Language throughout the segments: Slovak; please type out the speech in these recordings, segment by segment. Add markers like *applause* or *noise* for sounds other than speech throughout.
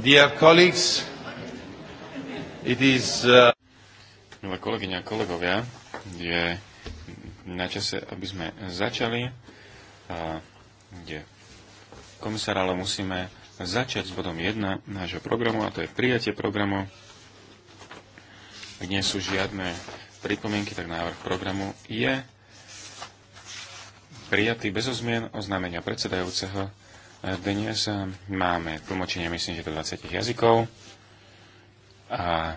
Dear colleagues, it is... Uh, Milé kolegyne a kolegovia, je na čase, aby sme začali. A, kde komisár, ale musíme začať s bodom 1 nášho programu, a to je prijatie programu. Ak nie sú žiadne pripomienky, tak návrh programu je prijatý bez ozmien oznámenia predsedajúceho dnes máme tlmočenie, myslím, že do 20 jazykov. A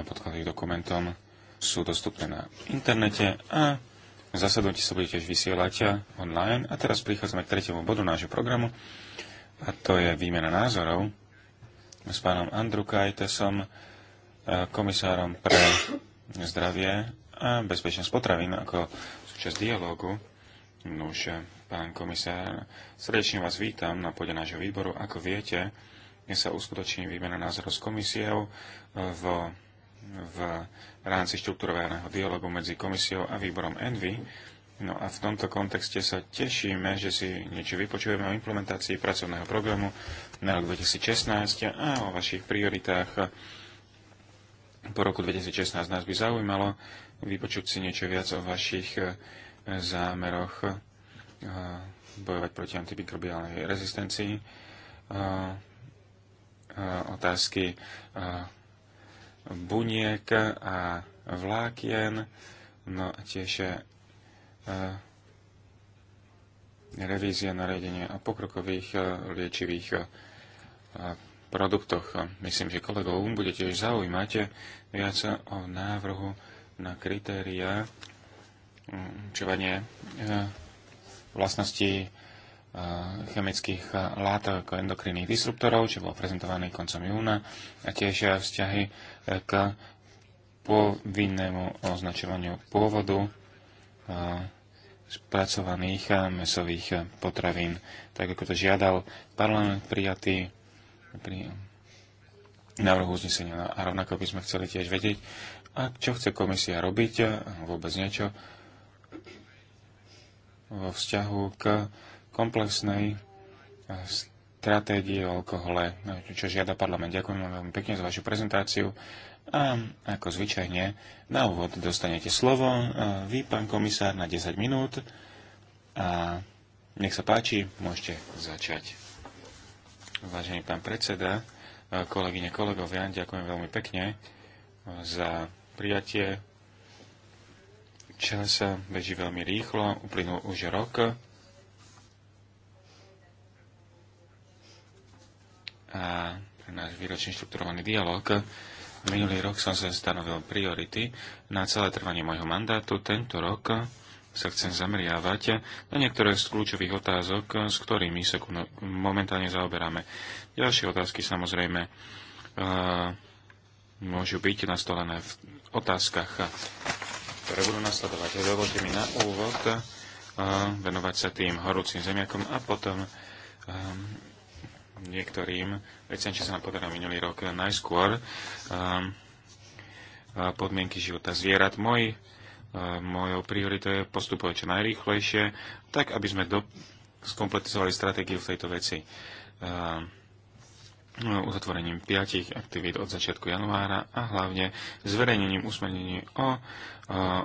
podklady k dokumentom sú dostupné na internete a zasadnutie sa bude tiež vysielať online. A teraz prichádzame k tretiemu bodu nášho programu a to je výmena názorov s pánom Andru Kajtesom, e, komisárom pre zdravie a bezpečnosť potravín ako súčasť dialógu Nuž, pán komisár, srdečne vás vítam na pôde nášho výboru. Ako viete, dnes sa uskutoční výmena názorov s komisiou e, v, v rámci štruktúrovaného dialogu medzi komisiou a výborom ENVY. No a v tomto kontexte sa tešíme, že si niečo vypočujeme o implementácii pracovného programu na rok 2016 a o vašich prioritách po roku 2016 nás by zaujímalo vypočuť si niečo viac o vašich zámeroch eh, bojovať proti antimikrobiálnej rezistencii, eh, eh, otázky buniek a vlákien, no a tiež revízia nariadenia o pokrokových liečivých produktoch. Myslím, že kolegov budete tiež zaujímať viac o návrhu na kritéria určovanie eh, vlastnosti eh, chemických eh, látok ako endokrinných disruptorov, čo bol prezentovaný koncom júna, a tiež vzťahy k povinnému označovaniu pôvodu spracovaných mesových potravín, tak ako to žiadal parlament prijatý pri návrhu uznesenia. A rovnako by sme chceli tiež vedieť, a čo chce komisia robiť, vôbec niečo, vo vzťahu k komplexnej stratégii o alkohole, čo žiada parlament. Ďakujem vám veľmi pekne za vašu prezentáciu a ako zvyčajne na úvod dostanete slovo vy, pán komisár, na 10 minút a nech sa páči, môžete začať. Vážený pán predseda, kolegyne, kolegovia, ďakujem veľmi pekne za prijatie Čas beží veľmi rýchlo, uplynul už rok. A pre náš výročný štrukturovaný dialog minulý rok som sa stanovil priority na celé trvanie môjho mandátu. Tento rok sa chcem zameriavať na niektoré z kľúčových otázok, s ktorými sa momentálne zaoberáme. Ďalšie otázky samozrejme e, môžu byť nastolené v otázkach ktoré budú nasledovať. Dovolte mi na úvod eh, venovať sa tým horúcim zemiakom a potom eh, niektorým veciam, čo sa nám podarilo minulý rok najskôr. Eh, podmienky života zvierat. Môj, mojou prioritou je postupovať čo najrýchlejšie, tak aby sme do, skompletizovali stratégiu v tejto veci uzatvorením piatich aktivít od začiatku januára a hlavne zverejnením usmernení o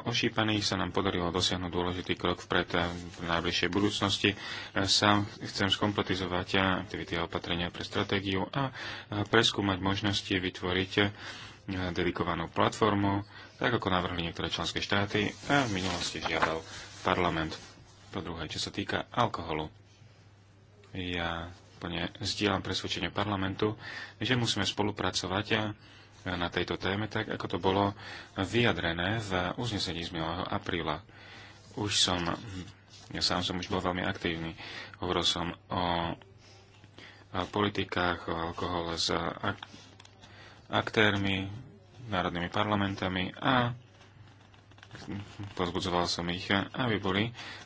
ošípaných sa nám podarilo dosiahnuť dôležitý krok vpred v najbližšej budúcnosti. Sám chcem skompletizovať aktivity a opatrenia pre stratégiu a preskúmať možnosti vytvoriť dedikovanú platformu, tak ako navrhli niektoré členské štáty a v minulosti žiadal parlament. Po druhé, čo sa týka alkoholu. Ja plne zdieľam presvedčenie parlamentu, že musíme spolupracovať eh, na tejto téme, tak ako to bolo vyjadrené v uznesení z minulého apríla. Už som, ja sám som už bol veľmi aktívny, hovoril som o politikách, o alkohole s ak- aktérmi, národnými parlamentami a pozbudzoval som ich, aby boli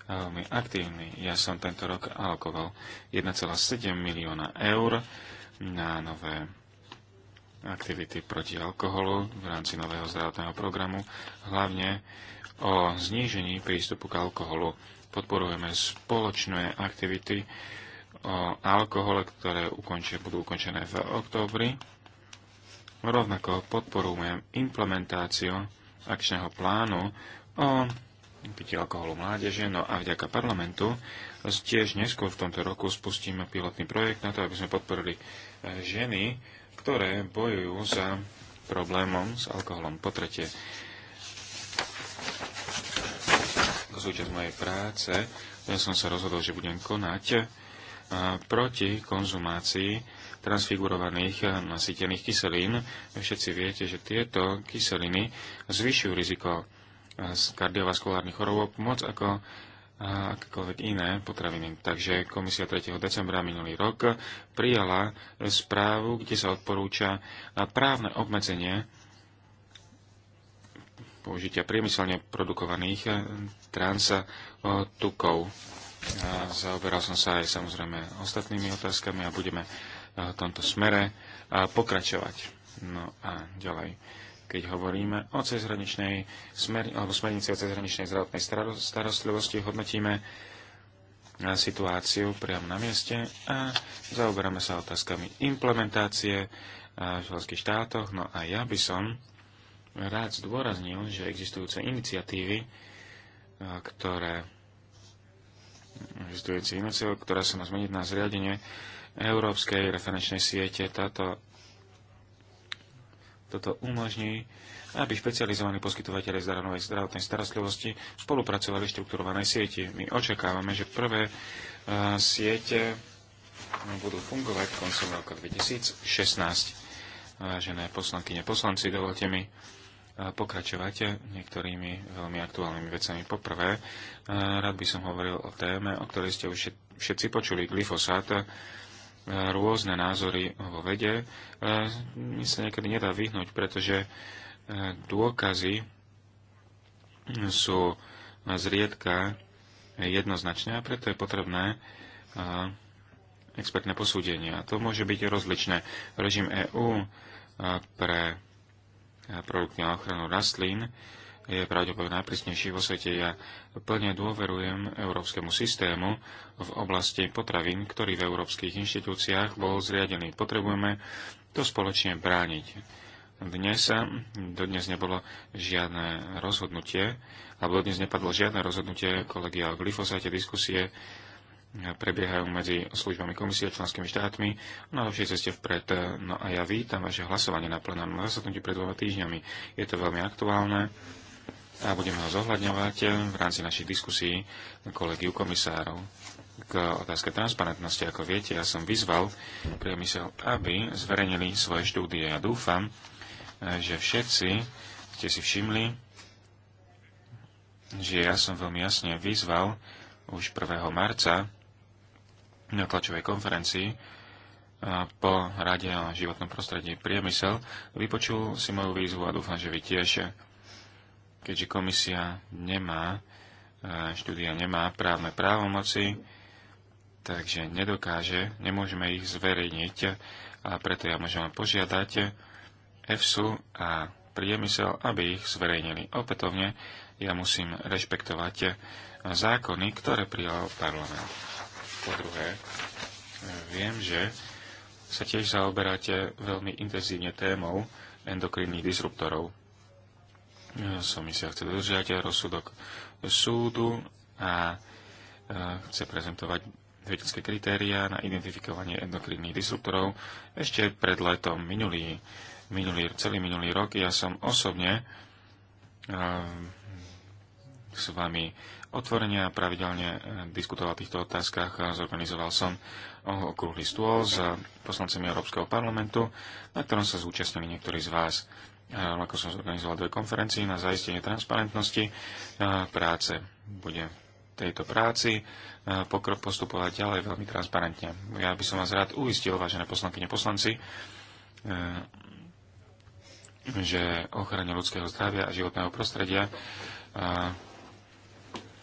veľmi aktívni. Ja som tento rok alokoval 1,7 milióna eur na nové aktivity proti alkoholu v rámci nového zdravotného programu, hlavne o znížení prístupu k alkoholu. Podporujeme spoločné aktivity o alkohole, ktoré ukončie, budú ukončené v októbri. Rovnako podporujeme implementáciu akčného plánu o pití alkoholu mládeže. No a vďaka parlamentu tiež neskôr v tomto roku spustíme pilotný projekt na to, aby sme podporili e, ženy, ktoré bojujú za problémom s alkoholom. Po tretie, súčasť mojej práce, ja som sa rozhodol, že budem konať e, proti konzumácii transfigurovaných eh, nasýtených kyselín. Všetci viete, že tieto kyseliny zvyšujú riziko eh, z kardiovaskulárnych chorôb moc ako eh, akékoľvek iné potraviny. Takže komisia 3. decembra minulý rok prijala správu, kde sa odporúča právne obmedzenie použitia priemyselne produkovaných transtukov. Zaoberal som sa aj samozrejme ostatnými otázkami a budeme v tomto smere pokračovať. No a ďalej keď hovoríme o cezhraničnej smer, alebo smernici o cezhraničnej zdravotnej starostlivosti, hodnotíme situáciu priamo na mieste a zaoberáme sa otázkami implementácie v členských štátoch. No a ja by som rád zdôraznil, že existujúce iniciatívy, ktoré existujúce iniciatívy, ktoré sa má zmeniť na zriadenie európskej referenčnej siete. Táto, toto umožní, aby špecializovaní poskytovateľe zdravotnej, zdravotnej starostlivosti spolupracovali v štrukturovanej sieti. My očakávame, že prvé uh, siete budú fungovať koncom roka 2016. Vážené poslankyne, poslanci, dovolte mi e, pokračovať niektorými veľmi aktuálnymi vecami. Poprvé, e, rád by som hovoril o téme, o ktorej ste už všetci počuli, glyfosát rôzne názory vo vede, e, mi sa niekedy nedá vyhnúť, pretože e, dôkazy sú zriedka jednoznačné a preto je potrebné e, expertné posúdenie. A to môže byť rozličné. Režim EÚ pre produkty na ochranu rastlín je pravdepodobne najprísnejší vo svete. Ja plne dôverujem európskemu systému v oblasti potravín, ktorý v európskych inštitúciách bol zriadený. Potrebujeme to spoločne brániť. Dnes, sa dodnes nebolo žiadne rozhodnutie, alebo dnes nepadlo žiadne rozhodnutie kolegia o glyfosáte, diskusie prebiehajú medzi službami komisie a členskými štátmi na lepšej ceste vpred. No a ja vítam vaše hlasovanie na plenárnom zasadnutí pred dvoma týždňami. Je to veľmi aktuálne a budeme ho zohľadňovať v rámci našich diskusí kolegiu komisárov. K otázke transparentnosti, ako viete, ja som vyzval priemysel, aby zverejnili svoje štúdie. Ja dúfam, že všetci ste si všimli, že ja som veľmi jasne vyzval už 1. marca na tlačovej konferencii po Rade o životnom prostredí priemysel. Vypočul si moju výzvu a dúfam, že vy tiež keďže komisia nemá, e, štúdia nemá právne právomoci, takže nedokáže, nemôžeme ich zverejniť a preto ja môžem požiadať EFSU a priemysel, aby ich zverejnili. Opätovne ja musím rešpektovať zákony, ktoré prijal parlament. Po druhé, e, viem, že sa tiež zaoberáte veľmi intenzívne témou endokrinných disruptorov. Som Komisia chce dodržiať rozsudok súdu a e, chce prezentovať vedecké kritériá na identifikovanie endokrinných disruptorov. Ešte pred letom minulý, minulý, celý minulý rok ja som osobne e, s vami otvorene a pravidelne e, diskutoval o týchto otázkach. Zorganizoval som okrúhly stôl s poslancami Európskeho parlamentu, na ktorom sa zúčastnili niektorí z vás ako som zorganizoval dve konferencii na zaistenie transparentnosti práce. v tejto práci pokrok postupovať ďalej veľmi transparentne. Ja by som vás rád uistil, vážené poslankyne poslanci, že ochrane ľudského zdravia a životného prostredia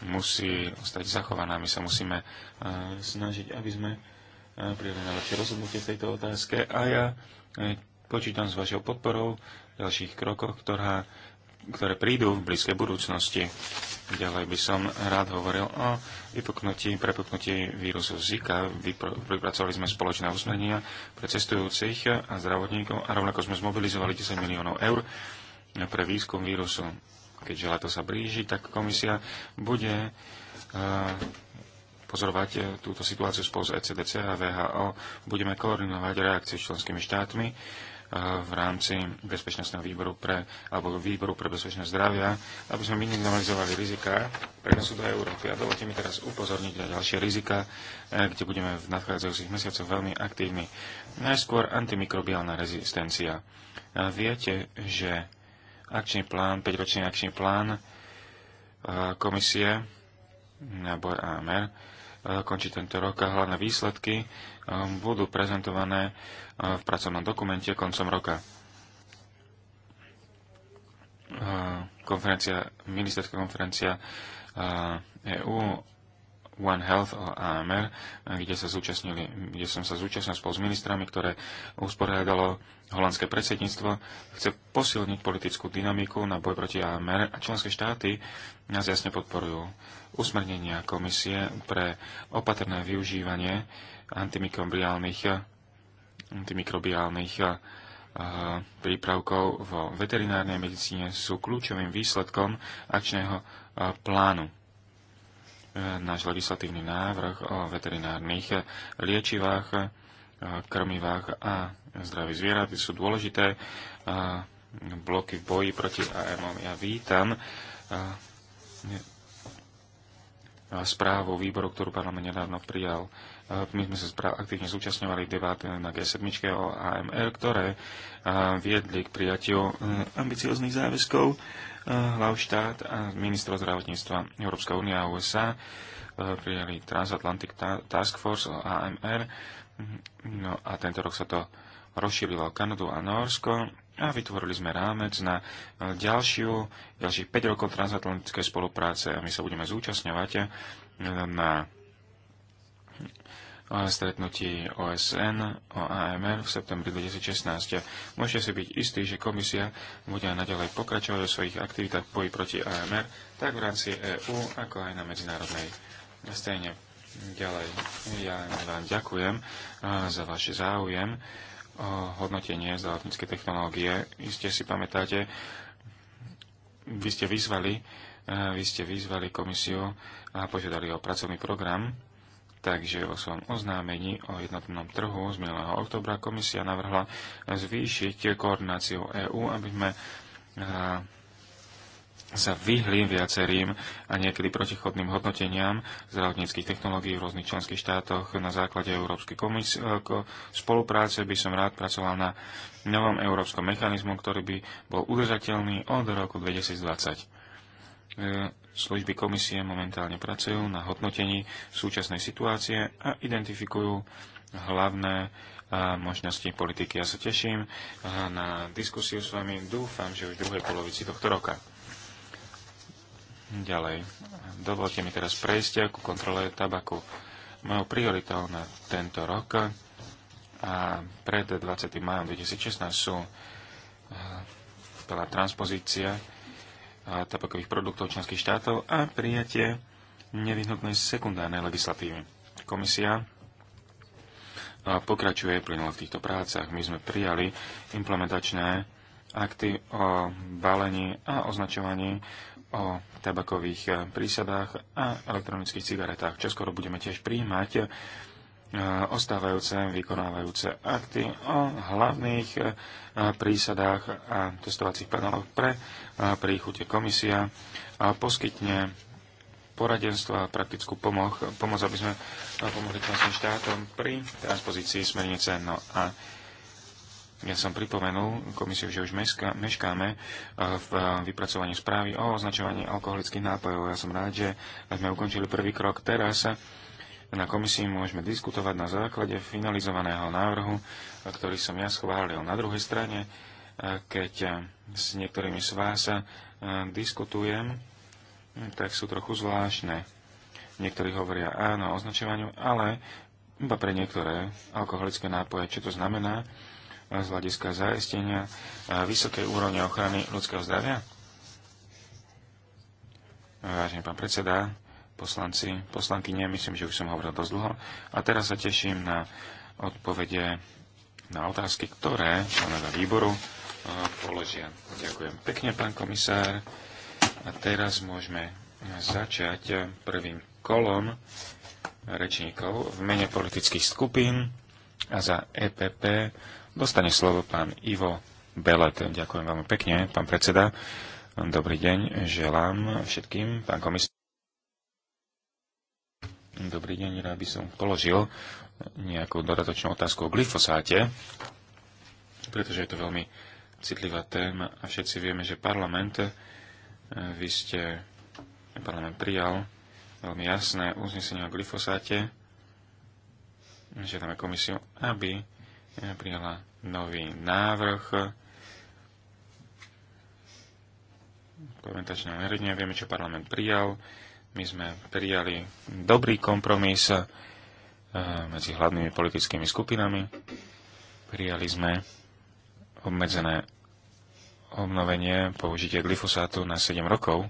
musí ostať zachovaná. My sa musíme snažiť, aby sme na lepšie rozhodnutie v tejto otázke a ja e, počítam s vašou podporou ďalších krokoch, ktorá, ktoré prídu v blízkej budúcnosti. Ďalej by som rád hovoril o vypuknutí, prepuknutí vírusu Zika. Vypracovali sme spoločné usmenia pre cestujúcich a zdravotníkov a rovnako sme zmobilizovali 10 miliónov eur pre výskum vírusu. Keďže leto sa blíži, tak komisia bude e, pozorovať e, túto situáciu spolu s ECDC a VHO. Budeme koordinovať reakcie s členskými štátmi v rámci bezpečnostného výboru pre, alebo výboru pre bezpečnosť zdravia, aby sme minimalizovali rizika prenosu do Európy. A dovolte mi teraz upozorniť na ďalšie rizika, e, kde budeme v nadchádzajúcich mesiacoch veľmi aktívni. Najskôr antimikrobiálna rezistencia. E, viete, že akčný plán, 5-ročný akčný plán e, komisie na boj AMR končí tento rok a hlavné výsledky um, budú prezentované uh, v pracovnom dokumente koncom roka. Uh, konferencia, ministerská konferencia uh, EÚ One Health o AMR, kde, sa zúčastnili, kde som sa zúčastnil spolu s ministrami, ktoré usporiadalo holandské predsedníctvo, chce posilniť politickú dynamiku na boj proti AMR a členské štáty nás jasne podporujú. Usmernenia komisie pre opatrné využívanie antimikrobiálnych, antimikrobiálnych eh, prípravkov vo veterinárnej medicíne sú kľúčovým výsledkom akčného eh, plánu náš legislatívny návrh o veterinárnych liečivách, krmivách a zdraví zvierat sú dôležité bloky v boji proti AMO. Ja vítam správu výboru, ktorú parlament nedávno prijal. My sme sa aktívne zúčastňovali debát na G7 o AMR, ktoré viedli k prijatiu e, ambicióznych záväzkov hlav štát a ministro zdravotníctva Európska únia a USA e, prijali Transatlantic Task Force, AMR, no a tento rok sa to rozšírilo Kanadu a Norsko a vytvorili sme rámec na e, ďalšiu, ďalších 5 rokov transatlantickej spolupráce a my sa budeme zúčastňovať e, na stretnutí OSN o AMR v septembri 2016. Môžete si byť istí, že komisia bude aj naďalej pokračovať o svojich aktivitách v boji proti AMR, tak v rámci EÚ, ako aj na medzinárodnej scéne. Ďalej, ja vám ďakujem za váš záujem o hodnotenie zdravotnícke technológie. Iste si pamätáte, vy ste vyzvali, vy ste vyzvali komisiu a požiadali o pracovný program Takže vo svojom oznámení o jednotnom trhu z minulého oktobra komisia navrhla zvýšiť koordináciu EÚ, aby sme e, sa vyhli viacerým a niekedy protichodným hodnoteniam zdravotníckých technológií v rôznych členských štátoch na základe Európskej komis- e, spolupráce by som rád pracoval na novom európskom mechanizmu, ktorý by bol udržateľný od roku 2020. Služby komisie momentálne pracujú na hodnotení súčasnej situácie a identifikujú hlavné eh, možnosti politiky. Ja sa teším eh, na diskusiu s vami. Dúfam, že už v druhej polovici tohto roka. Ďalej. Dovolte mi teraz prejsť ku kontrole tabaku. Mojou prioritou na tento rok a pred 20. majom 2016 sú eh, bola transpozícia tabakových produktov členských štátov a prijatie nevyhnutnej sekundárnej legislatívy. Komisia pokračuje plynulo v týchto prácach. My sme prijali implementačné akty o balení a označovaní o tabakových e, prísadách a elektronických cigaretách. Čoskoro budeme tiež príjmať e, ostávajúce, vykonávajúce akty o hlavných e, prísadách a testovacích paneloch pre pri chute komisia poskytne poradenstvo a praktickú pomoc, pomoc aby sme pomohli členským štátom pri transpozícii smernice. No a ja som pripomenul komisiu, že už meškáme e, v vypracovaní správy o označovaní alkoholických nápojov. Ja som rád, že sme ukončili prvý krok teraz. Na komisii môžeme diskutovať na základe finalizovaného návrhu, ktorý som ja schválil. Na druhej strane keď eh, s niektorými z vás eh, diskutujem, tak sú trochu zvláštne. Niektorí hovoria áno o označovaniu, ale iba pre niektoré alkoholické nápoje. Čo to znamená eh, z hľadiska zaistenia vysokej úrovne ochrany ľudského zdravia? Vážený pán predseda, poslanci, poslanky, nie, myslím, že už som hovoril dosť dlho. A teraz sa teším na odpovede na otázky, ktoré členovia výboru položia. Ďakujem pekne, pán komisár. A teraz môžeme začať prvým kolom rečníkov v mene politických skupín a za EPP dostane slovo pán Ivo Belet. Ďakujem veľmi pekne, pán predseda. Dobrý deň, želám všetkým, pán komisár. Dobrý deň, rád by som položil nejakú dodatočnú otázku o glyfosáte, pretože je to veľmi citlivá téma a všetci vieme, že parlament, e, vy ste, parlament prijal veľmi jasné uznesenie o glyfosáte, žiadame komisiu, aby e, prijala nový návrh komentačného nariadenia. Vieme, čo parlament prijal. My sme prijali dobrý kompromis e, medzi hlavnými politickými skupinami. Prijali sme obmedzené obnovenie použitie glyfosátu na 7 rokov.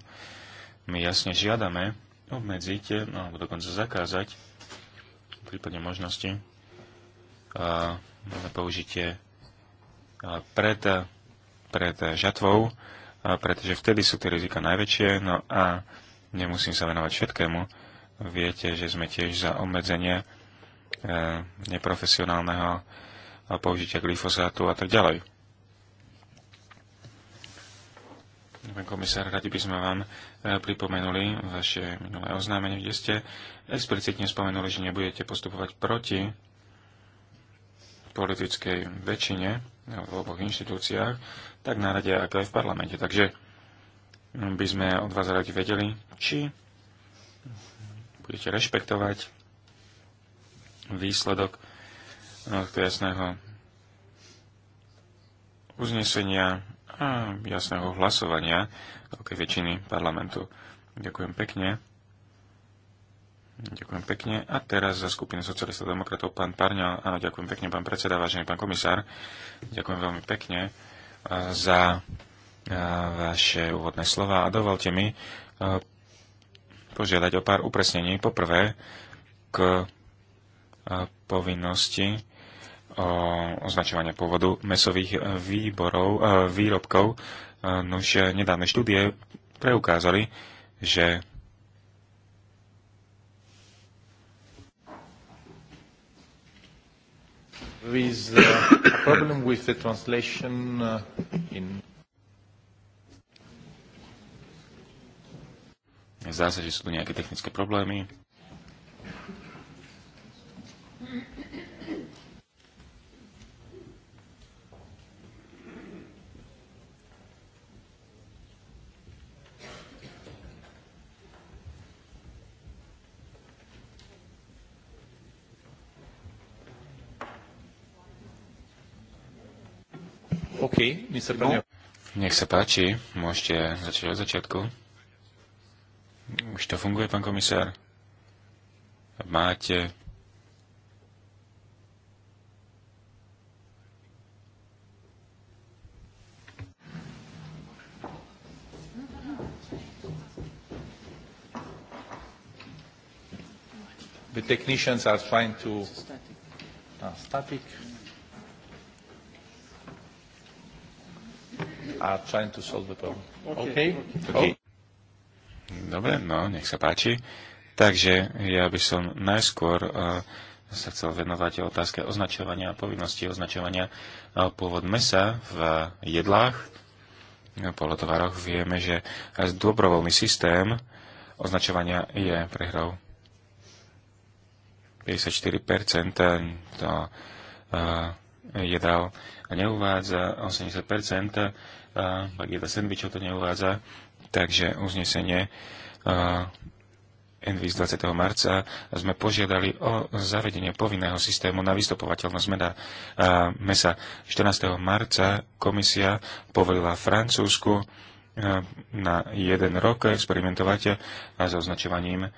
My jasne žiadame obmedziť, no, alebo dokonca zakázať, v prípade možnosti, a, použitie a pred, pred žatvou, a pretože vtedy sú tie rizika najväčšie, no a nemusím sa venovať všetkému. Viete, že sme tiež za obmedzenie e, neprofesionálneho použitia glyfosátu a tak ďalej. Pán komisár, radi by sme vám e, pripomenuli vaše minulé oznámenie, kde ste explicitne spomenuli, že nebudete postupovať proti politickej väčšine v oboch inštitúciách, tak na rade, ako aj v parlamente. Takže by sme od vás radi vedeli, či budete rešpektovať výsledok tohto e, jasného uznesenia a jasného hlasovania veľkej väčšiny parlamentu. Ďakujem pekne. Ďakujem pekne. A teraz za skupinu socialistov demokratov pán Parňa. Áno, ďakujem pekne, pán predseda, vážený pán komisár. Ďakujem veľmi pekne eh, za eh, vaše úvodné slova a dovolte mi eh, požiadať o pár upresnení. Poprvé, k povinnosti označovania pôvodu mesových e, výborov, e, výrobkov. E, Nož nedávne štúdie preukázali, že There uh, uh, Zdá sa, že sú tu nejaké technické problémy. Okay, Mr. No. Nech sa páči, môžete začať od začiatku. Už to funguje, pán komisár? Máte The technicians are trying to... Uh, static. are trying to solve the problem. Okay? okay. okay. Dobre, no, nech sa páči. Takže ja by som najskôr uh, sa chcel venovať otázke označovania a povinnosti označovania uh, e, pôvod mesa v uh, jedlách, v polotovaroch. Vieme, že dobrovoľný systém označovania je prehrou 54% to uh, a neuvádza 80% ak je to neuvádza, takže uznesenie NVIS 20. marca sme požiadali o zavedenie povinného systému na vystupovateľnosť meda, mesa. 14. marca komisia povolila Francúzsku na jeden rok experimentovať s označovaním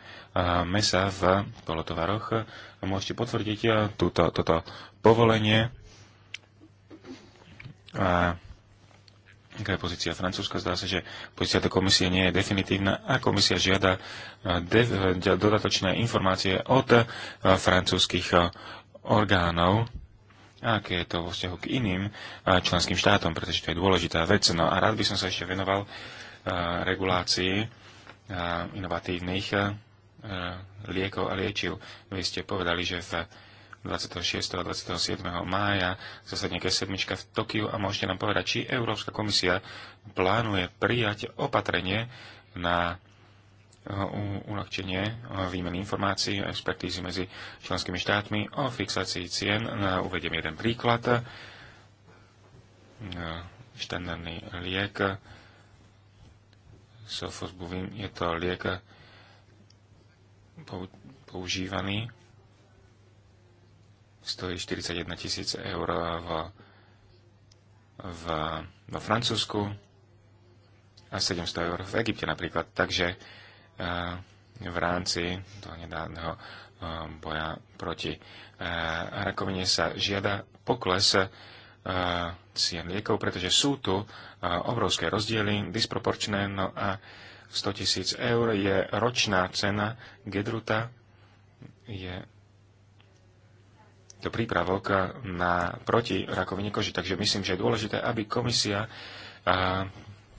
mesa v polotovaroch. Môžete potvrdiť túto, toto povolenie. A Aká je pozícia Francúzska? Zdá sa, že pozícia tej komisie nie je definitívna a komisia žiada eh, eh, dodatočné informácie od eh, francúzskych orgánov aké je to vo vzťahu k iným členským štátom, pretože to je dôležitá vec. No a rád by som sa ešte venoval regulácii inovatívnych liekov a liečiv. Vy ste povedali, že v 26. a 27. mája zasadne ke sedmička v Tokiu a môžete nám povedať, či Európska komisia plánuje prijať opatrenie na eh, uľahčenie eh, výmeny informácií a expertízy medzi členskými štátmi o fixácii cien. No uvediem jeden príklad. Eh, štandardný liek sofosbuvin je to liek používaný stojí 41 tisíc eur v, v, v Francúzsku a 700 eur v Egypte napríklad. Takže e, v rámci toho nedávneho e, boja proti e, rakovine sa žiada pokles cien liekov, pretože sú tu obrovské rozdiely, disproporčné, no a 100 tisíc eur je ročná cena Gedruta, je do prípravok eh, na proti rakovine koži. Takže myslím, že je dôležité, aby komisia eh,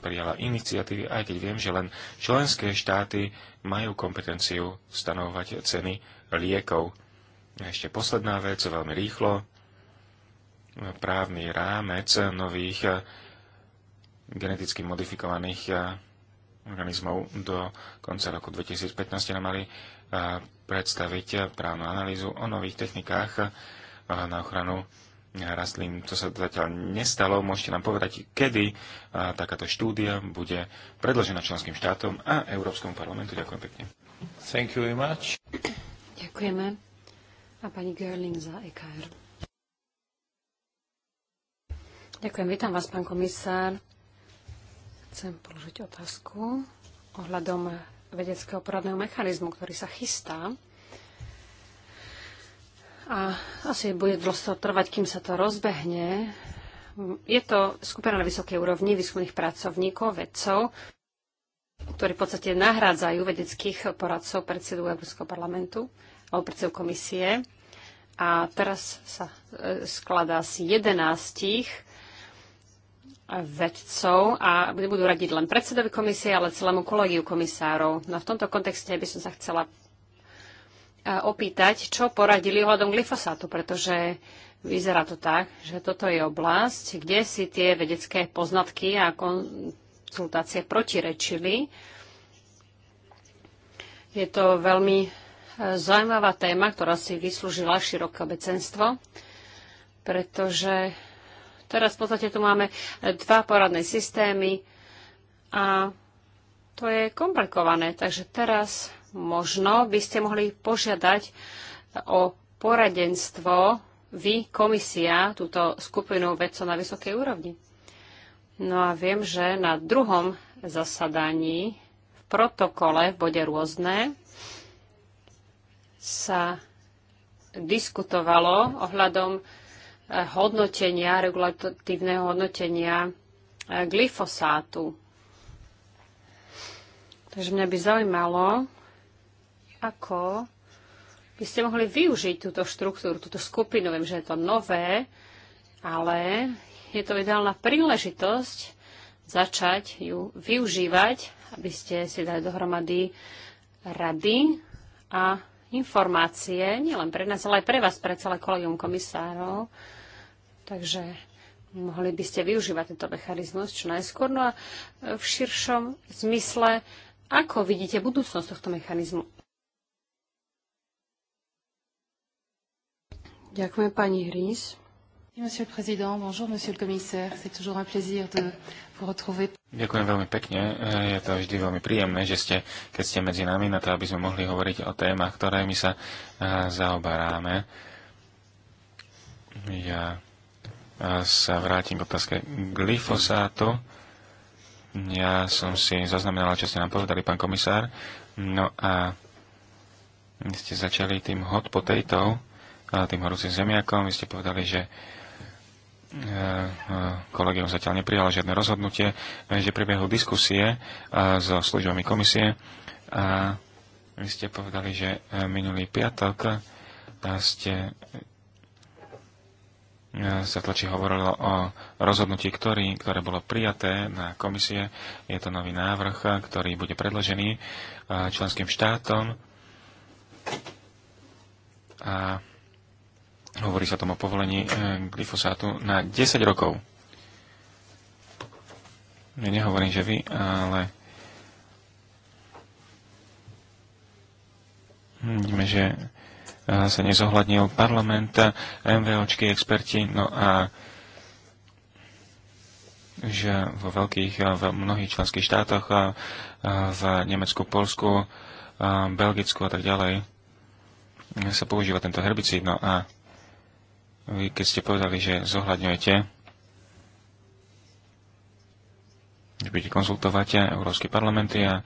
prijala iniciatívy, aj keď viem, že len členské štáty majú kompetenciu stanovovať ceny liekov. A ešte posledná vec, veľmi rýchlo. Právny rámec nových eh, geneticky modifikovaných organizmov do konca roku 2015 nám mali predstaviť právnu analýzu o nových technikách eh, na ochranu eh, rastlín. To sa zatiaľ nestalo. Môžete nám povedať, kedy eh, takáto štúdia bude predložená členským štátom a Európskom parlamentu. Ďakujem pekne. Thank you very much. Ďakujeme. A pani Görling za EKR. Ďakujem. Vítam vás, pán komisár. Chcem položiť otázku ohľadom vedeckého poradného mechanizmu, ktorý sa chystá. A asi bude dlho trvať, kým sa to rozbehne. Je to skupina na vysokej úrovni výskumných pracovníkov, vedcov, ktorí v podstate nahrádzajú vedeckých poradcov predsedu Európskeho parlamentu alebo predsedu komisie. A teraz sa e, skladá z jedenástich vedcov a nebudú radiť len predsedovi komisie, ale celému kolegiu komisárov. No v tomto kontexte by som sa chcela e, opýtať, čo poradili ohľadom glyfosátu, pretože vyzerá to tak, že toto je oblasť, kde si tie vedecké poznatky a konzultácie protirečili. Je to veľmi e, zaujímavá téma, ktorá si vyslúžila široké obecenstvo, pretože Teraz v podstate tu máme e, dva poradné systémy a to je komplikované. Takže teraz možno by ste mohli požiadať e, o poradenstvo vy, komisia, túto skupinu vedcov na vysokej úrovni. No a viem, že na druhom zasadaní v protokole v bode rôzne sa diskutovalo ohľadom hodnotenia, regulatívneho hodnotenia e, glyfosátu. Takže mňa by zaujímalo, ako by ste mohli využiť túto štruktúru, túto skupinu. Viem, že je to nové, ale je to ideálna príležitosť začať ju využívať, aby ste si dali dohromady rady a informácie, nielen pre nás, ale aj pre vás, pre celé kolegium komisárov, Takže mohli by ste využívať tento mechanizmus čo najskôr. No a e, v širšom zmysle, ako vidíte budúcnosť tohto mechanizmu? Ďakujem pani Hris. Monsieur le Président, bonjour Monsieur le Commissaire. C'est toujours un plaisir de vous retrouver. Ďakujem veľmi pekne. E, je to vždy veľmi príjemné, že ste, keď ste medzi nami, na to, aby sme mohli hovoriť o témach, ktoré my sa e, zaoberáme. Ja sa vrátim k otázke glyfosátu. Ja som si zaznamenala, čo ste nám povedali, pán komisár. No a vy ste začali tým hot potato, tým horúcim zemiakom. Vy ste povedali, že e, e, kolegium zatiaľ neprijalo žiadne rozhodnutie, že prebiehu diskusie e, so službami komisie a vy ste povedali, že minulý piatok ste sa tlačí hovorilo o rozhodnutí, ktorý, ktoré bolo prijaté na komisie. Je to nový návrh, ktorý bude predložený e, členským štátom. A hovorí sa tom o povolení e, glyfosátu na 10 rokov. Ja nehovorím, že vy, ale vidíme, že sa nezohľadnil parlament, MVOčky, experti, no a že vo veľkých, v mnohých členských štátoch, v Nemecku, Polsku, Belgicku a tak ďalej sa používa tento herbicíd. No a vy keď ste povedali, že zohľadňujete, že budete konzultovať Európsky parlamenty a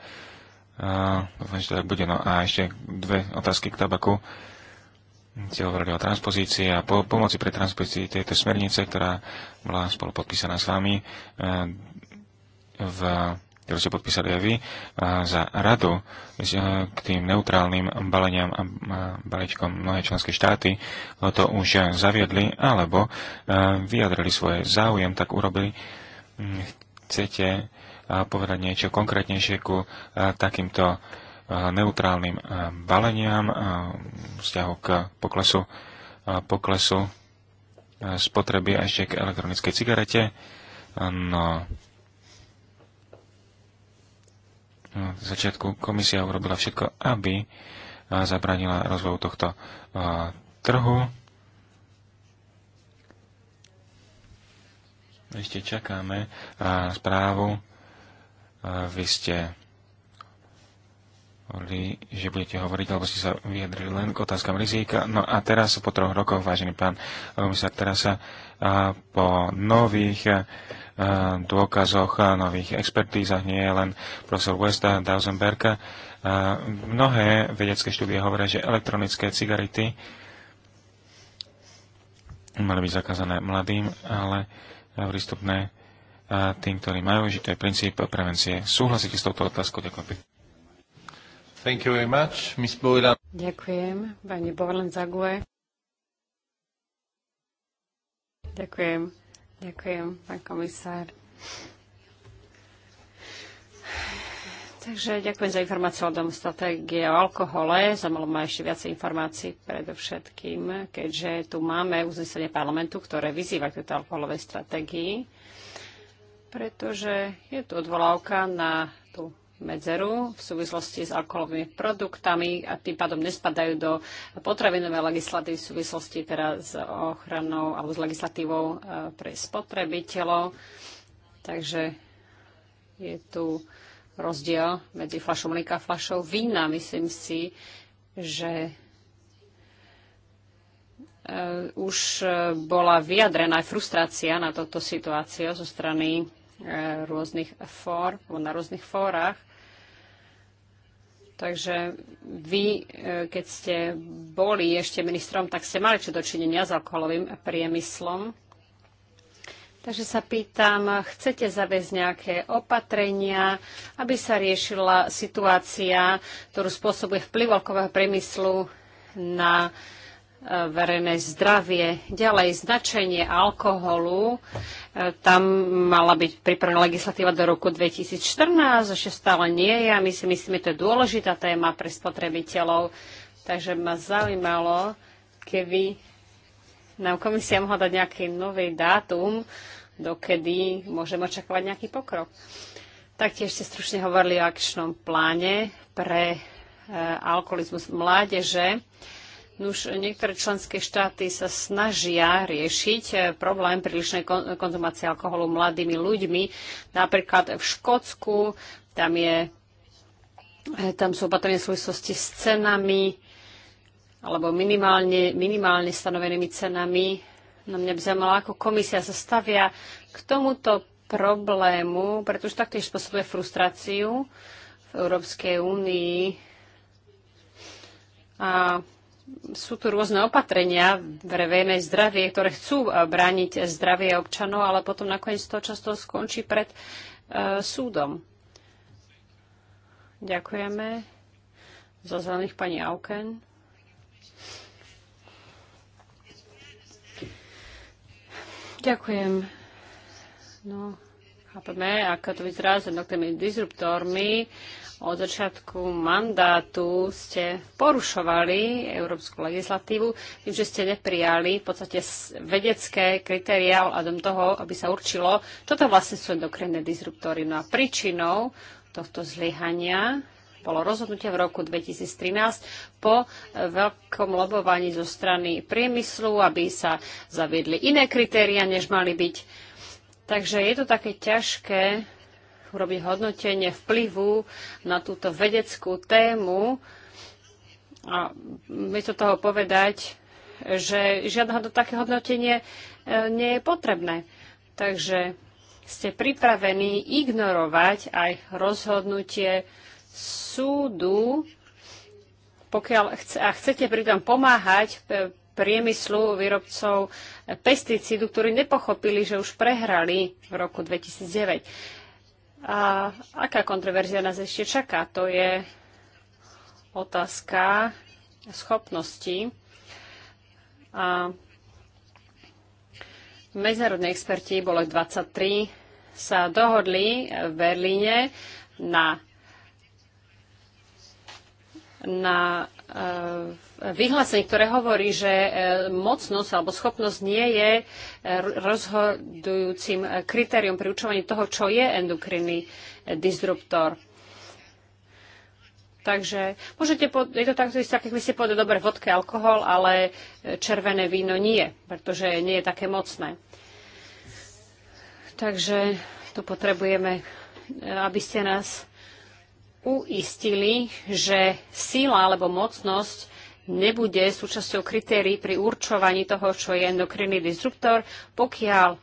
dúfam, že to tak bude. No a ešte dve otázky k tabaku ste hovorili o transpozícii a po, pomoci pre transpozícii tejto smernice, ktorá bola spolu podpísaná s vami, eh, v, ktorú ste podpísali aj vy, eh, za radu eh, k tým neutrálnym baleniam a balečkom mnohé členské štáty to už zaviedli alebo vyjadrili svoje záujem, tak urobili. Hm, chcete povedať niečo konkrétnejšie ku takýmto neutrálnym baleniam, vzťahu k poklesu, poklesu e, spotreby a ešte k elektronickej cigarete. No. no, v začiatku komisia urobila všetko, aby zabranila rozvoju tohto trhu. Ešte čakáme správu. Vy ste hovorili, že budete hovoriť, alebo ste sa vyjadrili len k otázkam rizika. No a teraz po troch rokoch, vážený pán komisár, teraz sa po nových dôkazoch, nových expertízach, nie je len profesor Westa, Dausenberga, mnohé vedecké štúdie hovoria, že elektronické cigarety mali byť zakázané mladým, ale prístupné tým, ktorí majú, že to je princíp prevencie. Súhlasíte s touto otázkou? Ďakujem. Thank you very much, Ms. Boylan. Ďakujem, pani Borlen Zague. Ďakujem, ďakujem, pán komisár. Takže ďakujem za informáciu o dom stratégie o alkohole. Zamalo ma ešte viacej informácií predovšetkým, keďže tu máme uznesenie parlamentu, ktoré vyzýva k tejto alkoholovej stratégii, pretože je tu odvolávka na tú medzeru v súvislosti s alkoholovými produktami a tým pádom nespadajú do potravinovej legislatívy v súvislosti teda s ochranou alebo s legislatívou e, pre spotrebiteľov. Takže je tu rozdiel medzi fľašou mlieka a fľašou vína. Myslím si, že e, už e, bola vyjadrená aj frustrácia na toto situáciu zo strany E, rôznych fór, na rôznych fórach. Takže vy, e, keď ste boli ešte ministrom, tak ste mali čo dočinenia s alkoholovým priemyslom. Takže sa pýtam, chcete zaviesť nejaké opatrenia, aby sa riešila situácia, ktorú spôsobuje vplyv alkoholového priemyslu na uh, verejné zdravie. Ďalej, značenie alkoholu. E, tam mala byť pripravená legislatíva do roku 2014, ešte stále nie je a my si myslíme, to je dôležitá téma pre spotrebiteľov. Takže ma zaujímalo, keby nám komisia mohla dať nejaký nový dátum, dokedy môžeme očakávať nejaký pokrok. Taktiež ste stručne hovorili o akčnom pláne pre e, alkoholizmus mládeže. Nuž, niektoré členské štáty sa snažia riešiť eh, problém prílišnej konzumácie alkoholu mladými ľuďmi. Napríklad v Škótsku, tam, je, eh, tam sú opatrenia v súvislosti s cenami alebo minimálne, minimálne stanovenými cenami. No mňa by zaujímalo, ako komisia sa stavia k tomuto problému, pretože taktiež spôsobuje frustráciu v Európskej únii. A sú tu rôzne opatrenia pre verejné zdravie, ktoré chcú eh, brániť zdravie občanov, ale potom nakoniec to často skončí pred e, súdom. Ďakujeme. Za zelených pani Auken. Ďakujem. No, chápeme, ako to vyzerá s jednotlivými disruptormi od začiatku mandátu ste porušovali európsku legislatívu tým, že ste neprijali v podstate vedecké kritériá dom toho, aby sa určilo, čo to vlastne sú endokrinné disruptory. No a príčinou tohto zlyhania bolo rozhodnutie v roku 2013 po veľkom lobovaní zo strany priemyslu, aby sa zaviedli iné kritéria, než mali byť. Takže je to také ťažké urobiť hodnotenie vplyvu na túto vedeckú tému a to toho povedať, že žiadne také hodnotenie e, nie je potrebné. Takže ste pripravení ignorovať aj rozhodnutie súdu, pokiaľ chce, a chcete pritom pomáhať e, priemyslu výrobcov pesticídu, ktorí nepochopili, že už prehrali v roku 2009. A aká kontroverzia nás ešte čaká? To je otázka schopnosti. A medzinárodní experti, bolo 23, sa dohodli v Berlíne na, na e, vyhlásenie, ktoré hovorí, že e, mocnosť alebo schopnosť nie je e, rozhodujúcim e, kritériom pri učovaní toho, čo je endokrinný disruptor. Takže môžete, po, je to takto isté, keby ste povedali, dobre, vodka, alkohol, ale červené víno nie, pretože nie je také mocné. Takže tu potrebujeme, aby ste nás uistili, že sila alebo mocnosť nebude súčasťou kritérií pri určovaní toho, čo je endokrinný disruptor. Pokiaľ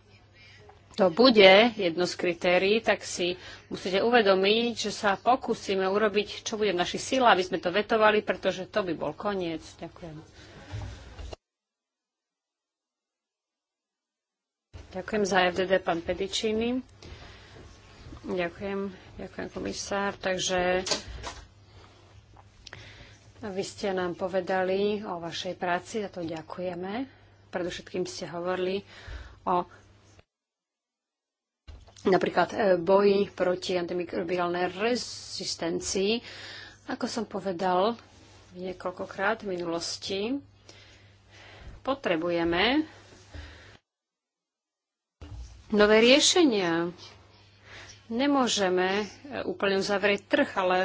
to bude jedno z kritérií, tak si musíte uvedomiť, že sa pokúsime urobiť, čo bude v našich silách, aby sme to vetovali, pretože to by bol koniec. Ďakujem. Ďakujem za FDD, pán Pedičiny. Ďakujem, ďakujem komisár. Takže vy ste nám povedali o vašej práci, za to ďakujeme. Predovšetkým ste hovorili o napríklad e, boji proti antimikrobiálnej rezistencii. Ako som povedal niekoľkokrát v minulosti, potrebujeme nové riešenia. Nemôžeme e, úplne uzavrieť trh, ale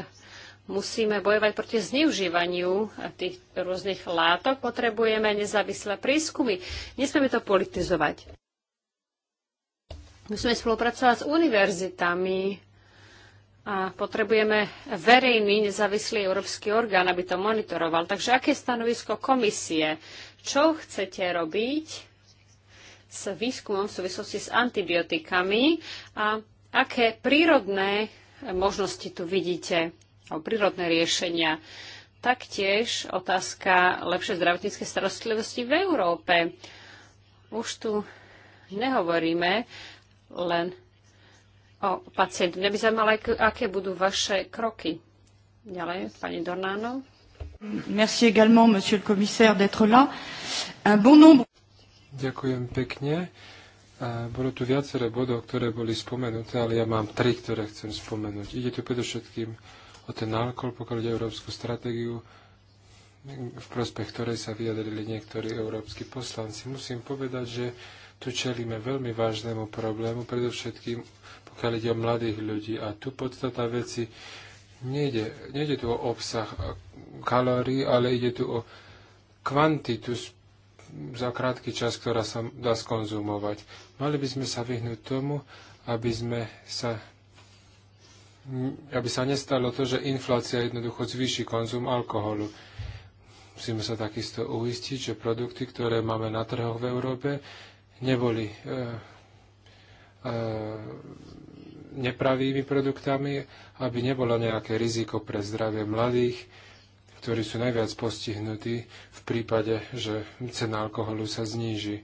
musíme bojovať proti zneužívaniu tých rôznych látok, potrebujeme nezávislé prískumy. Nesmieme to politizovať. Musíme spolupracovať s univerzitami a potrebujeme verejný nezávislý európsky orgán, aby to monitoroval. Takže aké je stanovisko komisie? Čo chcete robiť s výskumom v súvislosti s antibiotikami a aké prírodné možnosti tu vidíte? alebo prírodné riešenia. Taktiež otázka lepšej zdravotníckej starostlivosti v Európe. Už tu nehovoríme len o pacientu. Mňa by zaujímalo, aké budú vaše kroky. Ďalej, pani Dornáno. Merci également, monsieur le commissaire, d'être là. Un bon nombre... Ďakujem pekne. Bolo tu viaceré bodov, ktoré boli spomenuté, ale ja mám tri, ktoré chcem spomenúť. Ide tu predovšetkým o ten alkohol, pokiaľ ide európsku stratégiu, v prospech ktorej sa vyjadrili niektorí európsky poslanci. Musím povedať, že tu čelíme veľmi vážnemu problému, predovšetkým pokiaľ ide o mladých ľudí. A tu podstata veci nejde, nejde tu o obsah kalórií, ale ide tu o kvantitu za krátky čas, ktorá sa dá skonzumovať. Mali by sme sa vyhnúť tomu, aby sme sa Mm, aby sa nestalo to, že inflácia jednoducho zvýši konzum alkoholu. Musíme sa takisto uistiť, že produkty, ktoré máme na trhoch v Európe, neboli e, e, nepravými produktami, aby nebolo nejaké riziko pre zdravie mladých, ktorí sú najviac postihnutí v prípade, že cena alkoholu sa zníži.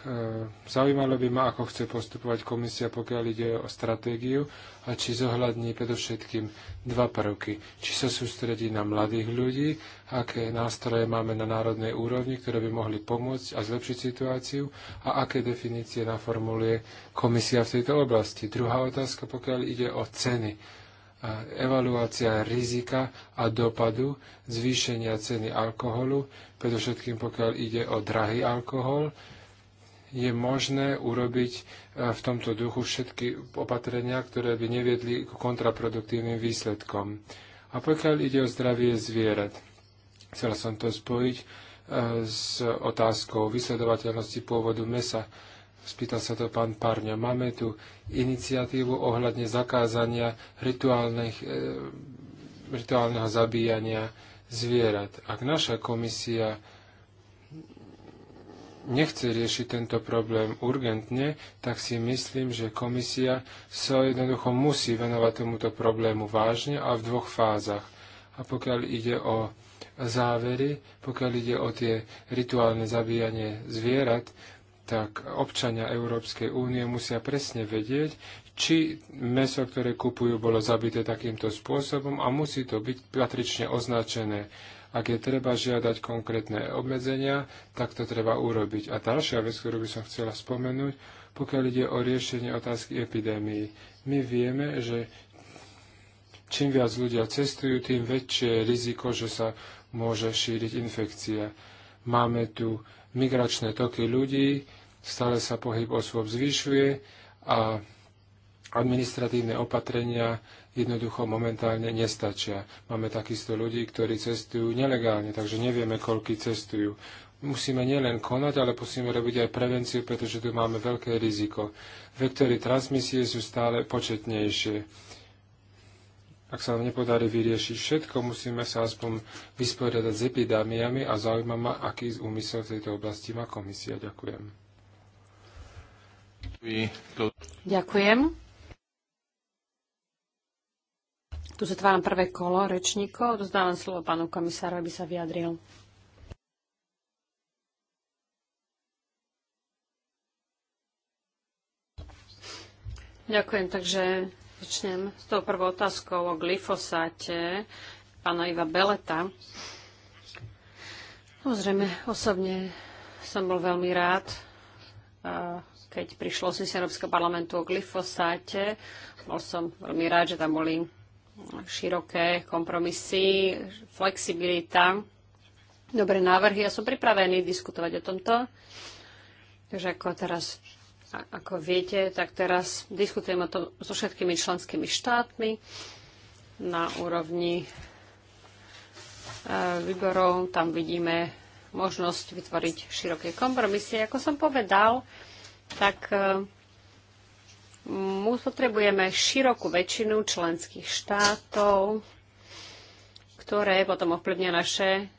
Eh, zaujímalo by ma, ako chce postupovať komisia, pokiaľ ide o stratégiu a či zohľadní predovšetkým dva prvky. Či sa sústredí na mladých ľudí, aké nástroje máme na národnej úrovni, ktoré by mohli pomôcť a zlepšiť situáciu a aké definície naformuluje komisia v tejto oblasti. Druhá otázka, pokiaľ ide o ceny eh, evaluácia rizika a dopadu zvýšenia ceny alkoholu, predovšetkým pokiaľ ide o drahý alkohol, je možné urobiť e, v tomto duchu všetky opatrenia, ktoré by neviedli k kontraproduktívnym výsledkom. A pokiaľ ide o zdravie zvierat, chcel som to spojiť e, s otázkou vysledovateľnosti pôvodu mesa. Spýtal sa to pán párňa, Máme tu iniciatívu ohľadne zakázania e, rituálneho zabíjania zvierat. Ak naša komisia nechce riešiť tento problém urgentne, tak si myslím, že komisia sa jednoducho musí venovať tomuto problému vážne a v dvoch fázach. A pokiaľ ide o závery, pokiaľ ide o tie rituálne zabíjanie zvierat, tak občania Európskej únie musia presne vedieť, či meso, ktoré kupujú, bolo zabité takýmto spôsobom a musí to byť patrične označené. Ak je treba žiadať konkrétne obmedzenia, tak to treba urobiť. A ďalšia vec, ktorú by som chcela spomenúť, pokiaľ ide o riešenie otázky epidémií. My vieme, že čím viac ľudia cestujú, tým väčšie je riziko, že sa môže šíriť infekcia. Máme tu migračné toky ľudí, stále sa pohyb osôb zvyšuje a administratívne opatrenia jednoducho momentálne nestačia. Máme takisto ľudí, ktorí cestujú nelegálne, takže nevieme, koľky cestujú. Musíme nielen konať, ale musíme robiť aj prevenciu, pretože tu máme veľké riziko. Vektory transmisie sú stále početnejšie. Ak sa nám nepodarí vyriešiť všetko, musíme sa aspoň vysporiadať s epidémiami a zaujíma ma, aký úmysel v tejto oblasti má komisia. Ďakujem. Ďakujem. Tu zatváram prvé kolo rečníkov. Dozdávam slovo pánu komisáru, aby sa vyjadril. Ďakujem, takže začnem s tou prvou otázkou o glyfosáte pána Iva Beleta. Samozrejme, osobne som bol veľmi rád, keď prišlo z Európskeho parlamentu o glyfosáte. Bol som veľmi rád, že tam boli široké kompromisy, flexibilita, dobré návrhy. Ja som pripravený diskutovať o tomto. Takže ako teraz, ako viete, tak teraz diskutujem o tom so všetkými členskými štátmi na úrovni e, výborov. Tam vidíme možnosť vytvoriť široké kompromisy. Ako som povedal, tak e, potrebujeme širokú väčšinu členských štátov, ktoré potom ovplyvnia naše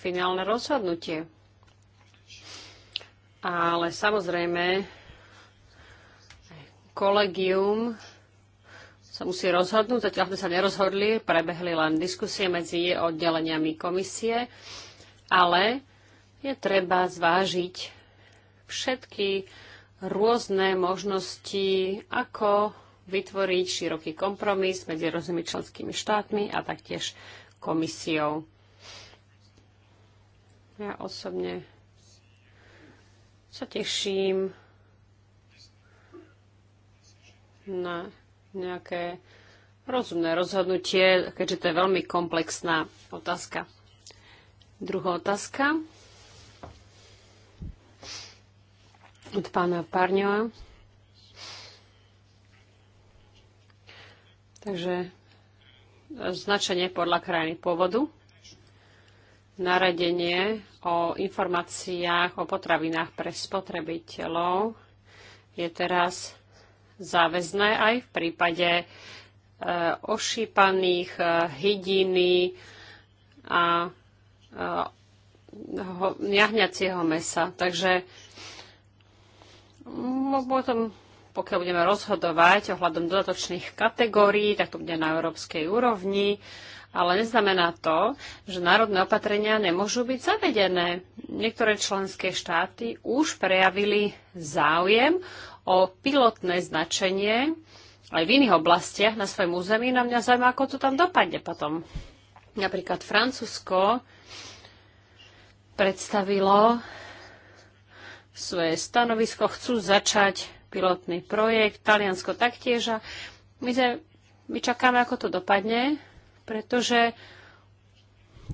finálne rozhodnutie. Ale samozrejme, kolegium sa musí rozhodnúť, zatiaľ sme sa nerozhodli, prebehli len diskusie medzi oddeleniami komisie, ale je treba zvážiť všetky rôzne možnosti, ako vytvoriť široký kompromis medzi rôznymi členskými štátmi a taktiež komisiou. Ja osobne sa teším na nejaké rozumné rozhodnutie, keďže to je veľmi komplexná otázka. Druhá otázka. od pána Parňova. Takže značenie podľa krajiny pôvodu, naradenie o informáciách o potravinách pre spotrebiteľov je teraz záväzné aj v prípade e, ošípaných e, hydiny a e, ho, jahňacieho mesa. Takže potom, pokiaľ budeme rozhodovať ohľadom dodatočných kategórií, tak to bude na európskej úrovni, ale neznamená to, že národné opatrenia nemôžu byť zavedené. Niektoré členské štáty už prejavili záujem o pilotné značenie aj v iných oblastiach na svojom území. Na mňa zaujíma, ako to tam dopadne potom. Napríklad Francúzsko predstavilo svoje stanovisko, chcú začať pilotný projekt, Taliansko taktiež a my, sme, my čakáme, ako to dopadne, pretože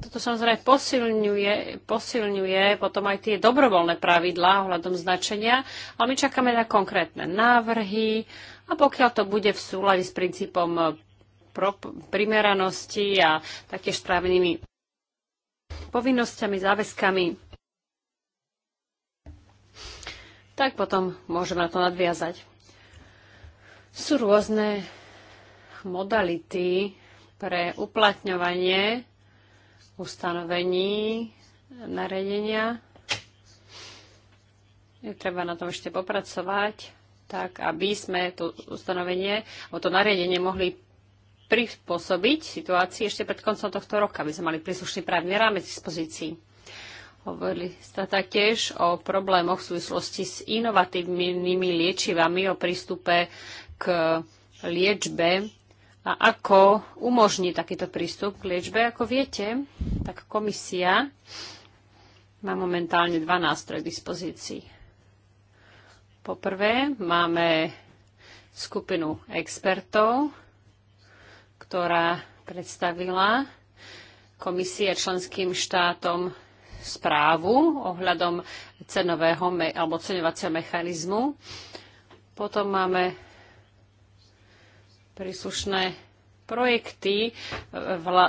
toto samozrejme posilňuje, posilňuje potom aj tie dobrovoľné pravidlá ohľadom značenia, ale my čakáme na konkrétne návrhy a pokiaľ to bude v súlade s princípom primeranosti a taktiež strávenými povinnosťami, záväzkami tak potom môžeme na to nadviazať. Sú rôzne modality pre uplatňovanie ustanovení naredenia. Je treba na tom ešte popracovať, tak aby sme to ustanovenie, o to nariadenie mohli prispôsobiť situácii ešte pred koncom tohto roka, aby sme mali príslušný právny rámec dispozícií. Hovorili ste taktiež o problémoch v súvislosti s inovatívnymi liečivami, o prístupe k liečbe a ako umožní takýto prístup k liečbe. Ako viete, tak komisia má momentálne dva nástroje k dispozícii. Poprvé máme skupinu expertov, ktorá predstavila komisie členským štátom správu ohľadom cenového me- alebo ceňovacieho mechanizmu. Potom máme príslušné projekty, e,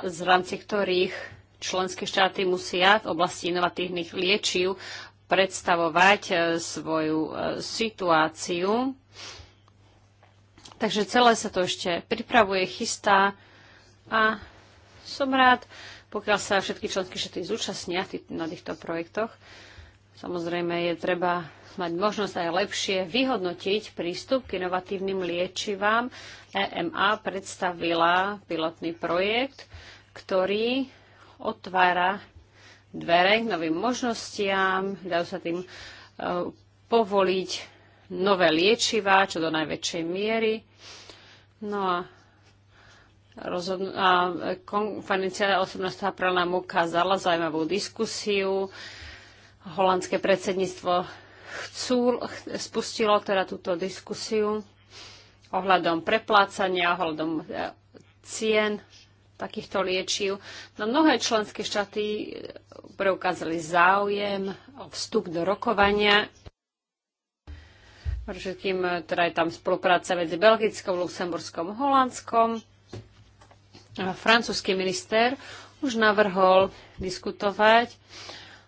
v rámci ktorých členské štáty musia v oblasti inovatívnych liečiv predstavovať e, svoju e, situáciu. Takže celé sa to ešte pripravuje, chystá a som rád, pokiaľ sa všetky členské štáty zúčastnia na týchto projektoch. Samozrejme je treba mať možnosť aj lepšie vyhodnotiť prístup k inovatívnym liečivám. EMA predstavila pilotný projekt, ktorý otvára dvere k novým možnostiam, dajú sa tým e, povoliť nové liečivá, čo do najväčšej miery. No a rozhodn- a e, konferencia 18. apríla nám ukázala zaujímavú diskusiu. Holandské predsedníctvo chcú, spustilo teda túto diskusiu ohľadom preplácania, ohľadom e, cien takýchto liečiv. No mnohé členské štáty e, preukázali záujem o vstup do rokovania Všetkým teda je tam spolupráca medzi Belgickom, Luxemburskom, Holandskom francúzsky minister už navrhol diskutovať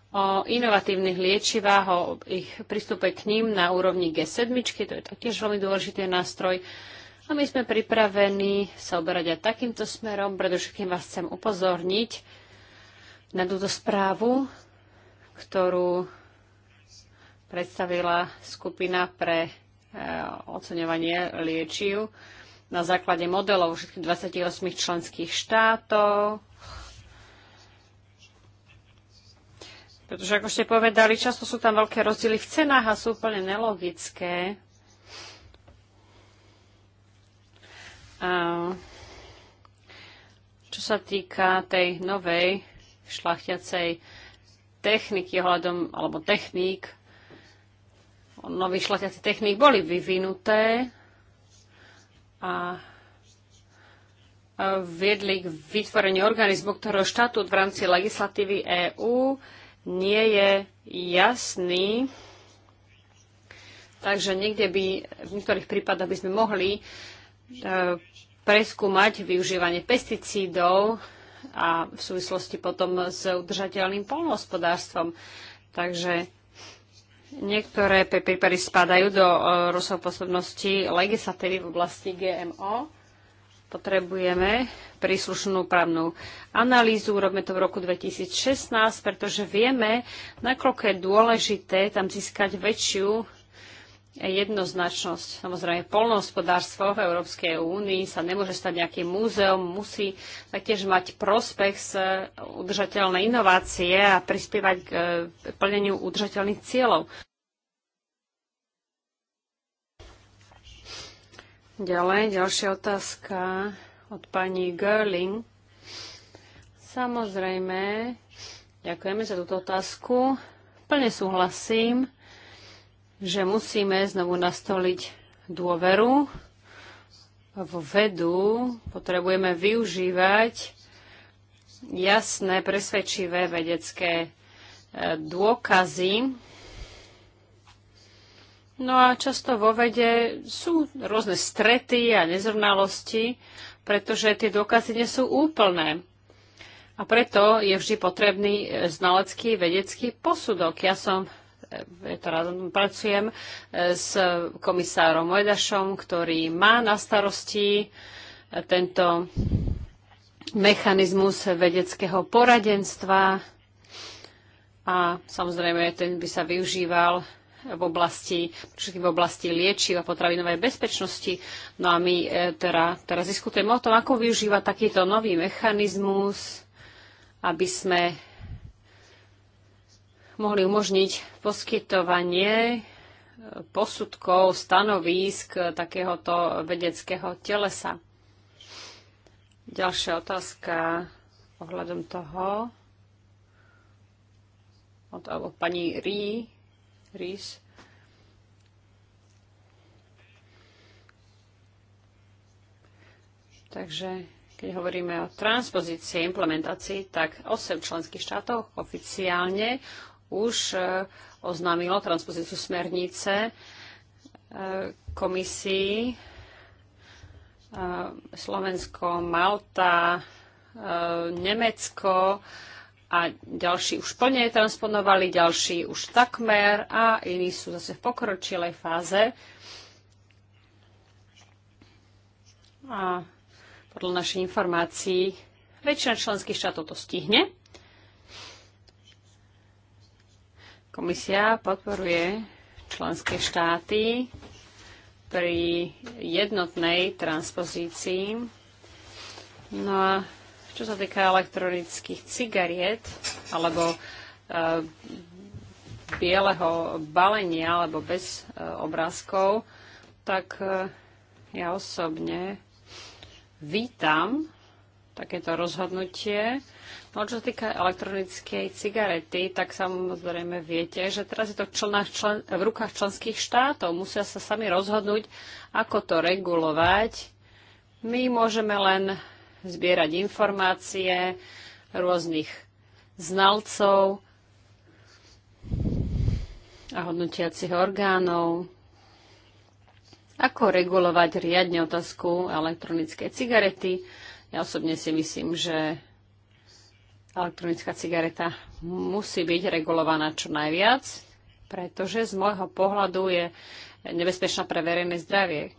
o inovatívnych liečivách, o ich prístupe k ním na úrovni G7, to je taktiež veľmi dôležitý nástroj. A my sme pripravení sa oberať aj takýmto smerom. Predovšetkým vás chcem upozorniť na túto správu, ktorú predstavila skupina pre eh, oceňovanie liečiv na základe modelov všetkých 28 členských štátov. Pretože, ako ste povedali, často sú tam veľké rozdiely v cenách a sú úplne nelogické. A čo sa týka tej novej šlachtiacej techniky ohľadom, alebo techník, nových šlachtiacich techník boli vyvinuté a viedli k vytvoreniu organizmu, ktorého štatút v rámci legislatívy EÚ nie je jasný. Takže niekde by, v niektorých prípadoch by sme mohli e, preskúmať využívanie pesticídov a v súvislosti potom s udržateľným polnohospodárstvom. Takže Niektoré prípady spadajú do e, rozsahu pôsobnosti legislatívy v oblasti GMO. Potrebujeme príslušnú právnu analýzu. Robíme to v roku 2016, pretože vieme, nakoľko je dôležité tam získať väčšiu jednoznačnosť. Samozrejme, polnohospodárstvo v Európskej únii sa nemôže stať nejakým múzeum, musí taktiež mať prospech z e, udržateľnej inovácie a prispievať k e, plneniu udržateľných cieľov. Ďalej, ďalšia otázka od pani Görling. Samozrejme, ďakujeme za túto otázku. Plne súhlasím že musíme znovu nastoliť dôveru v vedu. Potrebujeme využívať jasné, presvedčivé vedecké e, dôkazy. No a často vo vede sú rôzne strety a nezrovnalosti, pretože tie dôkazy nie sú úplné. A preto je vždy potrebný e, znalecký vedecký posudok. Ja som E, rád, pracujem e, s komisárom Mojdašom, ktorý má na starosti e, tento mechanizmus vedeckého poradenstva a samozrejme ten by sa využíval v oblasti, v oblasti liečiv a potravinovej bezpečnosti. No a my teda, teraz diskutujeme o tom, ako využívať takýto nový mechanizmus, aby sme mohli umožniť poskytovanie e, posudkov, stanovísk e, takéhoto vedeckého telesa. Ďalšia otázka ohľadom toho od alebo pani Rí, Rís. Takže keď hovoríme o transpozícii, implementácii, tak 8 členských štátov oficiálne už e, oznámilo transpozíciu smernice e, komisii e, Slovensko, Malta, Nemecko a ďalší už plne transponovali, ďalší už takmer a iní sú zase v pokročilej fáze. A podľa našich informácií väčšina členských štátov to stihne Komisia podporuje členské štáty pri jednotnej transpozícii. No a čo sa týka elektronických cigariet alebo e, bieleho balenia alebo bez e, obrázkov, tak e, ja osobne vítam takéto rozhodnutie, No čo sa týka elektronickej cigarety, tak samozrejme viete, že teraz je to v, člen, v rukách členských štátov. Musia sa sami rozhodnúť, ako to regulovať. My môžeme len zbierať informácie rôznych znalcov a hodnotiacich orgánov. Ako regulovať riadne otázku elektronickej cigarety? Ja osobne si myslím, že elektronická cigareta musí byť regulovaná čo najviac, pretože z môjho pohľadu je nebezpečná pre verejné zdravie.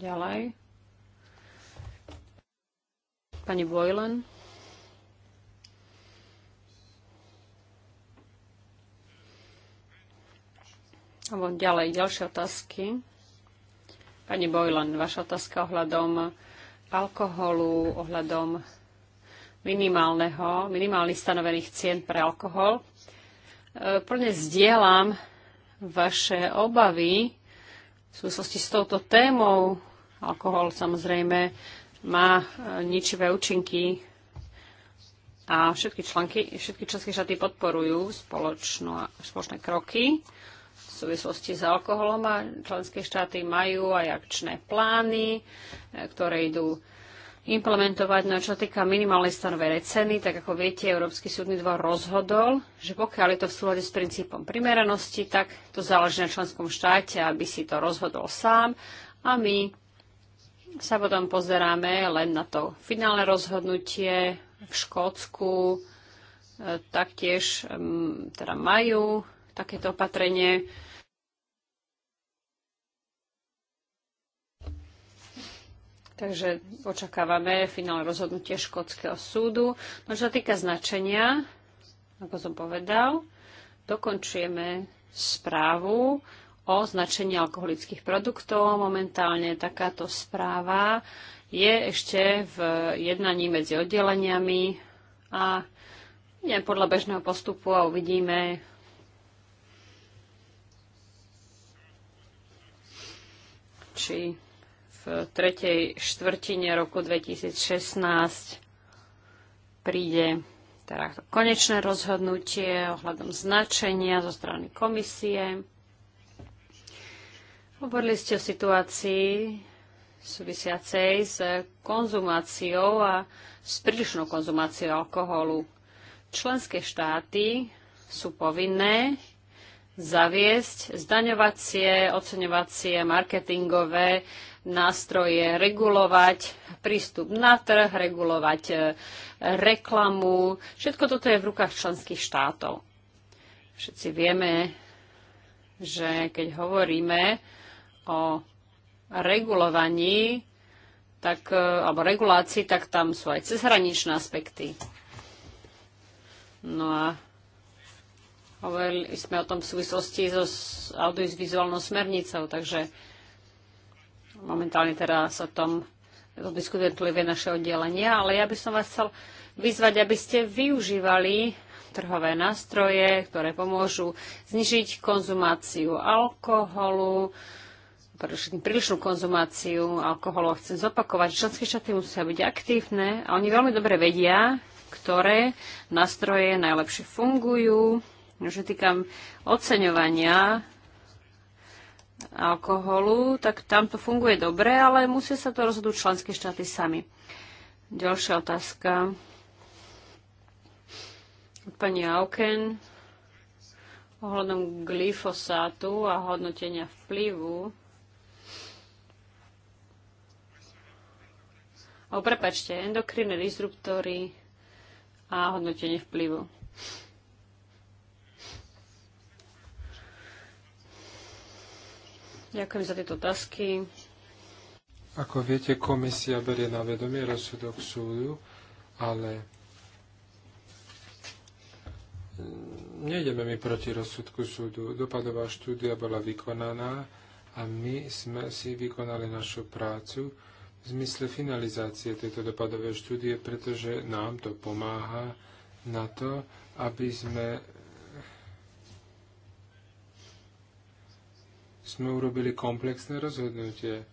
Ďalej. Pani Boylan. Alebo ďalej, ďalšie otázky. Pani Bojlan, vaša otázka ohľadom alkoholu, ohľadom minimálneho, minimálnych stanovených cien pre alkohol. E, plne zdieľam vaše obavy v súvislosti s touto témou. Alkohol samozrejme má e, ničivé účinky a všetky, články, všetky členské štáty podporujú spoločno, spoločné kroky súvislosti s alkoholom a členské štáty majú aj akčné plány, e, ktoré idú implementovať. No a čo týka minimálnej stanovenej ceny, tak ako viete, Európsky súdny dvor rozhodol, že pokiaľ je to v súlade s princípom primeranosti, tak to záleží na členskom štáte, aby si to rozhodol sám a my sa potom pozeráme len na to finálne rozhodnutie v Škótsku. E, taktiež teda majú takéto opatrenie. Takže očakávame finálne rozhodnutie škótskeho súdu. No čo sa týka značenia, ako som povedal, dokončujeme správu o značení alkoholických produktov. Momentálne takáto správa je ešte v jednaní medzi oddeleniami a je podľa bežného postupu a uvidíme, či v tretej štvrtine roku 2016 príde teda konečné rozhodnutie ohľadom značenia zo strany komisie. Hovorili ste o situácii súvisiacej s konzumáciou a s prílišnou konzumáciou alkoholu. Členské štáty sú povinné zaviesť zdaňovacie, oceňovacie, marketingové nástroje, regulovať prístup na trh, regulovať e, reklamu. Všetko toto je v rukách členských štátov. Všetci vieme, že keď hovoríme o regulovaní tak, e, alebo regulácii, tak tam sú aj cezhraničné aspekty. No a Hovorili sme o tom v súvislosti so audiovizuálnou smernicou, takže momentálne teda sa tom diskutuje tlivé naše oddelenia, ale ja by som vás chcel vyzvať, aby ste využívali trhové nástroje, ktoré pomôžu znižiť konzumáciu alkoholu, prílišnú konzumáciu alkoholu. Chcem zopakovať, členské štáty musia byť aktívne a oni veľmi dobre vedia, ktoré nástroje najlepšie fungujú, čo týkam oceňovania alkoholu, tak tam to funguje dobre, ale musia sa to rozhodnúť členské štáty sami. Ďalšia otázka. pani Auken ohľadom glyfosátu a hodnotenia vplyvu. O, prepačte, endokrinné disruptory a hodnotenie vplyvu. Ďakujem za tieto otázky. Ako viete, komisia berie na vedomie rozsudok súdu, ale nejdeme my proti rozsudku súdu. Dopadová štúdia bola vykonaná a my sme si vykonali našu prácu v zmysle finalizácie tejto dopadovej štúdie, pretože nám to pomáha na to, aby sme sme urobili komplexné rozhodnutie,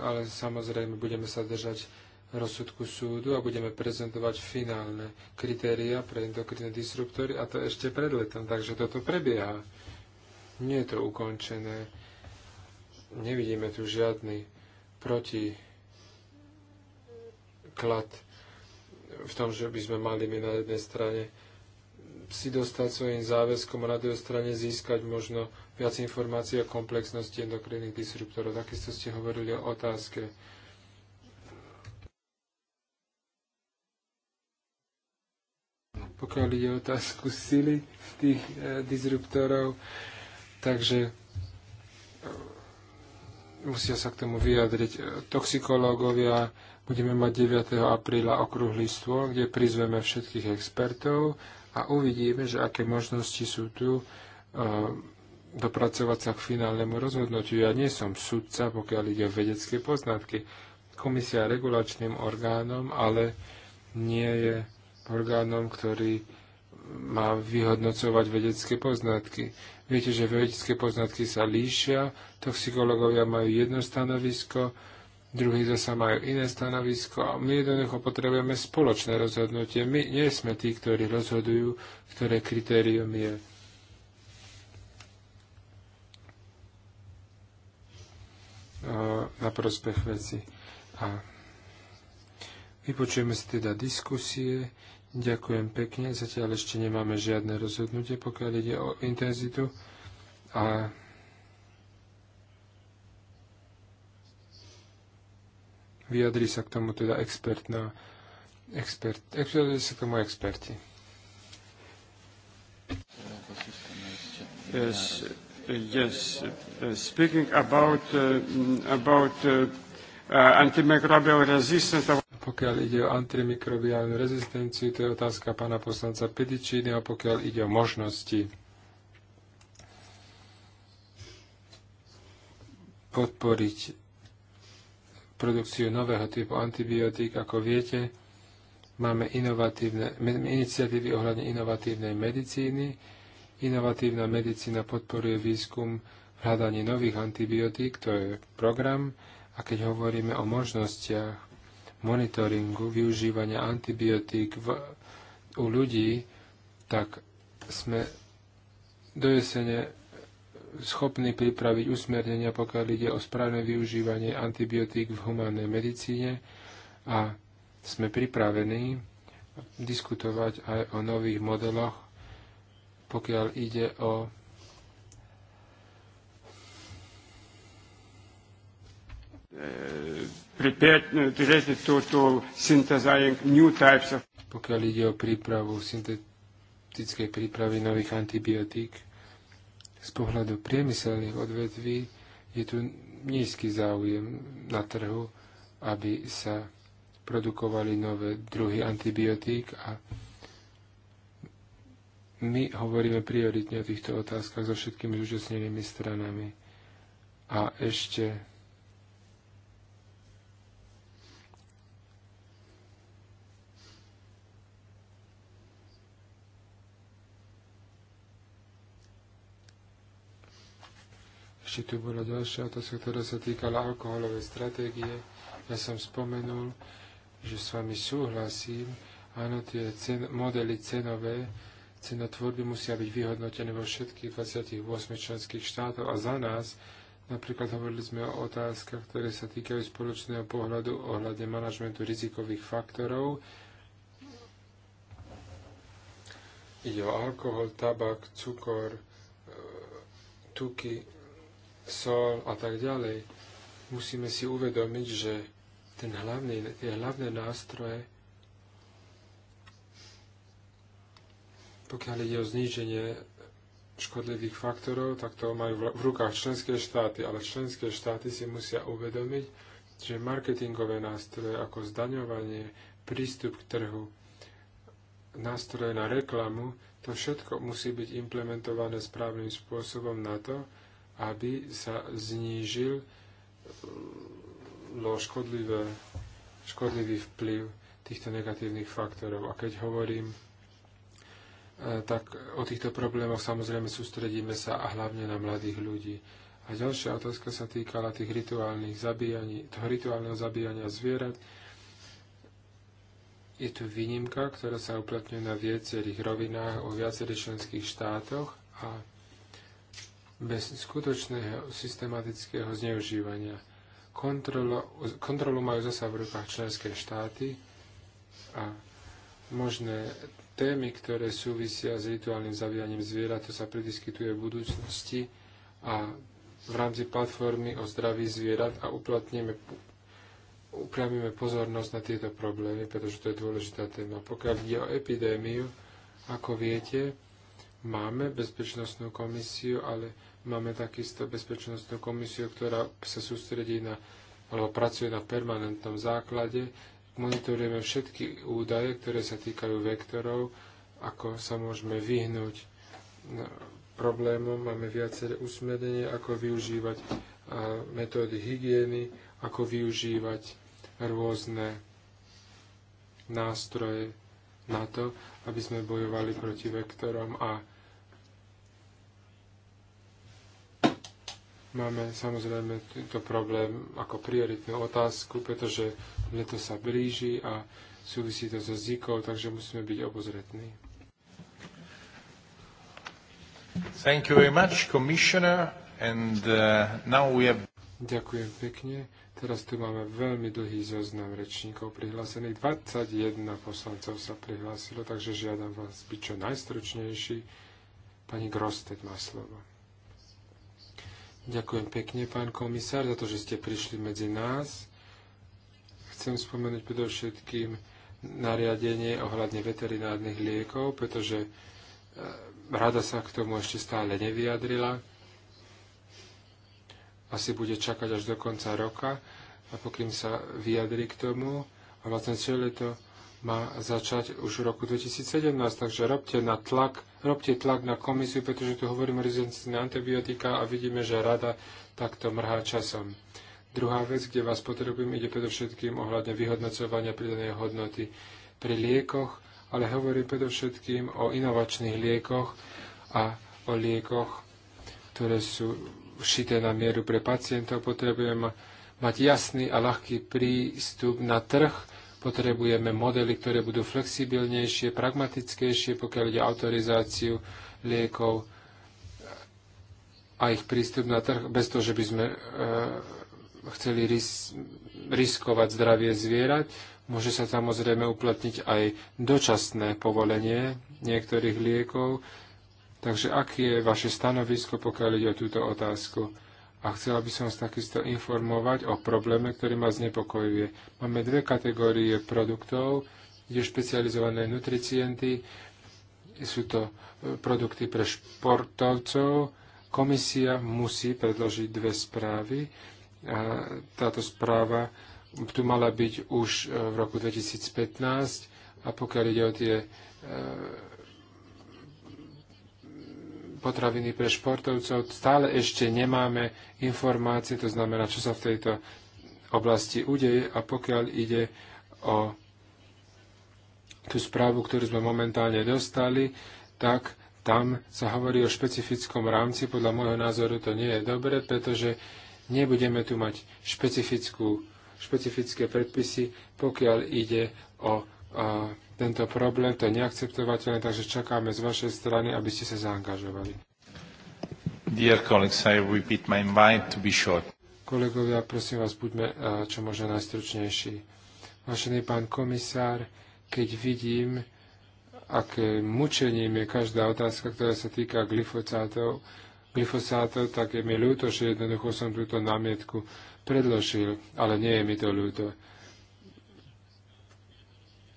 ale samozrejme budeme sa držať rozsudku súdu a budeme prezentovať finálne kritéria pre endokrinné disruptory a to ešte pred letom, takže toto prebieha. Nie je to ukončené. Nevidíme tu žiadny protiklad v tom, že by sme mali my na jednej strane si dostať svojim záväzkom a na druhej strane získať možno viac informácií o komplexnosti endokrinných disruptorov. Takisto ste hovorili o otázke. Pokiaľ ide o otázku sily tých e, disruptorov, takže e, musia sa k tomu vyjadriť e, toxikológovia. Budeme mať 9. apríla okrúhly stôl, kde prizveme všetkých expertov a uvidíme, že aké možnosti sú tu e, dopracovať sa k finálnemu rozhodnutiu. Ja nie som sudca, pokiaľ ide o vedecké poznatky. Komisia je regulačným orgánom, ale nie je orgánom, ktorý má vyhodnocovať vedecké poznatky. Viete, že vedecké poznatky sa líšia, toxikológovia majú jedno stanovisko, druhí zasa majú iné stanovisko a my jednoducho potrebujeme spoločné rozhodnutie. My nie sme tí, ktorí rozhodujú, ktoré kritérium je. na prospech veci. A vypočujeme si teda diskusie. Ďakujem pekne. Zatiaľ ešte nemáme žiadne rozhodnutie, pokiaľ ide o intenzitu. A Vyjadri sa k tomu teda expert na expert, vyjadri sa k tomu experti. Yes, yes. Speaking about, uh, about uh, uh antimicrobial resistance. Pokiaľ ide o antimikrobiálnu rezistenciu, to je otázka pána poslanca Pedičíny, a pokiaľ ide o možnosti podporiť produkciu nového typu antibiotík. Ako viete, máme inovatívne, iniciatívy ohľadne inovatívnej medicíny. Inovatívna medicína podporuje výskum v hľadaní nových antibiotík, to je program. A keď hovoríme o možnostiach monitoringu využívania antibiotík v, u ľudí, tak sme do jesene schopní pripraviť usmernenia, pokiaľ ide o správne využívanie antibiotík v humánnej medicíne a sme pripravení diskutovať aj o nových modeloch, pokiaľ ide o pokiaľ ide o prípravu syntetickej prípravy nových antibiotík z pohľadu priemyselných odvetví je tu nízky záujem na trhu, aby sa produkovali nové druhy antibiotík a my hovoríme prioritne o týchto otázkach so všetkými zúčastnenými stranami. A ešte Ešte tu bola ďalšia otázka, ktorá sa týkala alkoholovej stratégie. Ja som spomenul, že s vami súhlasím. Áno, tie cen, modely cenové, cenotvorby musia byť vyhodnotené vo všetkých 28 členských štátov a za nás Napríklad hovorili sme o otázkach, ktoré sa týkajú spoločného pohľadu ohľadne manažmentu rizikových faktorov. Ide o alkohol, tabak, cukor, e, tuky, sol a tak ďalej. Musíme si uvedomiť, že ten hlavný, tie hlavné nástroje, pokiaľ ide o zníženie škodlivých faktorov, tak to majú v rukách členské štáty, ale členské štáty si musia uvedomiť, že marketingové nástroje ako zdaňovanie, prístup k trhu, nástroje na reklamu, to všetko musí byť implementované správnym spôsobom na to, aby sa znížil e, škodlivé, škodlivý vplyv týchto negatívnych faktorov. A keď hovorím e, tak o týchto problémoch samozrejme sústredíme sa a hlavne na mladých ľudí. A ďalšia otázka sa týkala tých rituálnych zabíjaní, toho rituálneho zabíjania zvierat. Je tu výnimka, ktorá sa uplatňuje na viacerých rovinách o viacerých členských štátoch a bez skutočného systematického zneužívania. Kontrolu, kontrolu majú zasa v rukách členské štáty a možné témy, ktoré súvisia s rituálnym zavíjaním zvierat, to sa prediskytuje v budúcnosti a v rámci platformy o zdraví zvierat a uplatníme upriamíme pozornosť na tieto problémy, pretože to je dôležitá téma. Pokiaľ ide o epidémiu, ako viete, Máme bezpečnostnú komisiu, ale máme takisto bezpečnostnú komisiu, ktorá sa sústredí na, alebo pracuje na permanentnom základe. Monitorujeme všetky údaje, ktoré sa týkajú vektorov, ako sa môžeme vyhnúť no, problémom. Máme viaceré usmerenie, ako využívať metódy hygieny, ako využívať rôzne nástroje na to, aby sme bojovali proti vektorom a máme samozrejme tento problém ako prioritnú otázku, pretože leto sa blíži a súvisí to so zíkou, takže musíme byť obozretní. Thank you very much, Commissioner. And, uh, now we have... Ďakujem pekne. Teraz tu máme veľmi dlhý zoznam rečníkov prihlásených. 21 poslancov sa prihlásilo, takže žiadam vás byť čo najstručnejší. Pani Grosted má slovo. Ďakujem pekne, pán komisár, za to, že ste prišli medzi nás. Chcem spomenúť predovšetkým nariadenie ohľadne veterinárnych liekov, pretože eh, rada sa k tomu ešte stále nevyjadrila asi bude čakať až do konca roka, a pokým sa vyjadri k tomu. A vlastne celé to má začať už v roku 2017, takže robte, na tlak, robte tlak na komisiu, pretože tu hovoríme o rezistencii na antibiotika a vidíme, že rada takto mrhá časom. Druhá vec, kde vás potrebujem, ide predovšetkým ohľadne vyhodnocovania pridanej hodnoty pri liekoch, ale hovorím predovšetkým o inovačných liekoch a o liekoch, ktoré sú šité na mieru pre pacientov, potrebujeme mať jasný a ľahký prístup na trh, potrebujeme modely, ktoré budú flexibilnejšie, pragmatickejšie, pokiaľ ide autorizáciu liekov a ich prístup na trh, bez toho, že by sme e, chceli ris- riskovať zdravie zvierat. Môže sa samozrejme uplatniť aj dočasné povolenie niektorých liekov, Takže aké je vaše stanovisko, pokiaľ ide o túto otázku? A chcela by som vás takisto informovať o probléme, ktorý ma znepokojuje. Máme dve kategórie produktov, kde špecializované nutricienty, sú to e, produkty pre športovcov. Komisia musí predložiť dve správy. Táto správa tu mala byť už e, v roku 2015 a pokiaľ ide o tie e, potraviny pre športovcov. Stále ešte nemáme informácie, to znamená, čo sa v tejto oblasti udeje a pokiaľ ide o tú správu, ktorú sme momentálne dostali, tak tam sa hovorí o špecifickom rámci. Podľa môjho názoru to nie je dobre, pretože nebudeme tu mať špecifickú, špecifické predpisy, pokiaľ ide o, o tento problém, to je neakceptovateľné, takže čakáme z vašej strany, aby ste sa zaangažovali. Dear colleagues, I repeat my mind to be short. Kolegovia, prosím vás, buďme eh, čo možno najstručnejší. Vášený pán komisár, keď vidím, aké mučením je každá otázka, ktorá sa týka glyfosátov, glyfosátov, tak je mi ľúto, že jednoducho som túto námietku predložil, ale nie je mi to ľúto.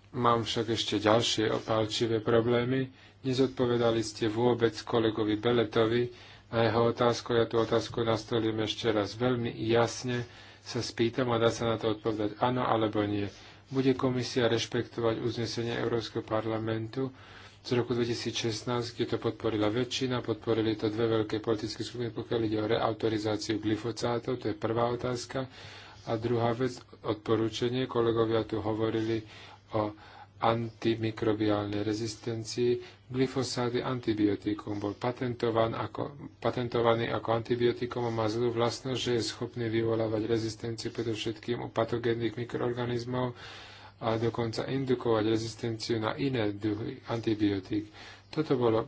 Mám však ešte ďalšie opálčivé problémy. Nezodpovedali ste vôbec kolegovi Beletovi na jeho otázku. Ja tú otázku nastolím ešte raz veľmi jasne. Sa spýtam a dá sa na to odpovedať áno alebo nie. Bude komisia rešpektovať uznesenie Európskeho parlamentu z roku 2016, kde to podporila väčšina, podporili to dve veľké politické skupiny, pokiaľ ide o reautorizáciu glyfocátov, to je prvá otázka. A druhá vec, odporúčanie, kolegovia tu hovorili o antimikrobiálnej rezistencii. Glyfosát je antibiotikum, bol patentovaný ako, patentovaný ako antibiotikum a má zlú vlastnosť, že je schopný vyvolávať rezistenciu predovšetkým u patogénnych mikroorganizmov a dokonca indukovať rezistenciu na iné druhy antibiotík. Toto bolo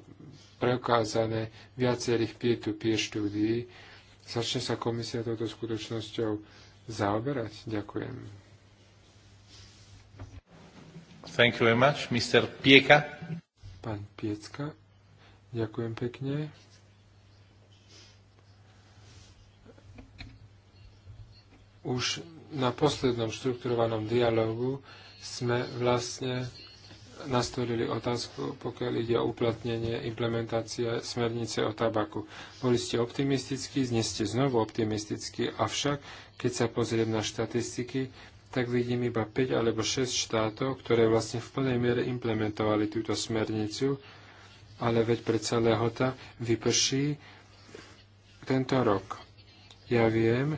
preukázané viacerých peer to -peer štúdií. Začne sa komisia touto skutočnosťou zaoberať? Ďakujem. Thank you very much. Mr. Pieka. Pán Piecka. Ďakujem pekne. Už na poslednom štrukturovanom dialogu sme vlastne nastolili otázku, pokiaľ ide o uplatnenie implementácie smernice o tabaku. Boli ste optimistickí, dnes ste znovu optimistickí, avšak keď sa pozriem na štatistiky, tak vidím iba 5 alebo 6 štátov, ktoré vlastne v plnej miere implementovali túto smernicu, ale veď celého lehota vyprší tento rok. Ja viem e,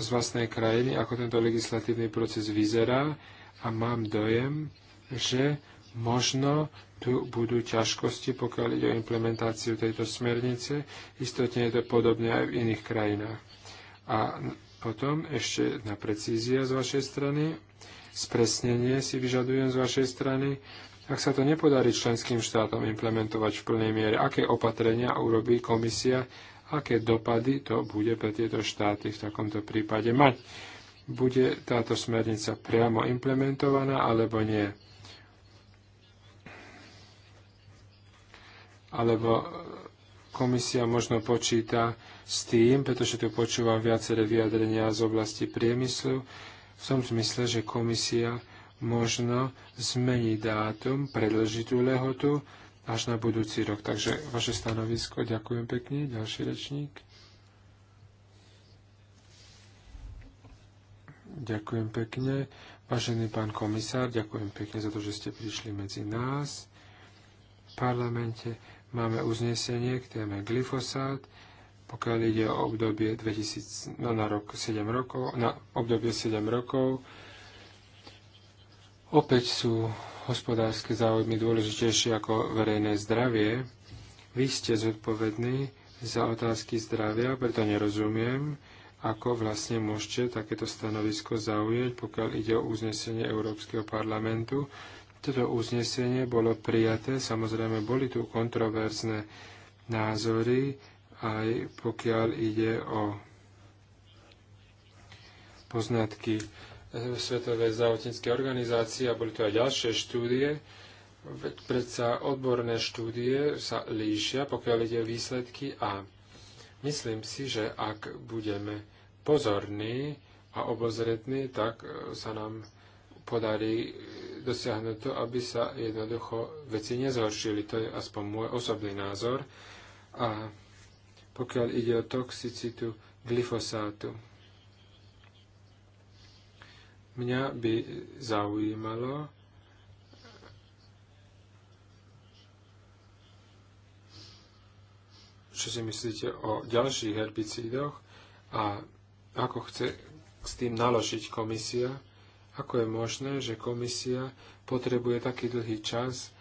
z vlastnej krajiny, ako tento legislatívny proces vyzerá a mám dojem, že možno tu budú ťažkosti, pokiaľ ide o implementáciu tejto smernice. Istotne je to podobne aj v iných krajinách. A potom ešte na precízia z vašej strany, spresnenie si vyžadujem z vašej strany. Ak sa to nepodarí členským štátom implementovať v plnej miere, aké opatrenia urobí komisia, aké dopady to bude pre tieto štáty v takomto prípade mať. Bude táto smernica priamo implementovaná alebo nie? Alebo komisia možno počíta, s tým, pretože tu počúvam viaceré vyjadrenia z oblasti priemyslu, v tom zmysle, že komisia možno zmení dátum, predlží tú lehotu až na budúci rok. Takže vaše stanovisko, ďakujem pekne. Ďalší rečník. Ďakujem pekne. Vážený pán komisár, ďakujem pekne za to, že ste prišli medzi nás. V parlamente máme uznesenie k téme glyfosát pokiaľ ide o obdobie 2000, no na, rok 7 rokov, na obdobie 7 rokov. Opäť sú hospodárske záujmy dôležitejšie ako verejné zdravie. Vy ste zodpovední za otázky zdravia, preto nerozumiem, ako vlastne môžete takéto stanovisko zaujať, pokiaľ ide o uznesenie Európskeho parlamentu. Toto uznesenie bolo prijaté, samozrejme boli tu kontroverzné názory, aj pokiaľ ide o poznatky Svetovej zdravotníckej organizácie a boli tu aj ďalšie štúdie. predsa odborné štúdie sa líšia, pokiaľ ide o výsledky a myslím si, že ak budeme pozorní a obozretní, tak e, sa nám podarí dosiahnuť to, aby sa jednoducho veci nezhoršili. To je aspoň môj osobný názor. A pokiaľ ide o toxicitu glyfosátu. Mňa by zaujímalo, čo si myslíte o ďalších herbicídoch a ako chce s tým naložiť komisia, ako je možné, že komisia potrebuje taký dlhý čas,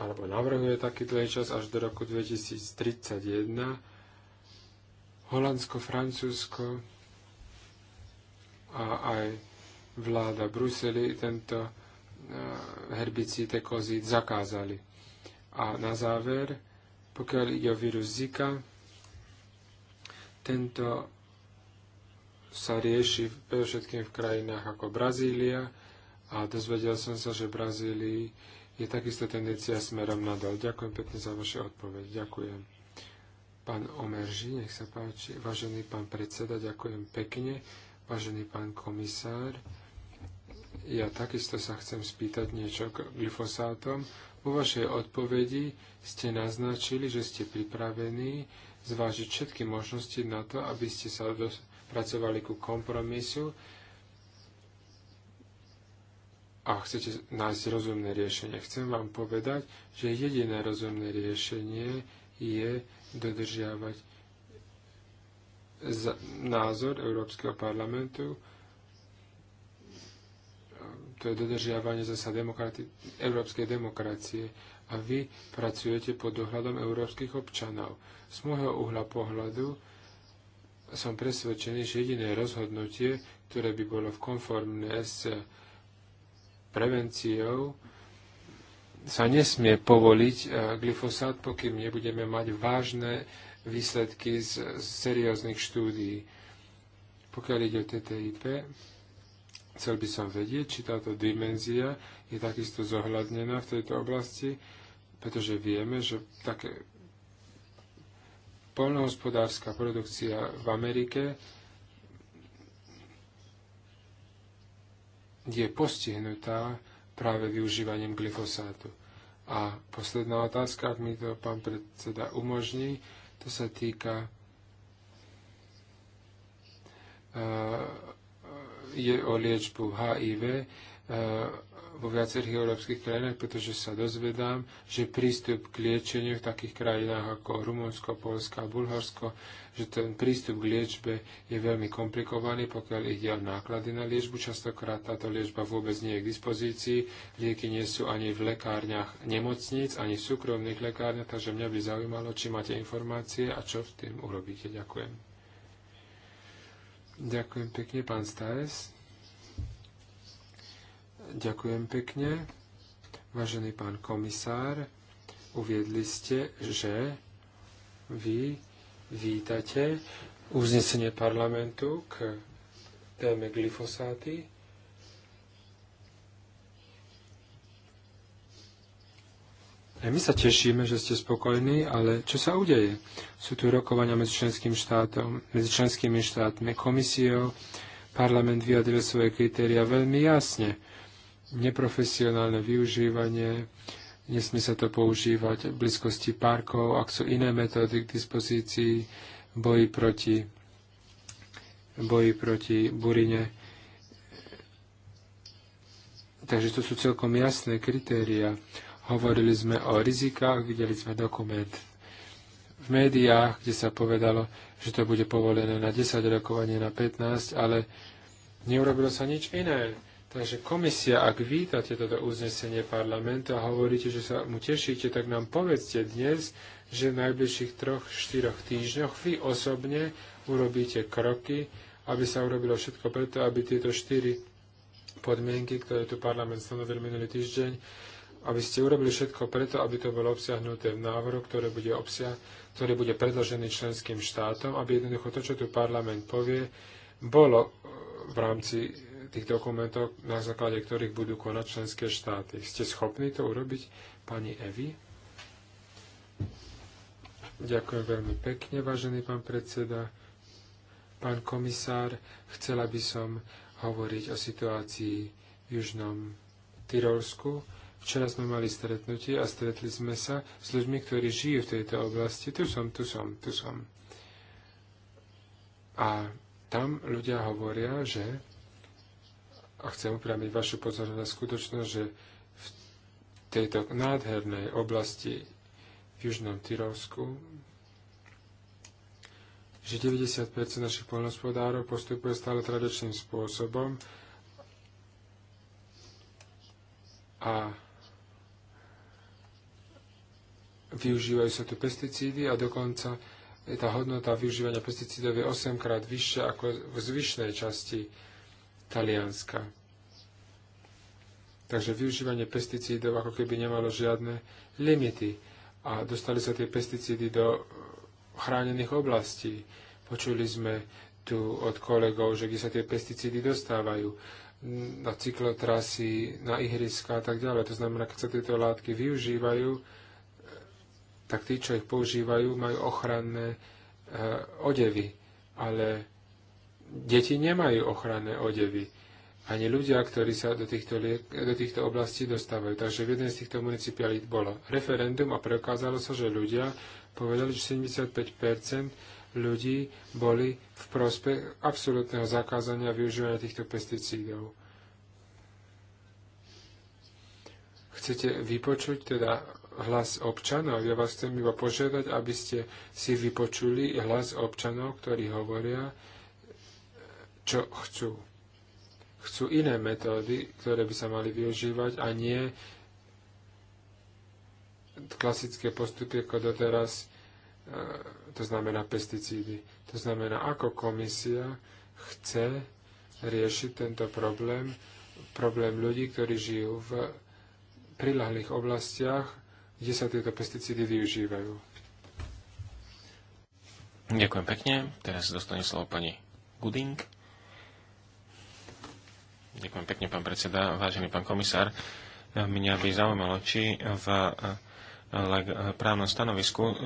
alebo navrhuje taký dlhý čas až do roku 2031, Holandsko, Francúzsko a aj vláda Bruseli tento e, herbicíd ekozid zakázali. A na záver, pokiaľ ide o vírus Zika, tento sa rieši predovšetkým v krajinách ako Brazília a dozvedel som sa, že v Brazílii je takisto tendencia smerom nadol. Ďakujem pekne za vaše odpoveď. Ďakujem. Pán Omerži, nech sa páči. Vážený pán predseda, ďakujem pekne. Vážený pán komisár, ja takisto sa chcem spýtať niečo k glyfosátom. Vo vašej odpovedi ste naznačili, že ste pripravení zvážiť všetky možnosti na to, aby ste sa pracovali ku kompromisu a chcete nájsť rozumné riešenie. Chcem vám povedať, že jediné rozumné riešenie je dodržiavať názor Európskeho parlamentu, to je dodržiavanie zasa demokrati- európskej demokracie a vy pracujete pod dohľadom európskych občanov. Z môjho uhla pohľadu som presvedčený, že jediné rozhodnutie, ktoré by bolo v konformné s prevenciou, sa nesmie povoliť e, glyfosát, pokým nebudeme mať vážne výsledky z serióznych štúdií. Pokiaľ ide o TTIP, chcel by som vedieť, či táto dimenzia je takisto zohľadnená v tejto oblasti, pretože vieme, že také polnohospodárska produkcia v Amerike je postihnutá práve využívaním glyfosátu. A posledná otázka, ak mi to pán predseda umožní, to sa týka eh, je o liečbu HIV eh, vo viacerých európskych krajinách, pretože sa dozvedám, že prístup k liečeniu v takých krajinách ako Rumunsko, Polska a Bulharsko, že ten prístup k liečbe je veľmi komplikovaný, pokiaľ ide o náklady na liečbu. Častokrát táto liečba vôbec nie je k dispozícii. Lieky nie sú ani v lekárniach nemocníc, ani v súkromných lekárniach, takže mňa by zaujímalo, či máte informácie a čo v tým urobíte. Ďakujem. Ďakujem pekne, pán Stajes. Ďakujem pekne. Vážený pán komisár, uviedli ste, že vy vítate uznesenie parlamentu k téme glyfosáty. my sa tešíme, že ste spokojní, ale čo sa udeje? Sú tu rokovania medzi členským štátom, medzi členskými štátmi, komisiou. Parlament vyjadril svoje kritéria veľmi jasne neprofesionálne využívanie, nesmie sa to používať v blízkosti parkov, ak sú iné metódy k dispozícii, boji proti, boji proti burine. Takže to sú celkom jasné kritéria. Hovorili sme o rizikách, videli sme dokument v médiách, kde sa povedalo, že to bude povolené na 10 rokov, a nie na 15, ale neurobilo sa nič iné Takže komisia, ak vítate toto uznesenie parlamentu a hovoríte, že sa mu tešíte, tak nám povedzte dnes, že v najbližších troch, štyroch týždňoch vy osobne urobíte kroky, aby sa urobilo všetko preto, aby tieto štyri podmienky, ktoré tu parlament stanovil minulý týždeň, aby ste urobili všetko preto, aby to bolo obsiahnuté v návrhu, ktoré bude, obsiah, ktorý bude predložený členským štátom, aby jednoducho to, čo tu parlament povie, bolo v rámci tých dokumentov, na základe ktorých budú konať členské štáty. Ste schopní to urobiť, pani Evi? Ďakujem veľmi pekne, vážený pán predseda. Pán komisár, chcela by som hovoriť o situácii v Južnom Tyrolsku. Včera sme mali stretnutie a stretli sme sa s ľuďmi, ktorí žijú v tejto oblasti. Tu som, tu som, tu som. A tam ľudia hovoria, že a chcem upriamiť vašu pozornosť na skutočnosť, že v tejto nádhernej oblasti v Južnom Tyrovsku, že 90% našich poľnospodárov postupuje stále tradičným spôsobom a využívajú sa tu pesticídy a dokonca tá hodnota využívania pesticídov je 8 krát vyššia ako v zvyšnej časti Talianska. Takže využívanie pesticídov ako keby nemalo žiadne limity a dostali sa tie pesticídy do chránených oblastí. Počuli sme tu od kolegov, že kde sa tie pesticídy dostávajú na cyklotrasy, na ihriska a tak ďalej. To znamená, keď sa tieto látky využívajú, tak tí, čo ich používajú, majú ochranné e, odevy. Ale deti nemajú ochranné odevy. Ani ľudia, ktorí sa do týchto, liek, do týchto oblastí dostávajú. Takže v jednej z týchto municipialít bolo referendum a preukázalo sa, že ľudia povedali, že 75 ľudí boli v prospech absolútneho zakázania využívania týchto pesticídov. Chcete vypočuť teda hlas občanov? Ja vás chcem iba požiadať, aby ste si vypočuli hlas občanov, ktorí hovoria, čo chcú. Chcú iné metódy, ktoré by sa mali využívať a nie klasické postupy ako doteraz, e, to znamená pesticídy. To znamená, ako komisia chce riešiť tento problém, problém ľudí, ktorí žijú v prilahlých oblastiach, kde sa tieto pesticídy využívajú. Ďakujem pekne. Teraz dostane slovo pani Guding. Ďakujem pekne, pán predseda, vážený pán komisár. Mňa by zaujímalo, či v právnom stanovisku eh,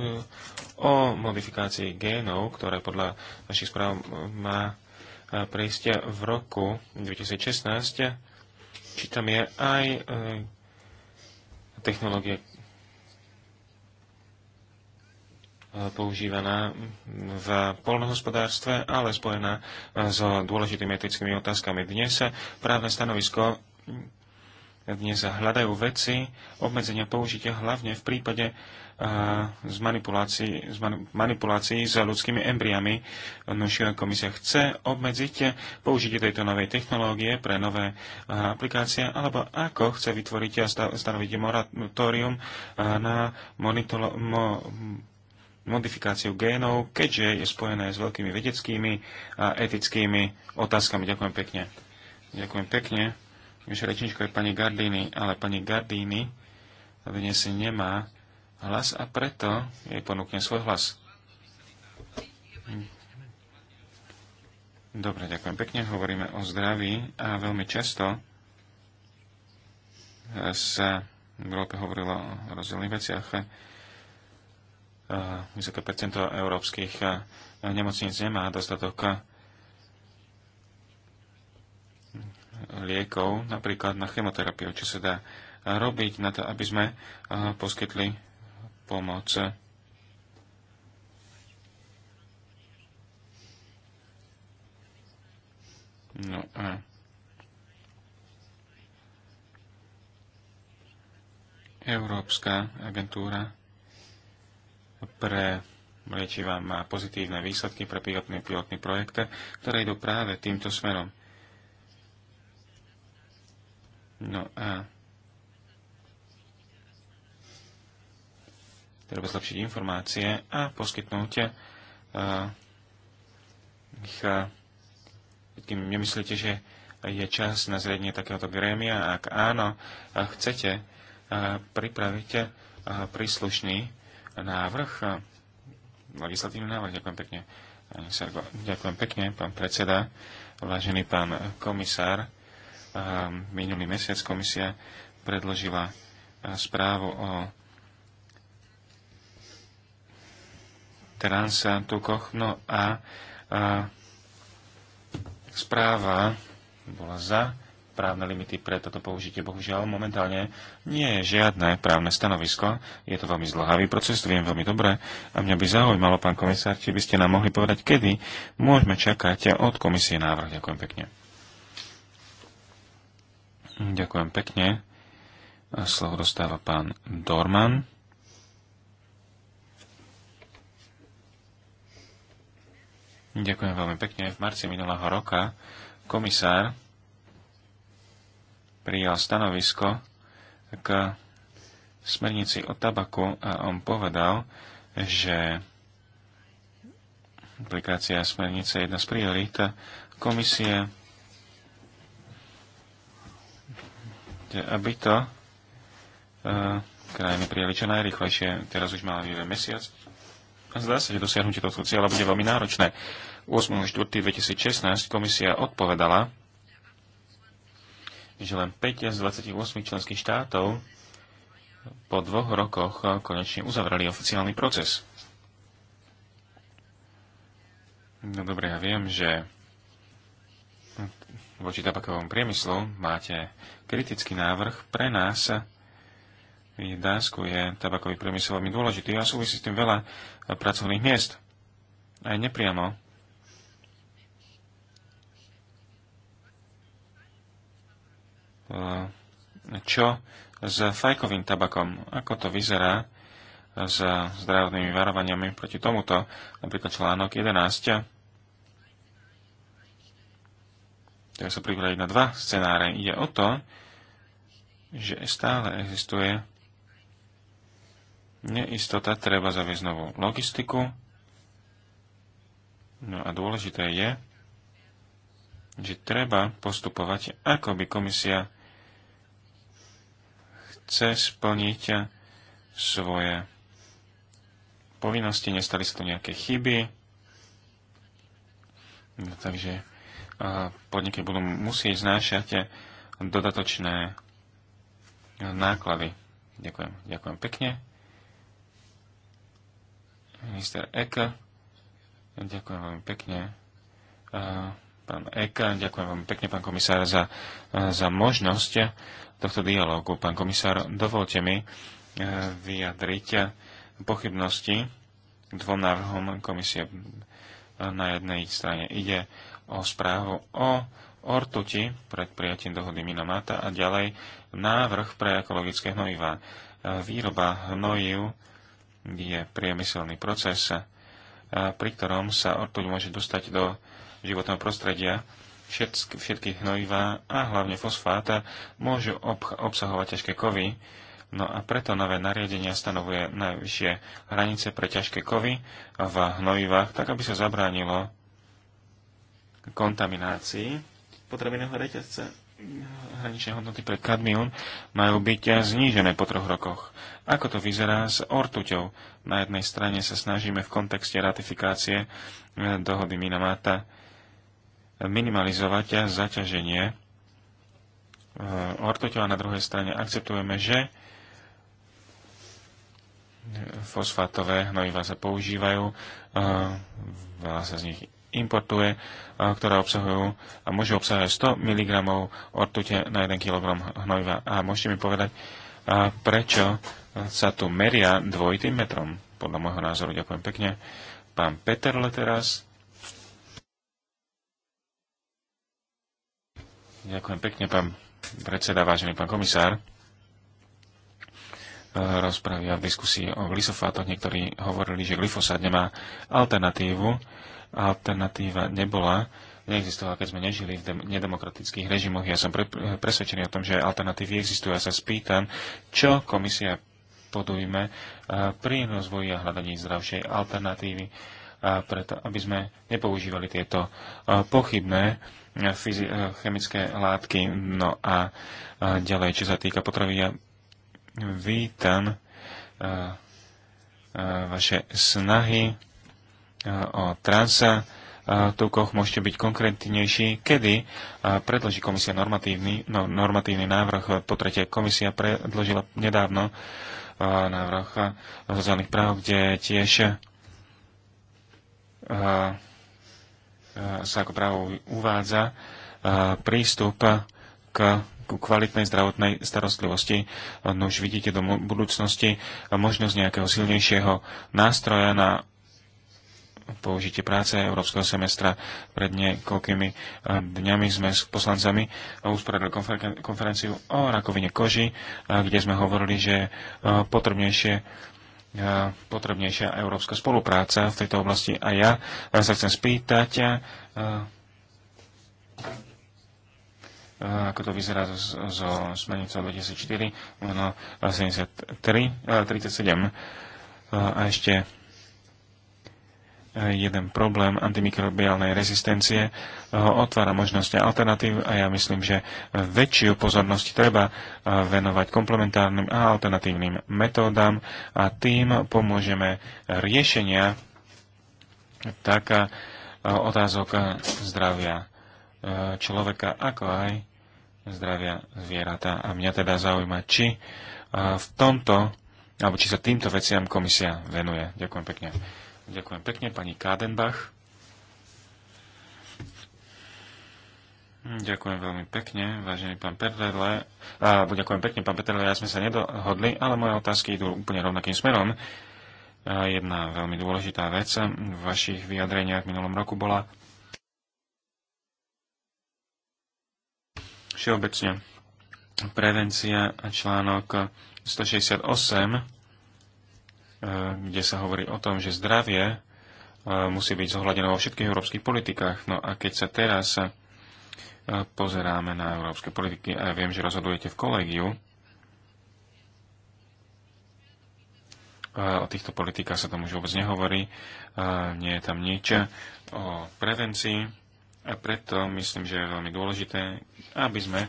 o modifikácii génov, ktoré podľa našich správ má eh, prísť v roku 2016, či tam je aj eh, technológie E, používaná v polnohospodárstve, ale spojená e, s dôležitými etickými otázkami. Dnes sa právne stanovisko dnes hľadajú veci obmedzenia použitia hlavne v prípade e, z manipulácií, z manipulácií s ľudskými embriami. Nošia komisia chce obmedziť použitie tejto novej technológie pre nové aplikácie, alebo ako chce vytvoriť a stanoviť moratórium na mo, modifikáciu génov, keďže je spojené s veľkými vedeckými a etickými otázkami. Ďakujem pekne. Ďakujem pekne. Vyše rečničko je pani Gardini, ale pani Gardini dnes nemá hlas a preto jej ponúknem svoj hlas. Dobre, ďakujem pekne. Hovoríme o zdraví a veľmi často sa v Európe hovorilo o rozdielných veciach vysoké percento európskych eh, nemocníc nemá dostatok eh, liekov, napríklad na chemoterapiu, čo sa dá eh, robiť na to, aby sme poskytli pomoc. No a Európska agentúra pre liečiva má pozitívne výsledky pre pilotný, pilotný projekt, ktoré idú práve týmto smerom. No a treba zlepšiť informácie a poskytnúť eh, ich, tým eh, nemyslíte, že je čas na zriadenie takéhoto grémia, ak áno, chcete eh, pripravíte príslušný návrh, e, legislatívny návrh. Ďakujem pekne. Ďakujem pekne, pán predseda, vážený pán komisár. E, minulý mesiac komisia predložila e, správu o transatukoch. No a, a správa bola za právne limity pre toto použitie. Bohužiaľ, momentálne nie je žiadne právne stanovisko. Je to veľmi zlohavý proces, to viem veľmi dobre. A mňa by zaujímalo, pán komisár, či by ste nám mohli povedať, kedy môžeme čakať od komisie návrh. Ďakujem pekne. Ďakujem pekne. A slovo dostáva pán Dorman. Ďakujem veľmi pekne. V marci minulého roka komisár prijal stanovisko k smernici o tabaku a on povedal, že aplikácia smernice je jedna z priorít komisie, aby to e, krajiny prijali čo najrychlejšie. Teraz už máme jeden mesiac. A zdá sa, že dosiahnutie tohto cieľa bude veľmi náročné. 8.4.2016 komisia odpovedala že len 5 z 28 členských štátov po dvoch rokoch konečne uzavrali oficiálny proces. No dobre, ja viem, že voči tabakovom priemyslu máte kritický návrh. Pre nás v Dánsku je tabakový priemysel veľmi dôležitý a súvisí s tým veľa pracovných miest. Aj nepriamo E, čo s fajkovým tabakom, ako to vyzerá s zdravotnými varovaniami proti tomuto, napríklad článok 11. Teraz sa pripraviť na dva scenáre. Ide o to, že stále existuje neistota, treba zaviesť novú logistiku. No a dôležité je, že treba postupovať, ako by komisia chce splniť svoje povinnosti, nestali sa tu nejaké chyby, no, takže podniky budú musieť znášať dodatočné náklady. Ďakujem, ďakujem pekne. Minister Eker, ďakujem veľmi pekne pán Eka, ďakujem vám pekne, pán komisár, za, za možnosť tohto dialógu. Pán komisár, dovolte mi eh, vyjadriť pochybnosti k dvom návrhom komisie. Na jednej strane ide o správu o ortuti pred prijatím dohody Minamata a ďalej návrh pre ekologické hnojivá. Výroba hnojiv je priemyselný proces, eh, pri ktorom sa ortuť môže dostať do životného prostredia. Všetky, všetky hnojivá a hlavne fosfáta môžu obch, obsahovať ťažké kovy, no a preto nové nariadenia stanovuje najvyššie hranice pre ťažké kovy v hnojivách, tak aby sa zabránilo kontaminácii potrebného reťazca. Hraničné hodnoty pre kadmium majú byť znížené po troch rokoch. Ako to vyzerá s ortuťou? Na jednej strane sa snažíme v kontexte ratifikácie dohody Minamata minimalizovať zaťaženie e, ortoťov a na druhej strane akceptujeme, že fosfátové hnojiva sa používajú, e, veľa sa z nich importuje, e, ktoré obsahujú a môžu obsahovať 100 mg ortute na 1 kg hnojiva. A môžete mi povedať, prečo sa tu meria dvojitým metrom? Podľa môjho názoru ďakujem pekne. Pán Le teraz. Ďakujem pekne, pán predseda, vážený pán komisár. E, rozpravy a v diskusii o glyfosátoch niektorí hovorili, že glyfosát nemá alternatívu. Alternatíva nebola neexistovala, keď sme nežili v nedemokratických režimoch. Ja som pre- presvedčený o tom, že alternatívy existujú. Ja sa spýtam, čo komisia podujme e, pri rozvoji a hľadaní zdravšej alternatívy, e, preto aby sme nepoužívali tieto pochybné Eh, eh, chemické látky. No a eh, ďalej, čo sa týka potravy, ja vítam vaše snahy o transa tukoch môžete byť konkrétnejší, kedy predloží komisia normatívny, no, normatívny návrh. Po tretie, komisia predložila nedávno návrh sociálnych práv, kde tiež Eh, sa ako právo uvádza eh, prístup k ku kvalitnej zdravotnej starostlivosti. No už vidíte do budúcnosti možnosť nejakého silnejšieho nástroja na použitie práce Európskeho semestra. Pred niekoľkými eh, dňami sme s poslancami usporiadali konferenciu o rakovine koži, kde sme hovorili, že potrebnejšie potrebnejšia európska spolupráca v tejto oblasti. A ja sa chcem spýtať, ako to vyzerá zo, zo smernicou 2004, 73, 37 a ešte jeden problém antimikrobiálnej rezistencie otvára možnosť alternatív a ja myslím, že väčšiu pozornosť treba eh, venovať komplementárnym a alternatívnym metódam a tým pomôžeme riešenia tak eh, otázok zdravia eh, človeka, ako aj zdravia zvieratá. A mňa teda zaujíma, či v tomto, alebo či sa týmto veciam komisia venuje. Ďakujem pekne. Ďakujem pekne, pani Kádenbach. Ďakujem veľmi pekne, vážený pán Petrele. A, ďakujem pekne, pán Petrele, ja sme sa nedohodli, ale moje otázky idú úplne rovnakým smerom. A jedna veľmi dôležitá vec v vašich vyjadreniach v minulom roku bola všeobecne prevencia a článok 168 Eh, kde sa hovorí o tom, že zdravie eh, musí byť zohľadené vo všetkých európskych politikách. No a keď sa teraz eh, pozeráme na európske politiky, a ja viem, že rozhodujete v kolegiu, o týchto politikách sa tam už vôbec nehovorí, nie je tam nič o prevencii, a preto myslím, že je veľmi dôležité, aby sme e,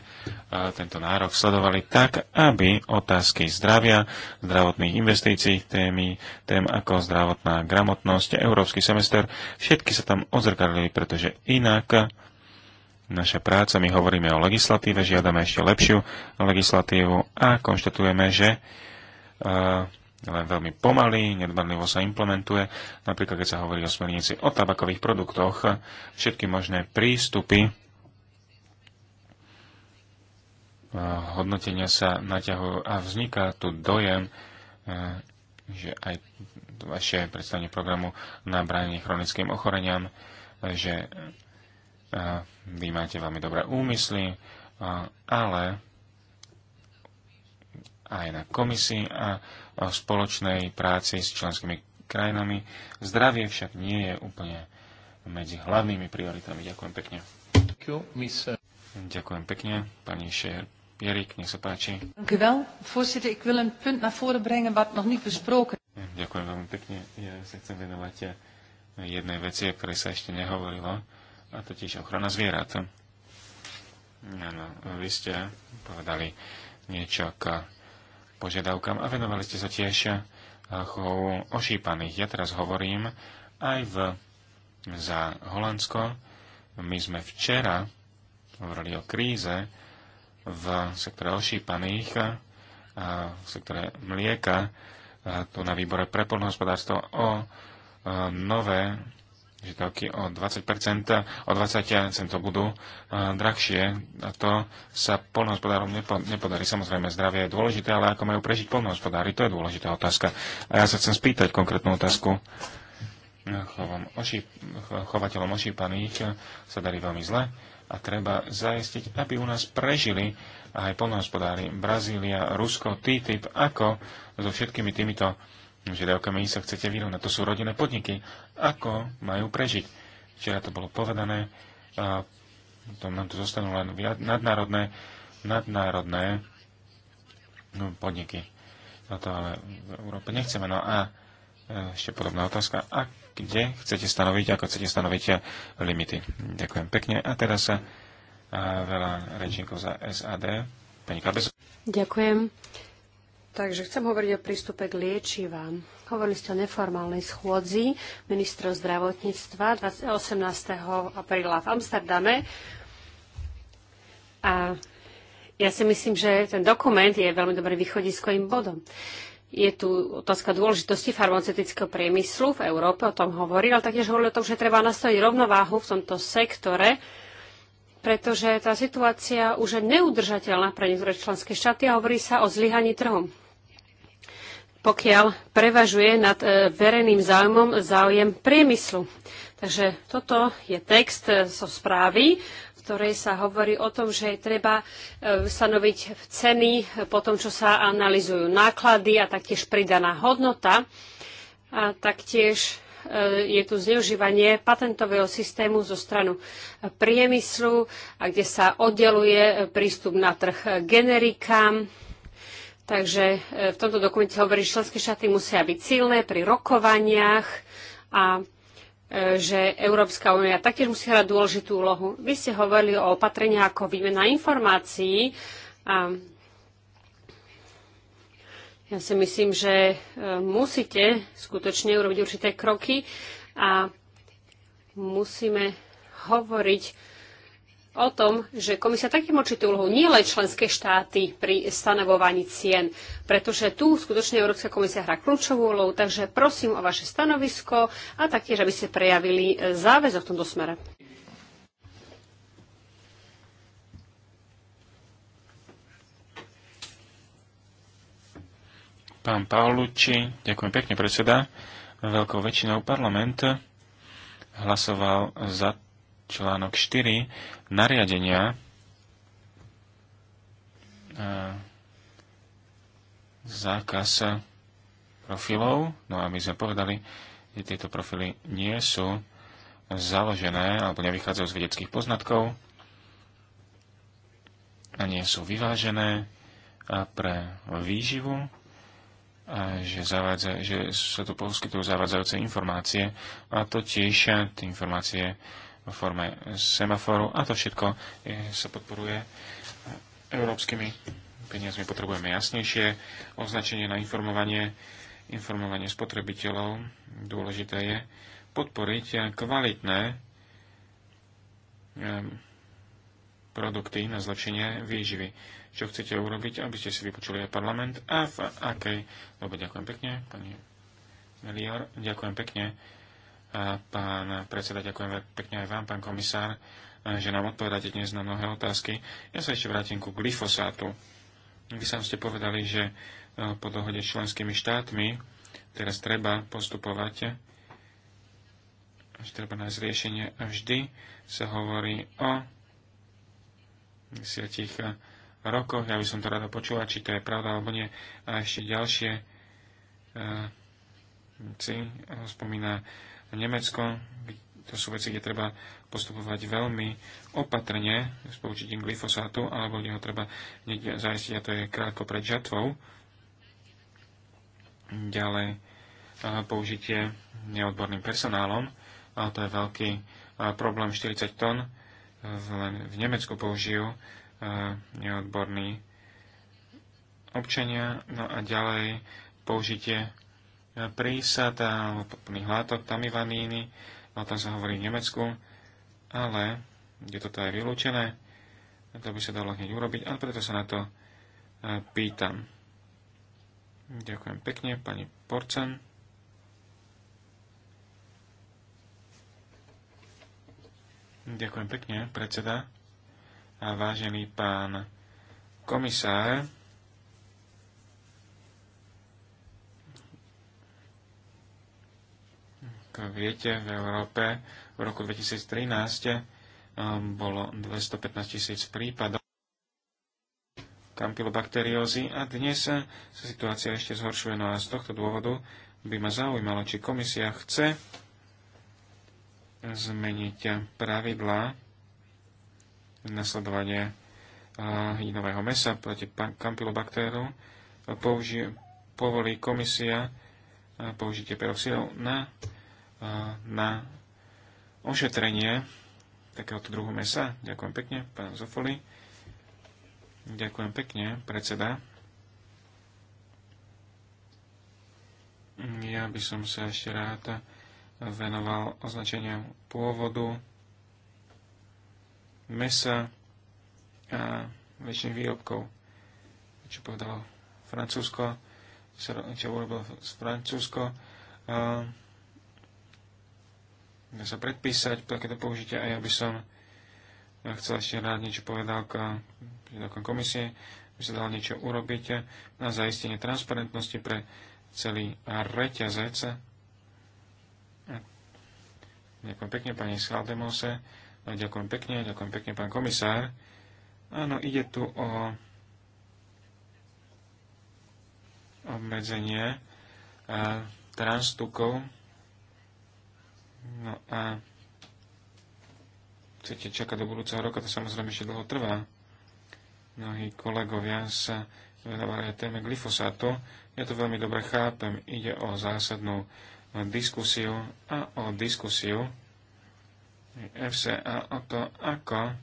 tento nárok sledovali tak, aby otázky zdravia, zdravotných investícií, témy, tém ako zdravotná gramotnosť, európsky semester, všetky sa tam odzrkadlili, pretože inak naša práca, my hovoríme o legislatíve, žiadame ešte lepšiu legislatívu a konštatujeme, že e, len veľmi pomaly, nedbanlivo sa implementuje. Napríklad, keď sa hovorí o smernici o tabakových produktoch, všetky možné prístupy hodnotenia sa naťahujú a vzniká tu dojem, e, že aj vaše predstavenie programu na bránenie chronickým ochoreniam, že e, vy máte veľmi dobré úmysly, e, ale aj na komisii a o spoločnej práci s členskými krajinami. Zdravie však nie je úplne medzi hlavnými prioritami. Ďakujem pekne. Uh, Ďakujem pekne, pani Šer. Pierik, nech sa páči. Ďakujem veľmi pekne. Ja sa chcem venovať eh, jednej veci, o ktorej sa ešte nehovorilo, a totiž ochrana zvierat. Áno, vy ste povedali niečo k požiadavkám a venovali ste sa tiež eh, chovu ošípaných. Ja teraz hovorím aj v, za Holandsko. My sme včera hovorili o kríze v sektore ošípaných a eh, v sektore mlieka eh, tu na výbore pre polnohospodárstvo o nové požiadavky o 20%, o 20% centov budú e, drahšie a to sa polnohospodárom nepodarí. Samozrejme, zdravie je dôležité, ale ako majú prežiť polnohospodári, to je dôležitá otázka. A ja sa chcem spýtať konkrétnu otázku. Chovom ošíp, chovateľom ošípaných sa darí veľmi zle a treba zajistiť, aby u nás prežili aj polnohospodári Brazília, Rusko, TTIP, ako so všetkými týmito žiadavkami sa chcete vyrovnať. To sú rodinné podniky. Ako majú prežiť? Včera to bolo povedané. A to nám tu zostanú len nadnárodné, nadnárodné no, podniky. No to ale v Európe nechceme. No a e, ešte podobná otázka. A kde chcete stanoviť, ako chcete stanoviť e, limity? Ďakujem pekne. A teraz sa e, a veľa rečníkov za SAD. Pani Kabezová. Ďakujem. Takže chcem hovoriť o prístupe k liečivám. Hovorili ste o neformálnej schôdzi ministrov zdravotníctva 18. apríla v Amsterdame. A ja si myslím, že ten dokument je veľmi dobrým východiskovým bodom. Je tu otázka dôležitosti farmaceutického priemyslu v Európe, o tom hovorí, ale taktiež hovorí o tom, že treba nastaviť rovnováhu v tomto sektore, pretože tá situácia už je neudržateľná pre niektoré členské štáty a hovorí sa o zlyhaní trhom pokiaľ prevažuje nad e, verejným záujmom záujem priemyslu. Takže toto je text e, zo so správy, v ktorej sa hovorí o tom, že je treba e, stanoviť ceny po tom, čo sa analizujú náklady a taktiež pridaná hodnota. A taktiež je tu zneužívanie patentového systému zo stranu priemyslu, a kde sa oddeluje prístup na trh generikám Takže e, v tomto dokumente hovorí, že členské štáty musia byť silné pri rokovaniach a e, že Európska únia taktiež musí hrať dôležitú úlohu. Vy ste hovorili o opatreniach ako výmena informácií. A ja si myslím, že e, musíte skutočne urobiť určité kroky a musíme hovoriť o tom, že komisia takým určitým úlohu nie len členské štáty pri stanovovaní cien, pretože tu skutočne Európska komisia hrá kľúčovú úlohu, takže prosím o vaše stanovisko a taktiež, aby ste prejavili e, záväzok v tomto smere. Pán Paulucci, ďakujem pekne predseda, veľkou väčšinou parlament hlasoval za článok 4 nariadenia zákaz profilov. No a my sme povedali, že tieto profily nie sú založené alebo nevychádzajú z vedeckých poznatkov a nie sú vyvážené a pre výživu a že, zavádza, že sa tu poskytujú zavádzajúce informácie a to tiež tie informácie vo forme semaforu a to všetko eh, sa podporuje európskymi peniazmi. Potrebujeme jasnejšie označenie na informovanie, informovanie spotrebiteľov. Dôležité je podporiť kvalitné produkty na zlepšenie výživy. Čo chcete urobiť, aby ste si vypočuli aj parlament a v akej dobe. Ďakujem pekne, pani Melior. Ďakujem pekne a pán predseda, ďakujem pekne aj vám, pán komisár, že nám odpovedáte dnes na mnohé otázky. Ja sa ešte vrátim ku glyfosátu. Vy sám ste povedali, že e, po dohode s členskými štátmi teraz treba postupovať, že treba nájsť riešenie a vždy sa hovorí o desiatich e, rokoch. Ja by som to rada počula, či to je pravda alebo nie. A ešte ďalšie si e, spomína Nemecko, to sú veci, kde treba postupovať veľmi opatrne s použitím glyfosátu, alebo kde ho treba niekde a to je krátko pred žatvou. Ďalej použitie neodborným personálom, ale to je veľký problém 40 tón. Len v Nemecku použijú neodborní občania. No a ďalej použitie prísad a podporných látok, tamivaníny, o tom sa hovorí v Nemecku, ale je toto aj vylúčené, to by sa dalo hneď urobiť, ale preto sa na to e, pýtam. Ďakujem pekne, pani Porcen. Ďakujem pekne, predseda. A vážený pán komisár, viete, v Európe v roku 2013 eh, bolo 215 tisíc prípadov kampylobakteriózy a dnes sa situácia ešte zhoršuje. No a z tohto dôvodu by ma zaujímalo, či komisia chce zmeniť pravidlá nasledovanie eh, hydinového mesa proti kampylobaktéru. Použi- povolí komisia eh, použitie peroxidov na na ošetrenie takéhoto druhu mesa. Ďakujem pekne, pán Zofoli. Ďakujem pekne, predseda. Ja by som sa ešte rád venoval označeniam pôvodu mesa a väčšiny výrobkov. Čo povedalo Francúzsko, čo urobil Francúzsko dá sa predpísať takéto použitie a ja by som chcel ešte rád niečo povedal k komisie, by sa dal niečo urobiť na zaistenie transparentnosti pre celý reťazec. Ďakujem pekne pani Schaldemose, ďakujem pekne, ďakujem pekne pán komisár. Áno, ide tu o obmedzenie transtukov No a chcete čakať do budúceho roka, to samozrejme ešte dlho trvá. Mnohí kolegovia sa venovali aj téme glyfosátu. Ja to veľmi dobre chápem. Ide o zásadnú diskusiu a o diskusiu FCA o to, ako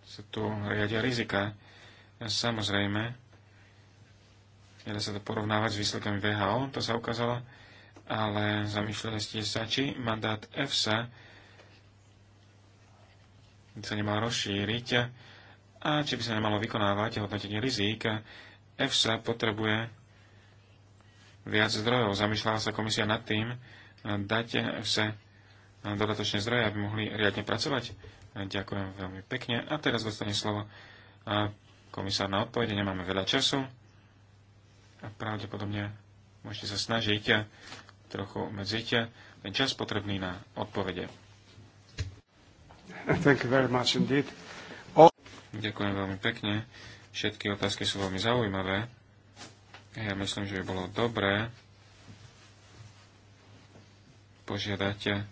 sa tu riadia rizika. Samozrejme, nedá sa to porovnávať s výsledkami VHO, to sa ukázalo ale zamýšľali ste sa, či mandát EFSA by sa nemal rozšíriť a či by sa nemalo vykonávať hodnotenie rizík. EFSA potrebuje viac zdrojov. Zamýšľala sa komisia nad tým, dať EFSA dodatočné zdroje, aby mohli riadne pracovať. Ďakujem veľmi pekne. A teraz dostane slovo komisár na odpovede. Nemáme veľa času. A pravdepodobne môžete sa snažiť trochu obmedziť ten čas potrebný na odpovede. Thank you very much indeed. All... Ďakujem veľmi pekne. Všetky otázky sú veľmi zaujímavé. Ja myslím, že by bolo dobré požiadať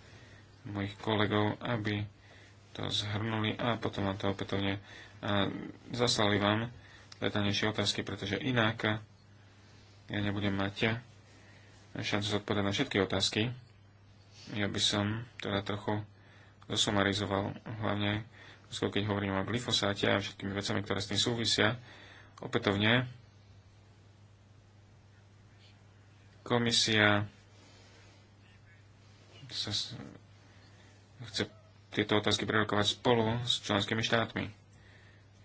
mojich kolegov, aby to zhrnuli a potom vám to opätovne a zaslali vám letanejšie otázky, pretože inak ja nebudem mať šancu zodpovedať na všetky otázky. Ja by som teda trochu zosumarizoval, hlavne keď hovorím o glyfosáte a všetkými vecami, ktoré s tým súvisia. Opätovne komisia sa chce tieto otázky prerokovať spolu s členskými štátmi.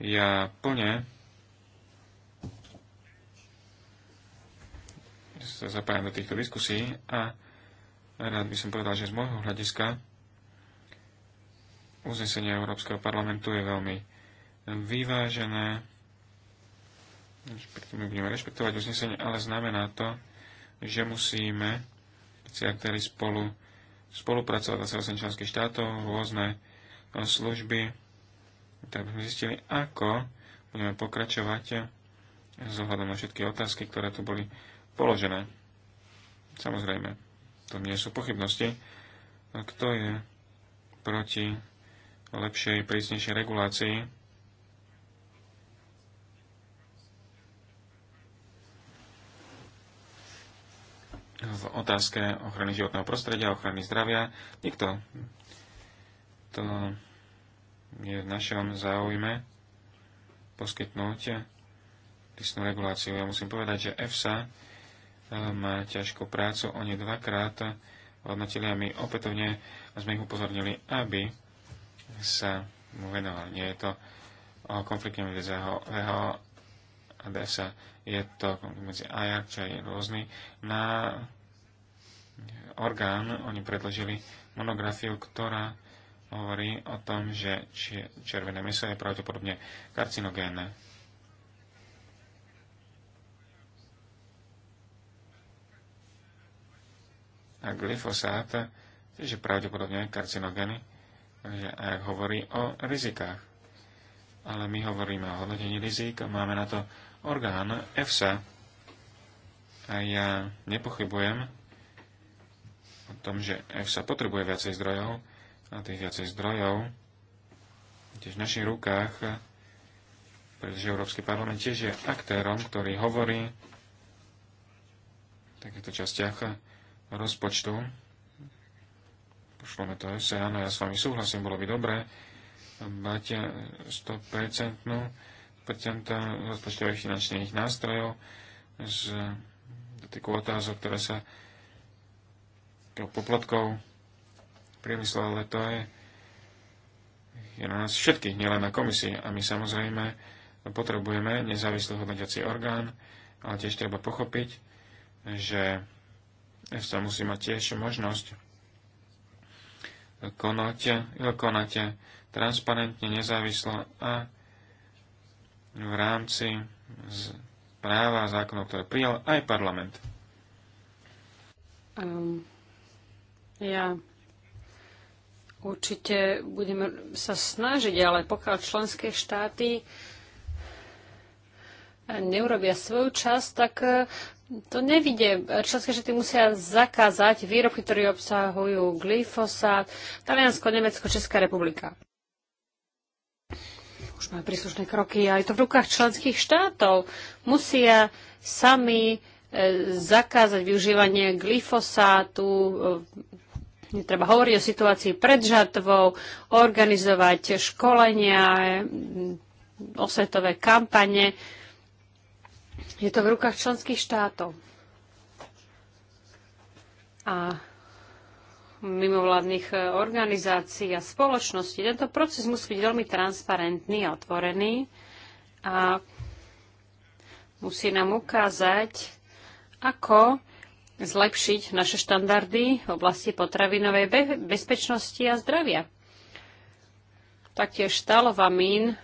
Ja plne sa zapájam do týchto diskusí a rád by som povedal, že z môjho hľadiska uznesenie Európskeho parlamentu je veľmi vyvážené. My budeme rešpektovať uznesenie, ale znamená to, že musíme si aktéry spolu spolupracovať 28 členských štátov, rôzne e, služby, tak sme zistili, ako budeme pokračovať s ohľadom na všetky otázky, ktoré tu boli položené. Samozrejme, to nie sú pochybnosti. Kto je proti lepšej, prísnejšej regulácii? v otázke ochrany životného prostredia, ochrany zdravia. Nikto. To je v našom záujme poskytnúť prísnu reguláciu. Ja musím povedať, že EFSA má ťažkú prácu. Oni dvakrát hodnotili a my opätovne sme ich upozornili, aby sa mu venovali. Nie je to o konflikte medzi VHO a DSA. Je to medzi AJAK, čo je rôzny. Na orgán oni predložili monografiu, ktorá hovorí o tom, že červené meso je pravdepodobne karcinogénne. a glyfosát, tiež je pravdepodobne karcinogény, a hovorí o rizikách. Ale my hovoríme o hodnotení rizik, máme na to orgán EFSA. A ja nepochybujem o tom, že EFSA potrebuje viacej zdrojov a tých viacej zdrojov tiež v našich rukách, pretože Európsky parlament tiež je aktérom, ktorý hovorí v takýchto častiach rozpočtu. pošlome to SE, áno, ja s vami súhlasím, bolo by dobré mať 100% rozpočtových finančných nástrojov z dotyku otázok, ktoré sa poplatkov priemyslo, ale to je, je na nás všetkých, nielen na komisii. A my samozrejme potrebujeme nezávislý hodnotiaci orgán, ale tiež treba pochopiť, že sa musí mať tiež možnosť konať, konať transparentne, nezávislo a v rámci práva a zákonov, ktoré prijal aj parlament. Um, ja určite budem sa snažiť, ale pokiaľ členské štáty neurobia svoju časť, tak to nevidie. Členské štáty musia zakázať výrobky, ktoré obsahujú glyfosát. Taliansko, Nemecko, Česká republika. Už majú príslušné kroky, aj je to v rukách členských štátov. Musia sami e, zakázať využívanie glyfosátu, e, treba hovoriť o situácii pred žatvou, organizovať školenia, e, osvetové kampane. Je to v rukách členských štátov a mimovládnych e, organizácií a spoločností. Tento proces musí byť veľmi transparentný a otvorený a musí nám ukázať, ako zlepšiť naše štandardy v oblasti potravinovej bezpečnosti a zdravia. Taktiež talovamín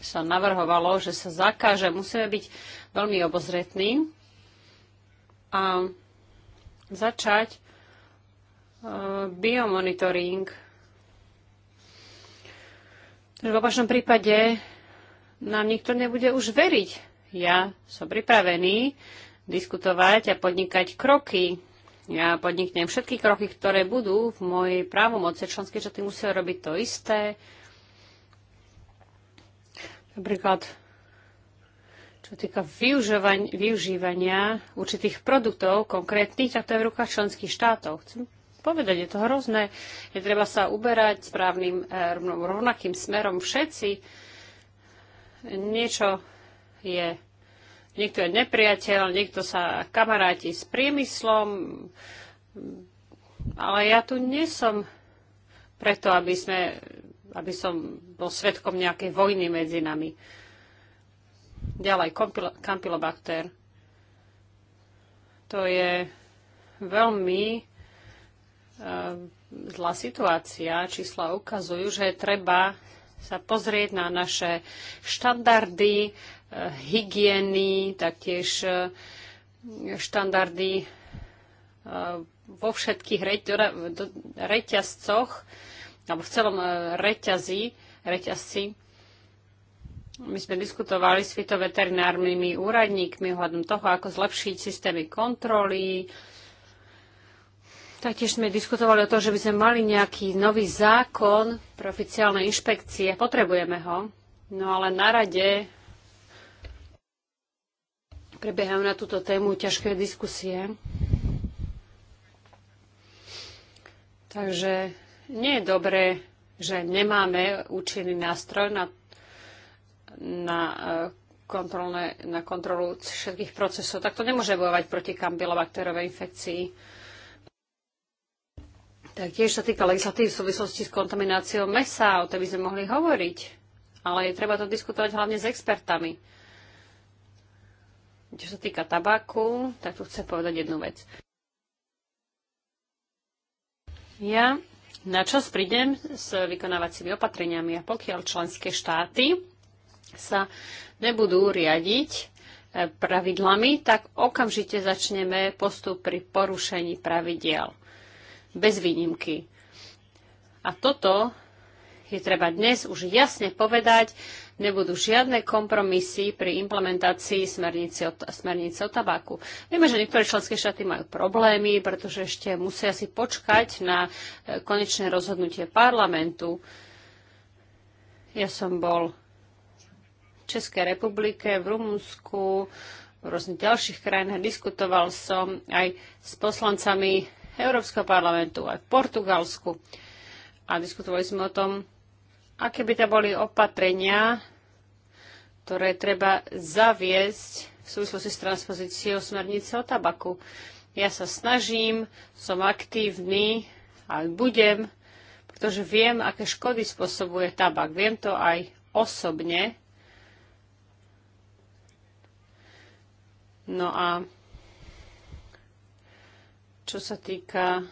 sa navrhovalo, že sa zakáže. Musíme byť veľmi obozretní a začať e, biomonitoring. V opačnom prípade nám nikto nebude už veriť. Ja som pripravený diskutovať a podnikať kroky. Ja podniknem všetky kroky, ktoré budú v mojej právomoci. Členské štáty musia robiť to isté. Napríklad, čo týka využívania určitých produktov konkrétnych, tak to je v rukách členských štátov. Chcem povedať, je to hrozné. Je treba sa uberať správnym, eh, rovnakým smerom všetci. Niečo je, niekto je nepriateľ, niekto sa kamaráti s priemyslom, ale ja tu nesom preto, aby sme aby som bol svetkom nejakej vojny medzi nami. Ďalej, kampylobakter. To je veľmi e, zlá situácia. Čísla ukazujú, že treba sa pozrieť na naše štandardy e, hygieny, taktiež e, štandardy e, vo všetkých reťazcoch alebo v celom e, reťazi, reťazci. My sme diskutovali s fitoveterinárnymi úradníkmi ohľadom toho, ako zlepšiť systémy kontroly, Taktiež sme diskutovali o tom, že by sme mali nejaký nový zákon pre oficiálne inšpekcie. Potrebujeme ho. No ale na rade prebiehajú na túto tému ťažké diskusie. Takže nie je dobré, že nemáme účinný nástroj na, na, e, kontrolné, na kontrolu všetkých procesov. Tak to nemôže bojovať proti kampylobakterovej infekcii. Tak tiež sa týka legislatívy v súvislosti s kontamináciou mesa, o tej by sme mohli hovoriť, ale je treba to diskutovať hlavne s expertami. Čo sa týka tabaku, tak tu chcem povedať jednu vec. Ja na čas prídem s vykonávacími opatreniami a pokiaľ členské štáty sa nebudú riadiť e, pravidlami, tak okamžite začneme postup pri porušení pravidiel. Bez výnimky. A toto je treba dnes už jasne povedať nebudú žiadne kompromisy pri implementácii smernice o, smernice o tabaku. Vieme, že niektoré členské štáty majú problémy, pretože ešte musia si počkať na e, konečné rozhodnutie parlamentu. Ja som bol v Českej republike, v Rumunsku, v rôznych ďalších krajinách. Diskutoval som aj s poslancami Európskeho parlamentu, aj v Portugalsku. A diskutovali sme o tom, aké by to boli opatrenia, ktoré treba zaviesť v súvislosti s transpozíciou smernice o tabaku. Ja sa snažím, som aktívny a budem, pretože viem, aké škody spôsobuje tabak. Viem to aj osobne. No a čo sa týka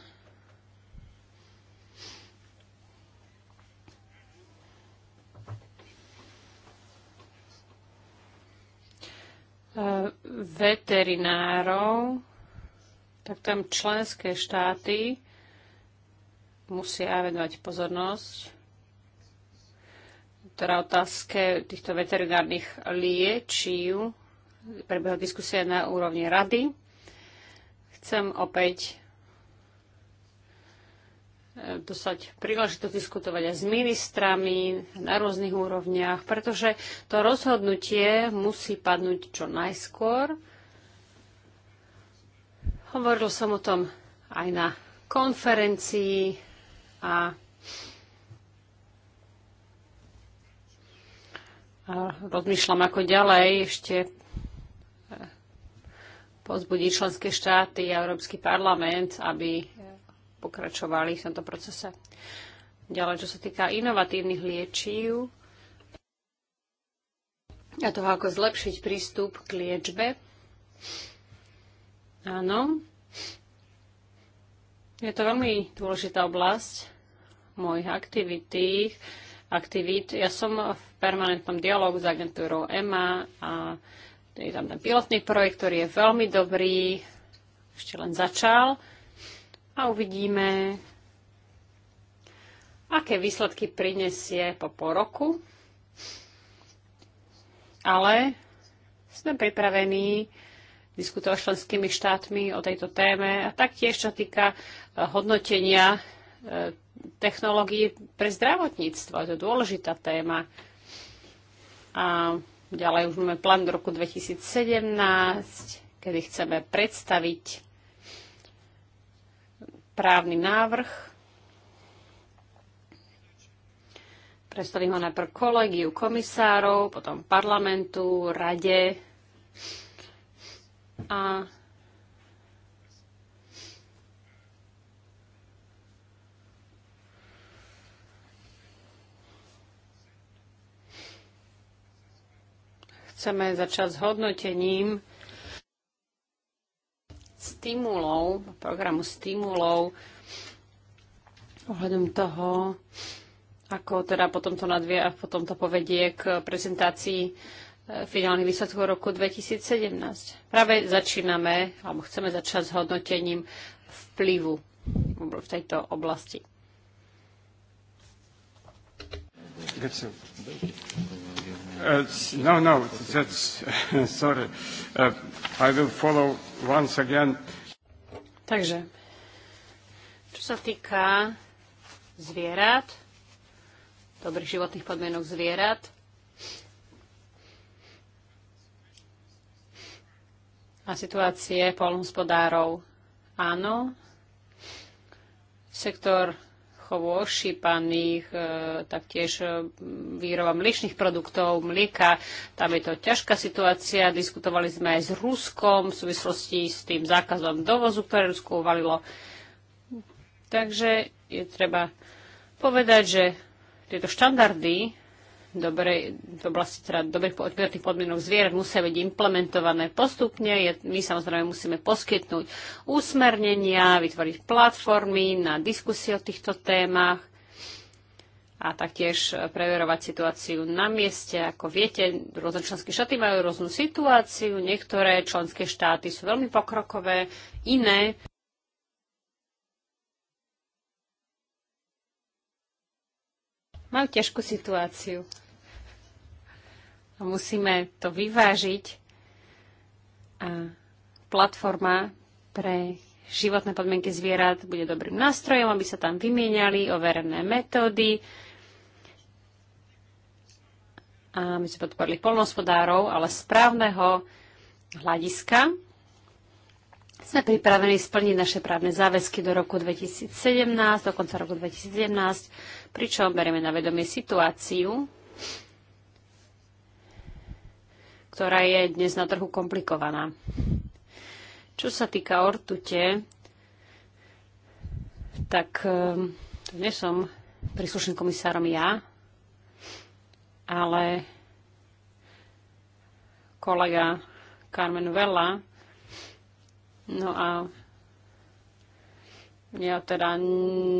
Eh, veterinárov, tak tam členské štáty musia venovať pozornosť teda otázke týchto veterinárnych liečiv. Prebehla diskusia na úrovni rady. Chcem opäť dostať príležitosť diskutovať aj s ministrami na rôznych úrovniach, pretože to rozhodnutie musí padnúť čo najskôr. Hovoril som o tom aj na konferencii a, a rozmýšľam ako ďalej ešte e, pozbudí členské štáty a Európsky parlament, aby e, pokračovali v tomto procese. Ďalej, čo sa týka inovatívnych liečiv a toho, ako zlepšiť prístup k liečbe. Áno, je to veľmi dôležitá oblasť mojich aktivity, aktivít. Ja som v permanentnom dialogu s agentúrou EMA a je tam ten pilotný projekt, ktorý je veľmi dobrý, ešte len začal a uvidíme, aké výsledky prinesie po pol roku. Ale sme pripravení diskutovať s členskými štátmi o tejto téme a taktiež, čo týka e, hodnotenia e, technológií pre zdravotníctvo. Je to dôležitá téma. A ďalej už máme plán do roku 2017, kedy chceme predstaviť právny návrh. Predstavím ho najprv kolegiu komisárov, potom parlamentu, rade a chceme začať s hodnotením stimulov, programu stimulov ohľadom toho, ako teda potom to nadvie a potom to povedie k prezentácii e, finálnych výsledkov roku 2017. Práve začíname, alebo chceme začať s hodnotením vplyvu v tejto oblasti. Ďakujem. Uh, no, no, that's, *laughs* sorry. Uh, I will follow once again. Takže, čo sa týka zvierat, dobrých životných podmienok zvierat, a situácie polnospodárov, Áno, sektor chovu ošípaných, e, taktiež e, výroba mliečných produktov, mlieka. Tam je to ťažká situácia. Diskutovali sme aj s Ruskom v súvislosti s tým zákazom dovozu, ktoré Rusko uvalilo. Takže je treba povedať, že tieto štandardy dobrej, v oblasti teda dobrých odberných podmienok zvierat musia byť implementované postupne. Je, my samozrejme musíme poskytnúť úsmernenia, vytvoriť platformy na diskusie o týchto témach a taktiež preverovať situáciu na mieste. Ako viete, rôzne členské štáty majú rôznu situáciu, niektoré členské štáty sú veľmi pokrokové, iné majú ťažkú situáciu. Musíme to vyvážiť a platforma pre životné podmienky zvierat bude dobrým nástrojom, aby sa tam vymieniali overené metódy a my sme podporili polnospodárov, ale správneho hľadiska sme pripravení splniť naše právne záväzky do roku 2017, do konca roku 2017, pričom berieme na vedomie situáciu, ktorá je dnes na trhu komplikovaná. Čo sa týka ortute, tak to eh, nie som príslušným komisárom ja, ale kolega Carmen Vela. No a ja teda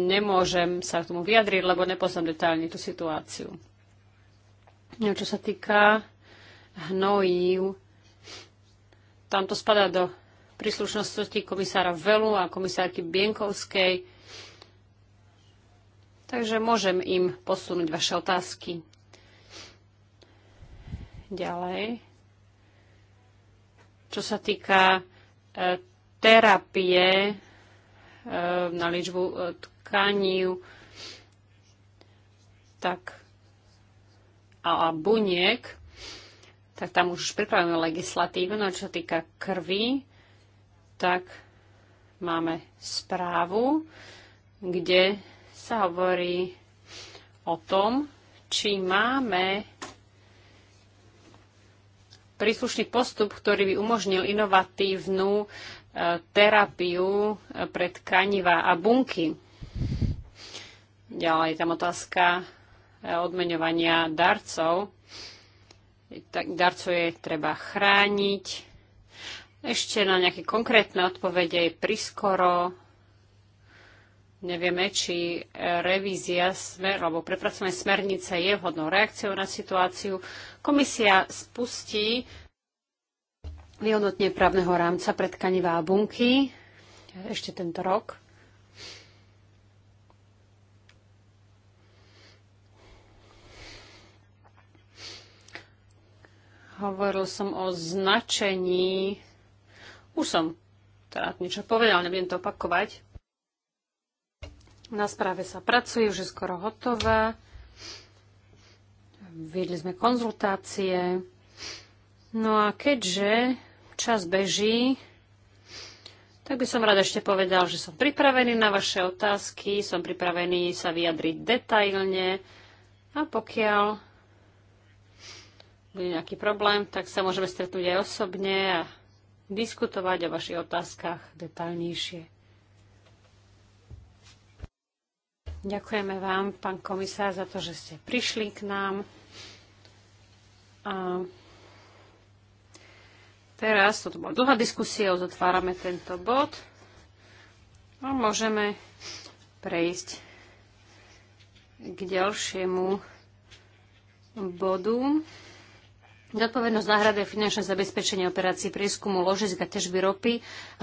nemôžem sa k tomu vyjadriť, lebo nepoznám detálne tú situáciu. No, čo sa týka hnojív. Tam to spadá do príslušnosti komisára Velu a komisárky Bienkovskej. Takže môžem im posunúť vaše otázky. Ďalej. Čo sa týka e, terapie e, na ličbu e, tkaní, tak a, a buniek, tak tam už pripravujeme legislatívu. No čo týka krvi, tak máme správu, kde sa hovorí o tom, či máme príslušný postup, ktorý by umožnil inovatívnu e, terapiu e, pre tkaniva a bunky. Ďalej tam otázka e, odmeňovania darcov tak je treba chrániť. Ešte na nejaké konkrétne odpovede je priskoro. Nevieme, či revízia smer, alebo prepracovanie smernice je vhodnou reakciou na situáciu. Komisia spustí vyhodnotenie právneho rámca pre tkanivá bunky ešte tento rok. Hovoril som o značení. Už som teda niečo povedal, nebudem to opakovať. Na správe sa pracuje, už je skoro hotová. Viedli sme konzultácie. No a keďže čas beží, tak by som rada ešte povedal, že som pripravený na vaše otázky, som pripravený sa vyjadriť detailne a pokiaľ bude nejaký problém, tak sa môžeme stretnúť aj osobne a diskutovať o vašich otázkach detaľnejšie. Ďakujeme vám, pán komisár, za to, že ste prišli k nám. A teraz, toto bola dlhá diskusia, zatvárame tento bod a môžeme prejsť k ďalšiemu bodu. Zodpovednosť náhrady a finančné zabezpečenie operácií prieskumu ložisk a težby ropy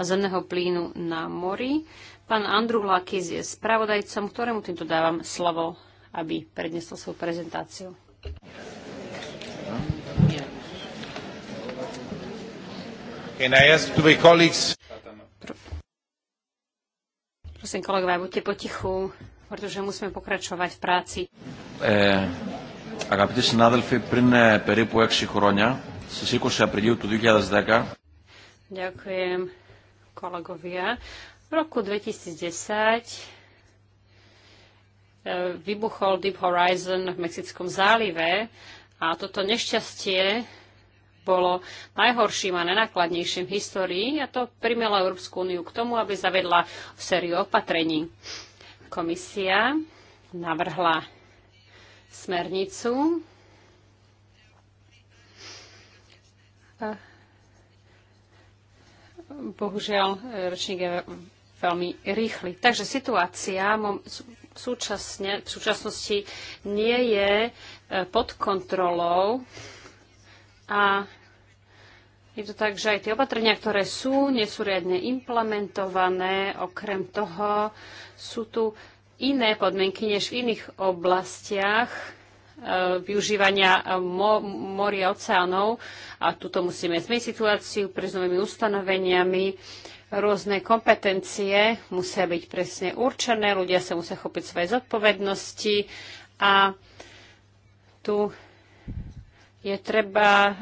a zemného plynu na mori. Pán Andru Lakis je spravodajcom, ktorému týmto dávam slovo, aby prednesol svoju prezentáciu. Prosím, kolegovia, buďte potichu, pretože musíme pokračovať v práci. Uh Αγαπητοί συνάδελφοι, πριν περίπου έξι χρόνια, στις 20 Απριλίου του 2010... Ďakujem, kolegovia. V roku 2010 e, vybuchol Deep Horizon v Mexickom zálive a toto nešťastie bolo najhorším a nenákladnejším v histórii a to primelo Európsku úniu k tomu, aby zavedla sériu opatrení. Komisia navrhla smernicu. Bohužiaľ, ročník je veľmi rýchly. Takže situácia súčasne, v súčasnosti nie je e, pod kontrolou a je to tak, že aj tie opatrenia, ktoré sú, nie sú riadne implementované. Okrem toho sú tu iné podmienky než v iných oblastiach e, využívania mo- moria oceánov a tuto musíme zmeniť situáciu pre s novými ustanoveniami. Rôzne kompetencie musia byť presne určené, ľudia sa musia chopiť svoje zodpovednosti a tu je treba e,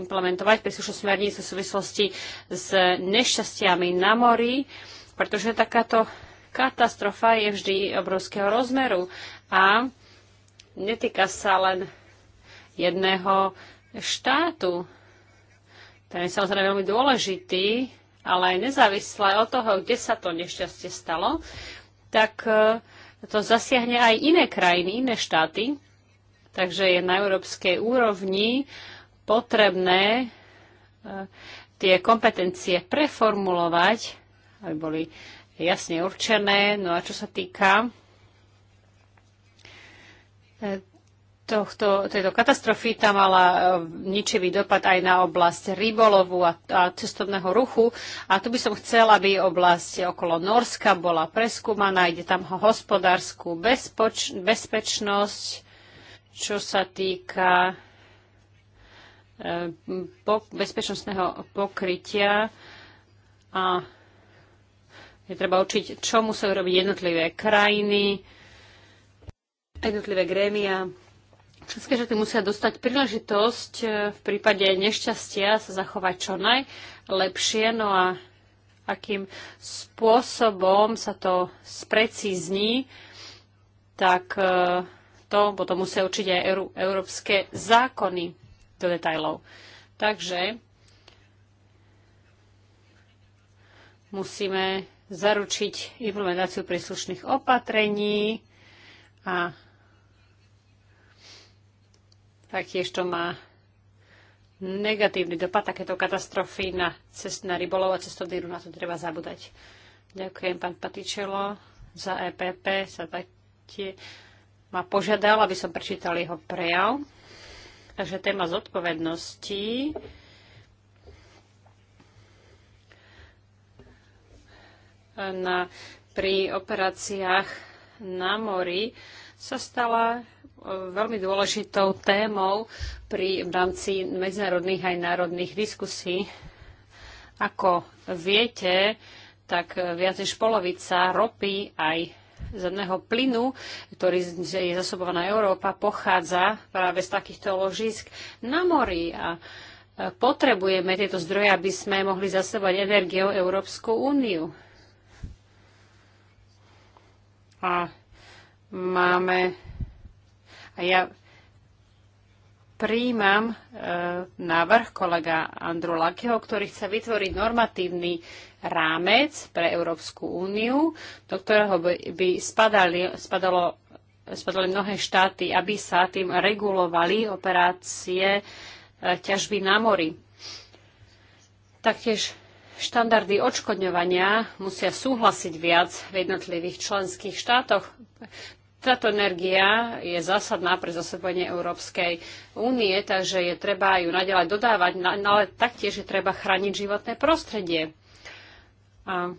implementovať príslušnú smernicu v súvislosti s nešťastiami na mori, pretože takáto katastrofa je vždy obrovského rozmeru a netýka sa len jedného štátu. Ten je samozrejme veľmi dôležitý, ale aj nezávisle od toho, kde sa to nešťastie stalo, tak e, to zasiahne aj iné krajiny, iné štáty. Takže je na európskej úrovni potrebné e, tie kompetencie preformulovať, aby boli jasne určené. No a čo sa týka e, tohto, tejto katastrofy tam mala e, ničivý dopad aj na oblasť rybolovu a, a cestovného ruchu. A tu by som chcela, aby oblasť okolo Norska bola preskúmaná. Ide tam hospodárskú bezpoč- bezpečnosť, čo sa týka e, bezpečnostného pokrytia. A je treba učiť, čo musia robiť jednotlivé krajiny, jednotlivé grémia. Členské štáty musia dostať príležitosť e, v prípade nešťastia sa zachovať čo najlepšie. No a akým spôsobom sa to sprecízní, tak e, to potom musia učiť aj európske zákony do detajlov. Takže musíme zaručiť implementáciu príslušných opatrení a taktiež to má negatívny dopad takéto katastrofy na, cest, na rybolov a cestovný ruch, na to treba zabúdať. Ďakujem, pán Patičelo, za EPP sa taktie ma požiadal, aby som prečítal jeho prejav. Takže téma zodpovednosti na, pri operáciách na mori sa stala e, veľmi dôležitou témou pri v rámci medzinárodných aj národných diskusí. Ako viete, tak viac než polovica ropy aj zemného plynu, ktorý je zasobovaná Európa, pochádza práve z takýchto ložisk na mori. A e, potrebujeme tieto zdroje, aby sme mohli zasobovať energiou Európsku úniu. A máme... A ja príjmam e, návrh kolega Andru Lakeho, ktorý chce vytvoriť normatívny rámec pre Európsku úniu, do ktorého by spadali, spadalo, spadali mnohé štáty, aby sa tým regulovali operácie e, ťažby na mori. Taktiež štandardy odškodňovania musia súhlasiť viac v jednotlivých členských štátoch. Táto energia je zásadná pre zasobenie Európskej únie, takže je treba ju naďalej dodávať, no ale taktiež je treba chrániť životné prostredie. A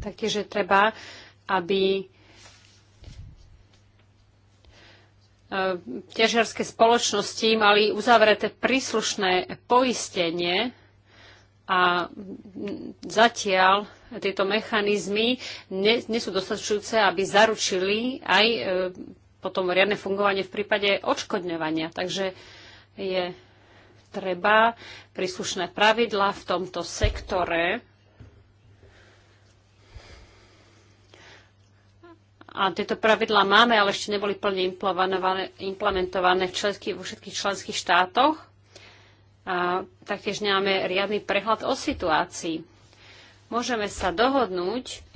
taktiež je treba, aby e, ťažiarske spoločnosti mali uzavreté príslušné poistenie a zatiaľ tieto mechanizmy nie, nie sú dostačujúce, aby zaručili aj e, potom riadne fungovanie v prípade odškodňovania. Takže je treba príslušné pravidla v tomto sektore a tieto pravidlá máme, ale ešte neboli plne implementované, v vo všetkých členských štátoch a taktiež nemáme riadny prehľad o situácii. Môžeme sa dohodnúť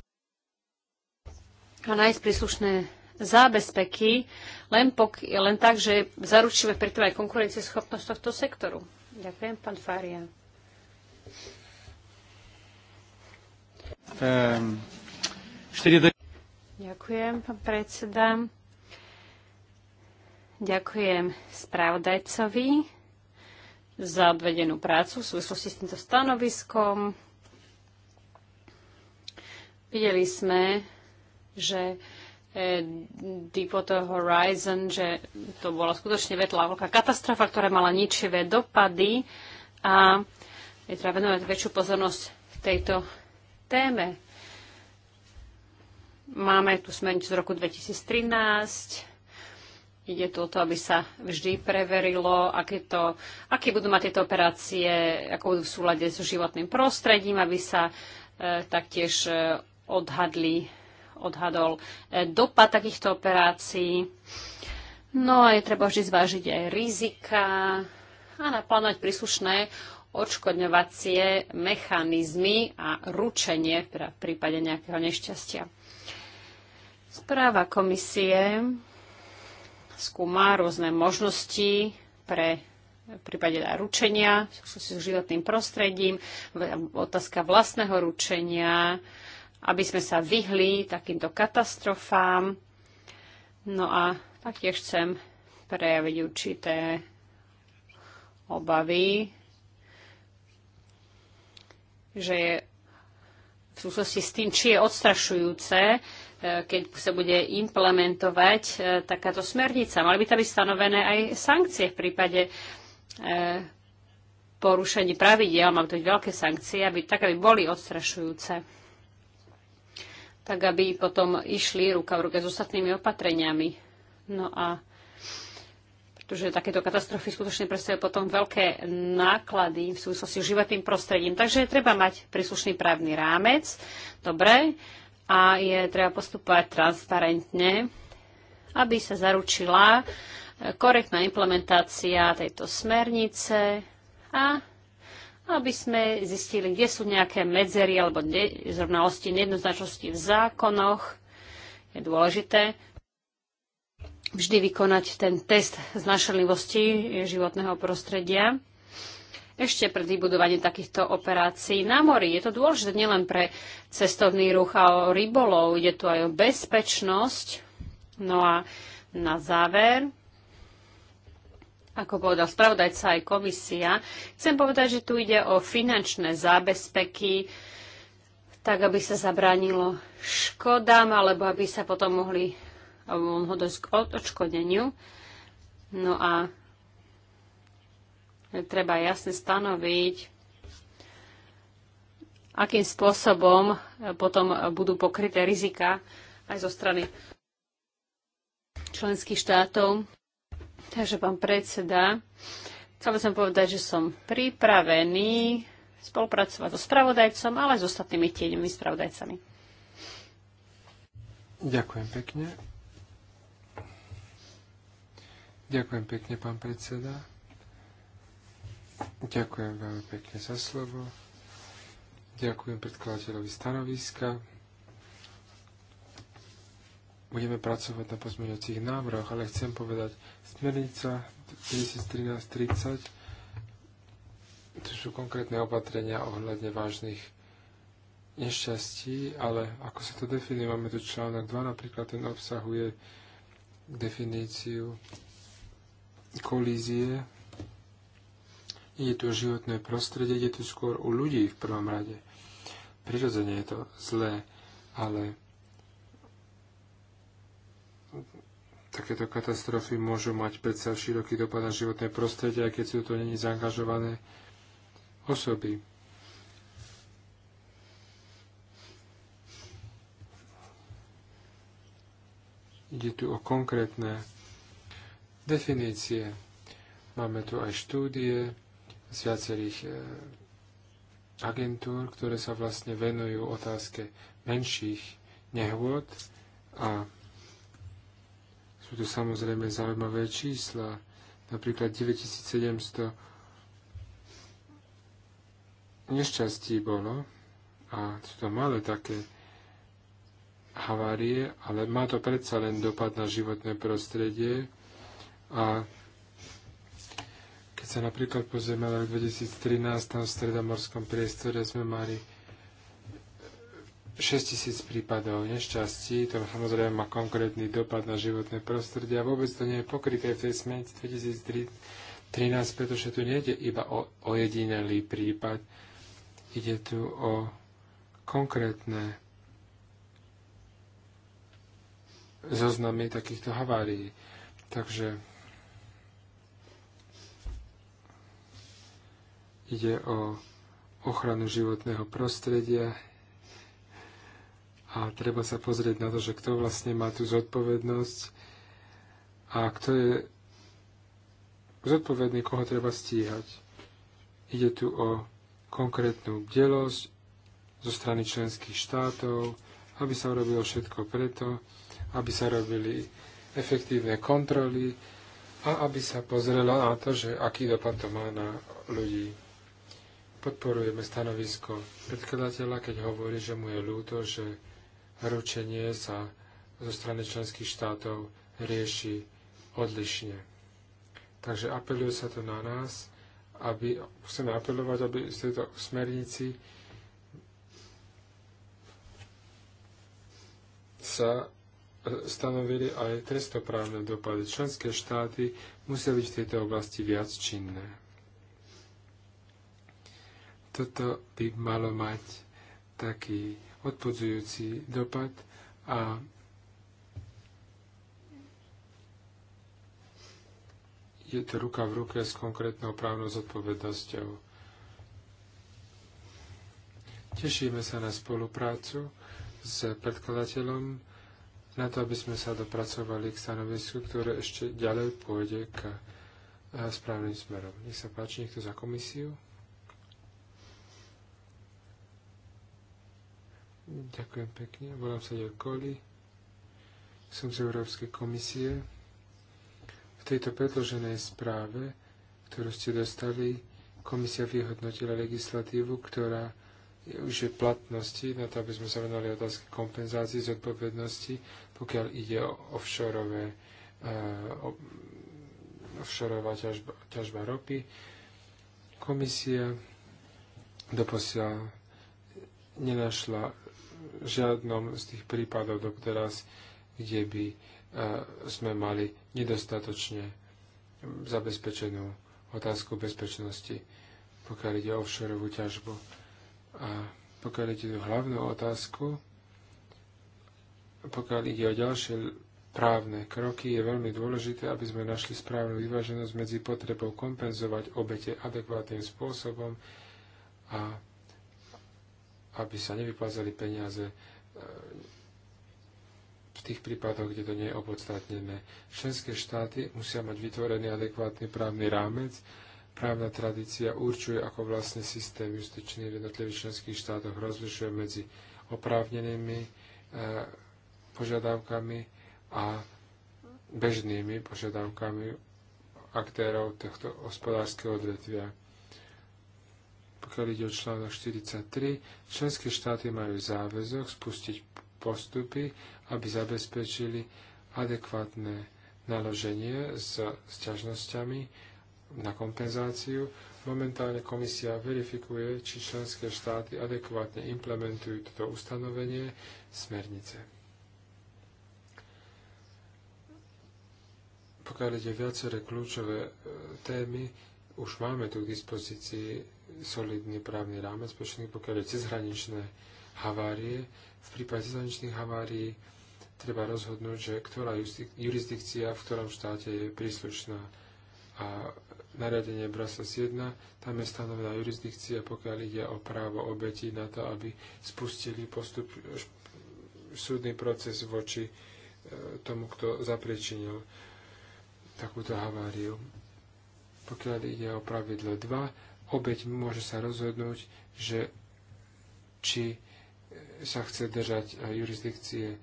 a nájsť príslušné zábezpeky len, pok- len tak, že zaručíme pritom aj konkurencieschopnosť tohto sektoru. Ďakujem, pán Fária. Um, ehm, do... Ďakujem, pán predseda. Ďakujem spravodajcovi za odvedenú prácu v súvislosti s týmto stanoviskom. Videli sme, že e, Deepwater Horizon, že to bola skutočne vetlá veľká katastrofa, ktorá mala ničivé dopady a je treba venovať väčšiu pozornosť tejto téme. Máme tu smernicu z roku 2013, Ide tu o to, aby sa vždy preverilo, aké, to, aké budú mať tieto operácie, ako budú v súlade so životným prostredím, aby sa e, taktiež e, odhadli, odhadol e, dopad takýchto operácií. No a je treba vždy zvážiť aj rizika a naplánovať príslušné odškodňovacie mechanizmy a ručenie v prípade nejakého nešťastia. Správa komisie skúma rôzne možnosti pre v prípade ručenia v súvislosti s životným prostredím, otázka vlastného ručenia, aby sme sa vyhli takýmto katastrofám. No a taktiež chcem prejaviť určité obavy, že je v súvislosti s tým, či je odstrašujúce keď sa bude implementovať e, takáto smernica. Mali by tam byť stanovené aj sankcie v prípade e, porušení pravidel, mám to byť veľké sankcie, aby, tak aby boli odstrašujúce, tak aby potom išli ruka v ruke s ostatnými opatreniami. No a pretože takéto katastrofy skutočne predstavujú potom veľké náklady v súvislosti s životným prostredím. Takže treba mať príslušný právny rámec. Dobre, a je treba postupovať transparentne, aby sa zaručila eh, korektná implementácia tejto smernice a aby sme zistili, kde sú nejaké medzery alebo zrovnalosti, nejednoznačnosti v zákonoch. Je dôležité vždy vykonať ten test znašenlivosti životného prostredia ešte pred vybudovaním takýchto operácií na mori. Je to dôležité nielen pre cestovný ruch a o rybolov, ide tu aj o bezpečnosť. No a na záver, ako povedal spravodajca aj komisia, chcem povedať, že tu ide o finančné zábezpeky, tak aby sa zabránilo škodám, alebo aby sa potom mohli alebo k odškodeniu. No a treba jasne stanoviť, akým spôsobom potom budú pokryté rizika aj zo strany členských štátov. Takže, pán predseda, chcel by som povedať, že som pripravený spolupracovať so spravodajcom, ale aj s ostatnými tieňmi spravodajcami. Ďakujem pekne. Ďakujem pekne, pán predseda. Ďakujem veľmi pekne za slovo. Ďakujem predkladateľovi stanoviska. Budeme pracovať na pozmeňujúcich návrhoch, ale chcem povedať, smernica 2013-30, to sú konkrétne opatrenia ohľadne vážnych nešťastí, ale ako sa to definuje, máme tu článok 2, napríklad ten obsahuje definíciu kolízie nie je tu životné prostredie, je tu skôr u ľudí v prvom rade. Prirodzene je to zlé, ale takéto katastrofy môžu mať predsa široký dopad na životné prostredie, aj keď sú to není zaangažované osoby. Ide tu o konkrétne definície. Máme tu aj štúdie, z viacerých e, agentúr, ktoré sa vlastne venujú otázke menších nehôd a sú to samozrejme zaujímavé čísla, napríklad 9700 nešťastí bolo a sú to malé také havárie, ale má to predsa len dopad na životné prostredie a sa napríklad pozrieme na rok 2013, tam v stredomorskom priestore sme mali 6000 prípadov nešťastí, to samozrejme má konkrétny dopad na životné prostredie a vôbec to nie je pokryté v tej smeti 2013, pretože tu nejde iba o ojedinelý prípad, ide tu o konkrétne zoznamy takýchto havárií. Takže Ide o ochranu životného prostredia a treba sa pozrieť na to, že kto vlastne má tú zodpovednosť a kto je zodpovedný, koho treba stíhať. Ide tu o konkrétnu bdelosť zo strany členských štátov, aby sa urobilo všetko preto, aby sa robili efektívne kontroly a aby sa pozrela na to, že aký dopad to má na ľudí. Podporujeme stanovisko predkladateľa, keď hovorí, že mu je ľúto, že ručenie sa zo strany členských štátov rieši odlišne. Takže apeluje sa to na nás, aby, chceme apelovať, aby z tejto smernici sa stanovili aj trestoprávne dopady. Členské štáty musia byť v tejto oblasti viac činné toto by malo mať taký odpudzujúci dopad a je to ruka v ruke s konkrétnou právnou zodpovednosťou. Tešíme sa na spoluprácu s predkladateľom na to, aby sme sa dopracovali k stanovisku, ktoré ešte ďalej pôjde k e, správnym smerom. Nech sa páči niekto za komisiu. Ďakujem pekne. Volám sa Jakoli. Som z Európskej komisie. V tejto predloženej správe, ktorú ste dostali, komisia vyhodnotila legislatívu, ktorá už je platnosti, na to, aby sme sa venovali otázky kompenzácií zodpovednosti, pokiaľ ide o offshore uh, eh, offshoreová ťažba, ťažba ropy. Komisia doposiaľ nenašla žiadnom z tých prípadov doteraz, kde by e, sme mali nedostatočne zabezpečenú otázku bezpečnosti, pokiaľ ide o offshoreovú ťažbu. A pokiaľ ide o hlavnú otázku, pokiaľ ide o ďalšie právne kroky, je veľmi dôležité, aby sme našli správnu vyváženosť medzi potrebou kompenzovať obete adekvátnym spôsobom a aby sa nevyplácali peniaze e, v tých prípadoch, kde to nie je opodstatnené. Členské štáty musia mať vytvorený adekvátny právny rámec. Právna tradícia určuje, ako vlastne systém justičný v jednotlivých členských štátoch rozlišuje medzi oprávnenými e, požiadavkami a bežnými požiadavkami aktérov tohto hospodárskeho odvetvia pokiaľ ide o článok 43, členské štáty majú záväzok spustiť postupy, aby zabezpečili adekvátne naloženie s sťažnosťami na kompenzáciu. Momentálne komisia verifikuje, či členské štáty adekvátne implementujú toto ustanovenie smernice. pokiaľ ide viaceré kľúčové e, témy, už máme tu k dispozícii solidný právny rámec, pretože pokiaľ je cezhraničné havárie, v prípade cezhraničných havárií treba rozhodnúť, že ktorá jurisdikcia v ktorom štáte je príslušná. A nariadenie Brasas 1, tam je stanovená jurisdikcia, pokiaľ ide o právo obeti na to, aby spustili postup, súdny proces voči e, tomu, kto zapriečinil takúto haváriu. Pokiaľ ide o pravidlo 2, obeď môže sa rozhodnúť, že či sa chce držať eh, jurisdikcie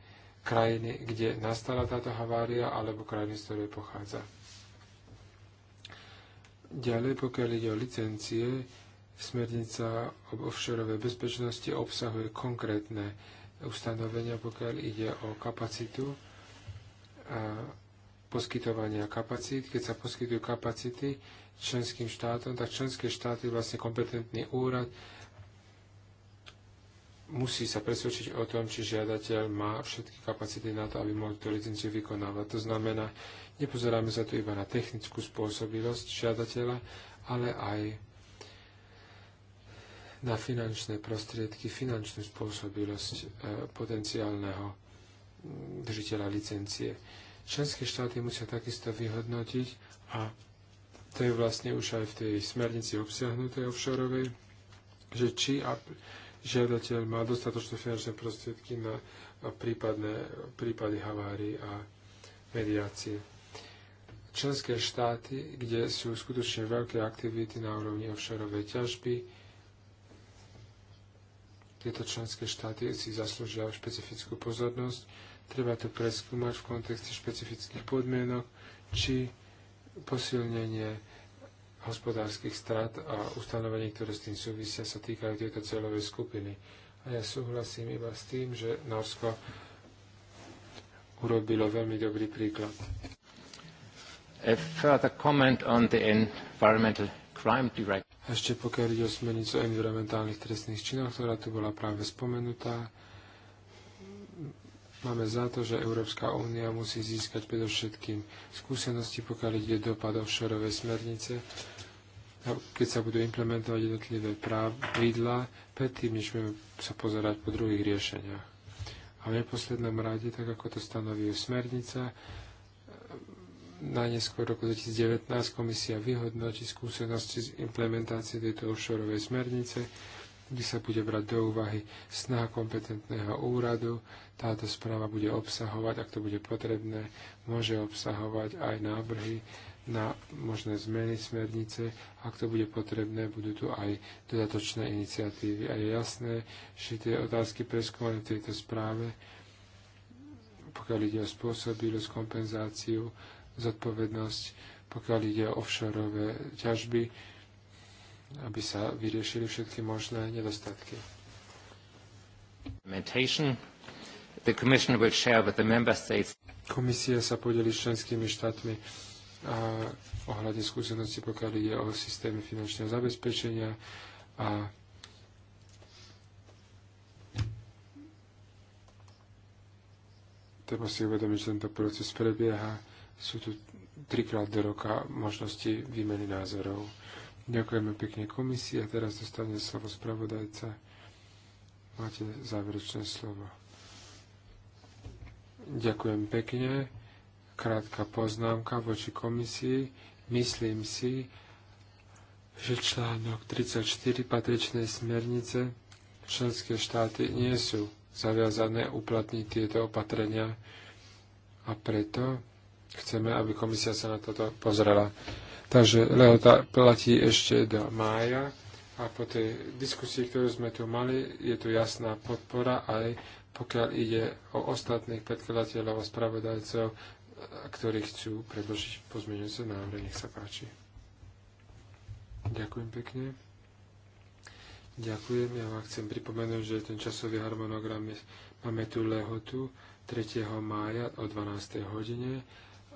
krajiny, kde nastala táto havária, alebo krajiny, z ktorej pochádza. Ďalej, pokiaľ ide o licencie, smernica o offshoreovej bezpečnosti obsahuje konkrétne ustanovenia, pokiaľ ide o kapacitu a eh, poskytovania kapacít. Keď sa poskytujú kapacity, členským štátom, tak členské štáty, vlastne kompetentný úrad, musí sa presvedčiť o tom, či žiadateľ má všetky kapacity na to, aby mohol tú licenciu vykonávať. To znamená, nepozeráme sa tu iba na technickú spôsobilosť žiadateľa, ale aj na finančné prostriedky, finančnú spôsobilosť e, potenciálneho držiteľa licencie. Členské štáty musia takisto vyhodnotiť a to je vlastne už aj v tej smernici obsiahnutej offshoreovej, že či a žiadateľ má dostatočné finančné prostriedky na prípadné, prípady havárií a mediácie. Členské štáty, kde sú skutočne veľké aktivity na úrovni offshoreovej ťažby, tieto členské štáty si zaslúžia špecifickú pozornosť. Treba to preskúmať v kontexte špecifických podmienok, či posilnenie hospodárskych strat a ustanovení, ktoré s tým súvisia, sa týkajú tejto celovej skupiny. A ja súhlasím iba s tým, že Norsko urobilo veľmi dobrý príklad. A further comment on the environmental crime directive. Ešte pokiaľ ide o smernicu o environmentálnych trestných činoch, ktorá tu bola práve spomenutá, Máme za to, že Európska únia musí získať predovšetkým skúsenosti, pokiaľ ide dopad offshore smernice, keď sa budú implementovať jednotlivé pravidlá, predtým, než budeme sa pozerať po druhých riešeniach. A v neposlednom rade, tak ako to stanoví smernica, najneskôr roku 2019 komisia vyhodnotí skúsenosti z implementácie tejto offshoreovej smernice, kde sa bude brať do úvahy snaha kompetentného úradu, táto správa bude obsahovať, ak to bude potrebné, môže obsahovať aj návrhy na možné zmeny smernice. Ak to bude potrebné, budú tu aj dodatočné iniciatívy. A je jasné, že tie otázky preskúmané v tejto správe, pokiaľ ide o spôsobilosť, kompenzáciu, zodpovednosť, pokiaľ ide o offshore ťažby, aby sa vyriešili všetky možné nedostatky. Komisia sa podeli s členskými štátmi a ohľadne skúsenosti, pokiaľ ide o systémy finančného zabezpečenia a treba si uvedomiť, že tento proces prebieha. Sú tu trikrát do roka možnosti výmeny názorov. Ďakujeme pekne komisii a teraz dostane slovo spravodajca. Máte záverečné slovo. Ďakujem pekne. Krátka poznámka voči komisii. Myslím si, že článok 34 patričnej smernice členské štáty nie sú zaviazané uplatniť tieto opatrenia a preto chceme, aby komisia sa na toto pozrela. Takže lehota platí ešte do mája a po tej diskusii, ktorú sme tu mali, je tu jasná podpora aj pokiaľ ide o ostatných predkladateľov a spravodajcov, ktorí chcú predložiť pozmeňujúce návrhy. Nech sa páči. Ďakujem pekne. Ďakujem. Ja vám chcem pripomenúť, že ten časový harmonogram je, máme tu lehotu 3. mája o 12. hodine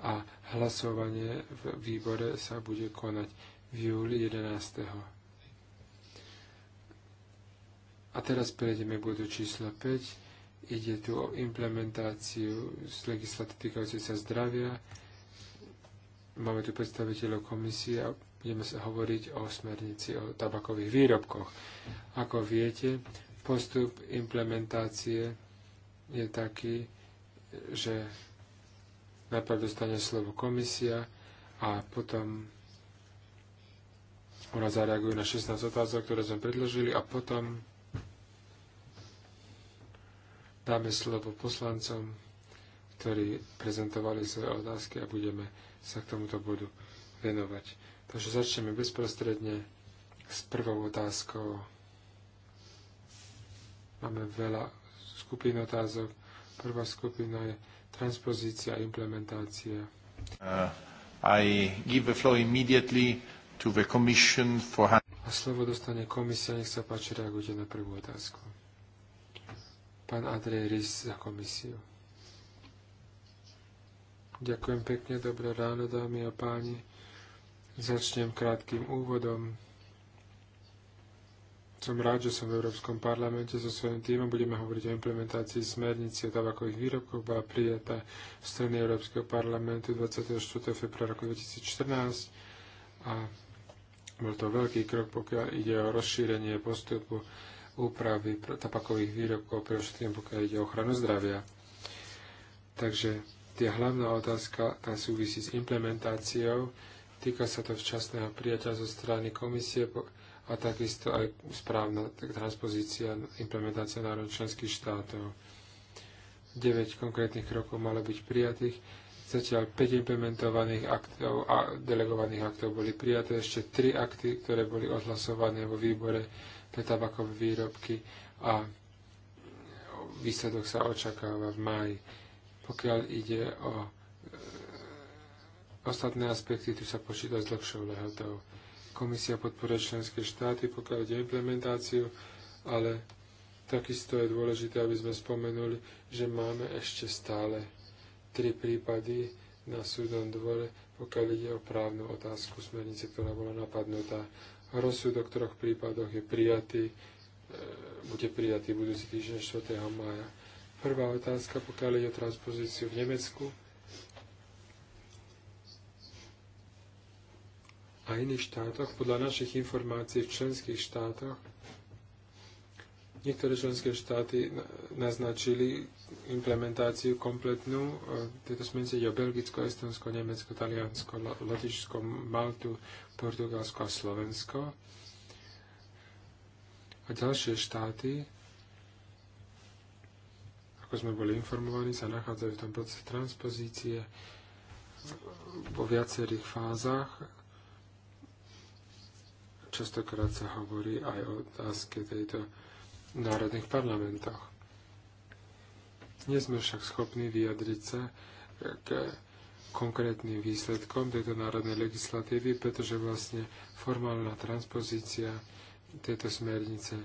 a hlasovanie v výbore sa bude konať v júli 11. A teraz prejdeme k bodu číslo 5 Ide tu o implementáciu z legislatí týkajúcej sa zdravia. Máme tu predstaviteľov komisie a budeme sa hovoriť o smernici o tabakových výrobkoch. Ako viete, postup implementácie je taký, že najprv dostane slovo komisia a potom ona zareaguje na 16 otázok, ktoré sme predložili a potom dáme slovo poslancom, ktorí prezentovali svoje otázky a budeme sa k tomuto bodu venovať. Takže začneme bezprostredne s prvou otázkou. Máme veľa skupín otázok. Prvá skupina je transpozícia a implementácia. Uh, I give the floor immediately to the commission for... A slovo dostane komisia, nech sa páči, reagujte na prvú otázku pán Andrej Rys za komisiu. Ďakujem pekne, dobré ráno, dámy a páni. Začnem krátkým úvodom. Som rád, že som v Európskom parlamente so svojím týmom. Budeme hovoriť o implementácii smernici o tabakových výrobkoch. Bola prijatá v strany Európskeho parlamentu 24. februára roku 2014 a bol to veľký krok, pokiaľ ide o rozšírenie postupu úpravy tabakových výrobkov, pre všetkým pokiaľ ide o ochranu zdravia. Takže tie hlavná otázka tá súvisí s implementáciou, týka sa to včasného prijatia zo strany komisie a takisto aj správna transpozícia implementácia národných členských štátov. 9 konkrétnych krokov malo byť prijatých, zatiaľ 5 implementovaných aktov a delegovaných aktov boli prijaté, ešte 3 akty, ktoré boli odhlasované vo výbore pre tabakové výrobky a výsledok sa očakáva v máji. Pokiaľ ide o e, ostatné aspekty, tu sa počíta s dlhšou lehotou. Komisia podporuje členské štáty, pokiaľ ide o implementáciu, ale takisto je dôležité, aby sme spomenuli, že máme ešte stále tri prípady na súdnom dvore, pokiaľ ide o právnu otázku smernice, ktorá bola napadnutá. Rozsudok v troch prípadoch je prijatý, e, bude prijatý budúci týždeň 4. maja. Prvá otázka, pokiaľ ide o transpozíciu v Nemecku a iných štátoch, podľa našich informácií v členských štátoch Niektoré členské štáty naznačili implementáciu kompletnú. E, tieto smernice ide o Belgicko, Estonsko, Nemecko, Taliansko, Lotyšsko, Maltu, Portugalsko a Slovensko. A ďalšie štáty, ako sme boli informovaní, sa nachádzajú v tom procese transpozície vo viacerých fázach častokrát sa hovorí aj o otázke tejto národných parlamentoch. Nie sme však schopní vyjadriť sa k konkrétnym výsledkom tejto národnej legislatívy, pretože vlastne formálna transpozícia tejto smernice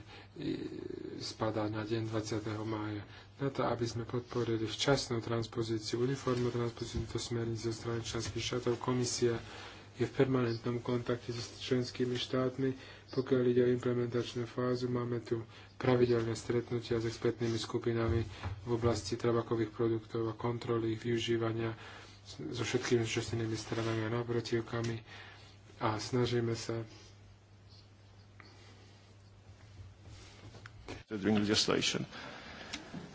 spadá na deň 20. mája. Na to, aby sme podporili včasnú transpozíciu, uniformnú transpozíciu tejto smernice zo strany členských štátov, komisia je v permanentnom kontakte so členskými štátmi, pokiaľ ide o implementačnú fázu, máme tu pravidelné stretnutia s expertnými skupinami v oblasti tabakových produktov a kontroly ich využívania so všetkými zúčastnenými stranami a návrotivkami a snažíme sa during legislation.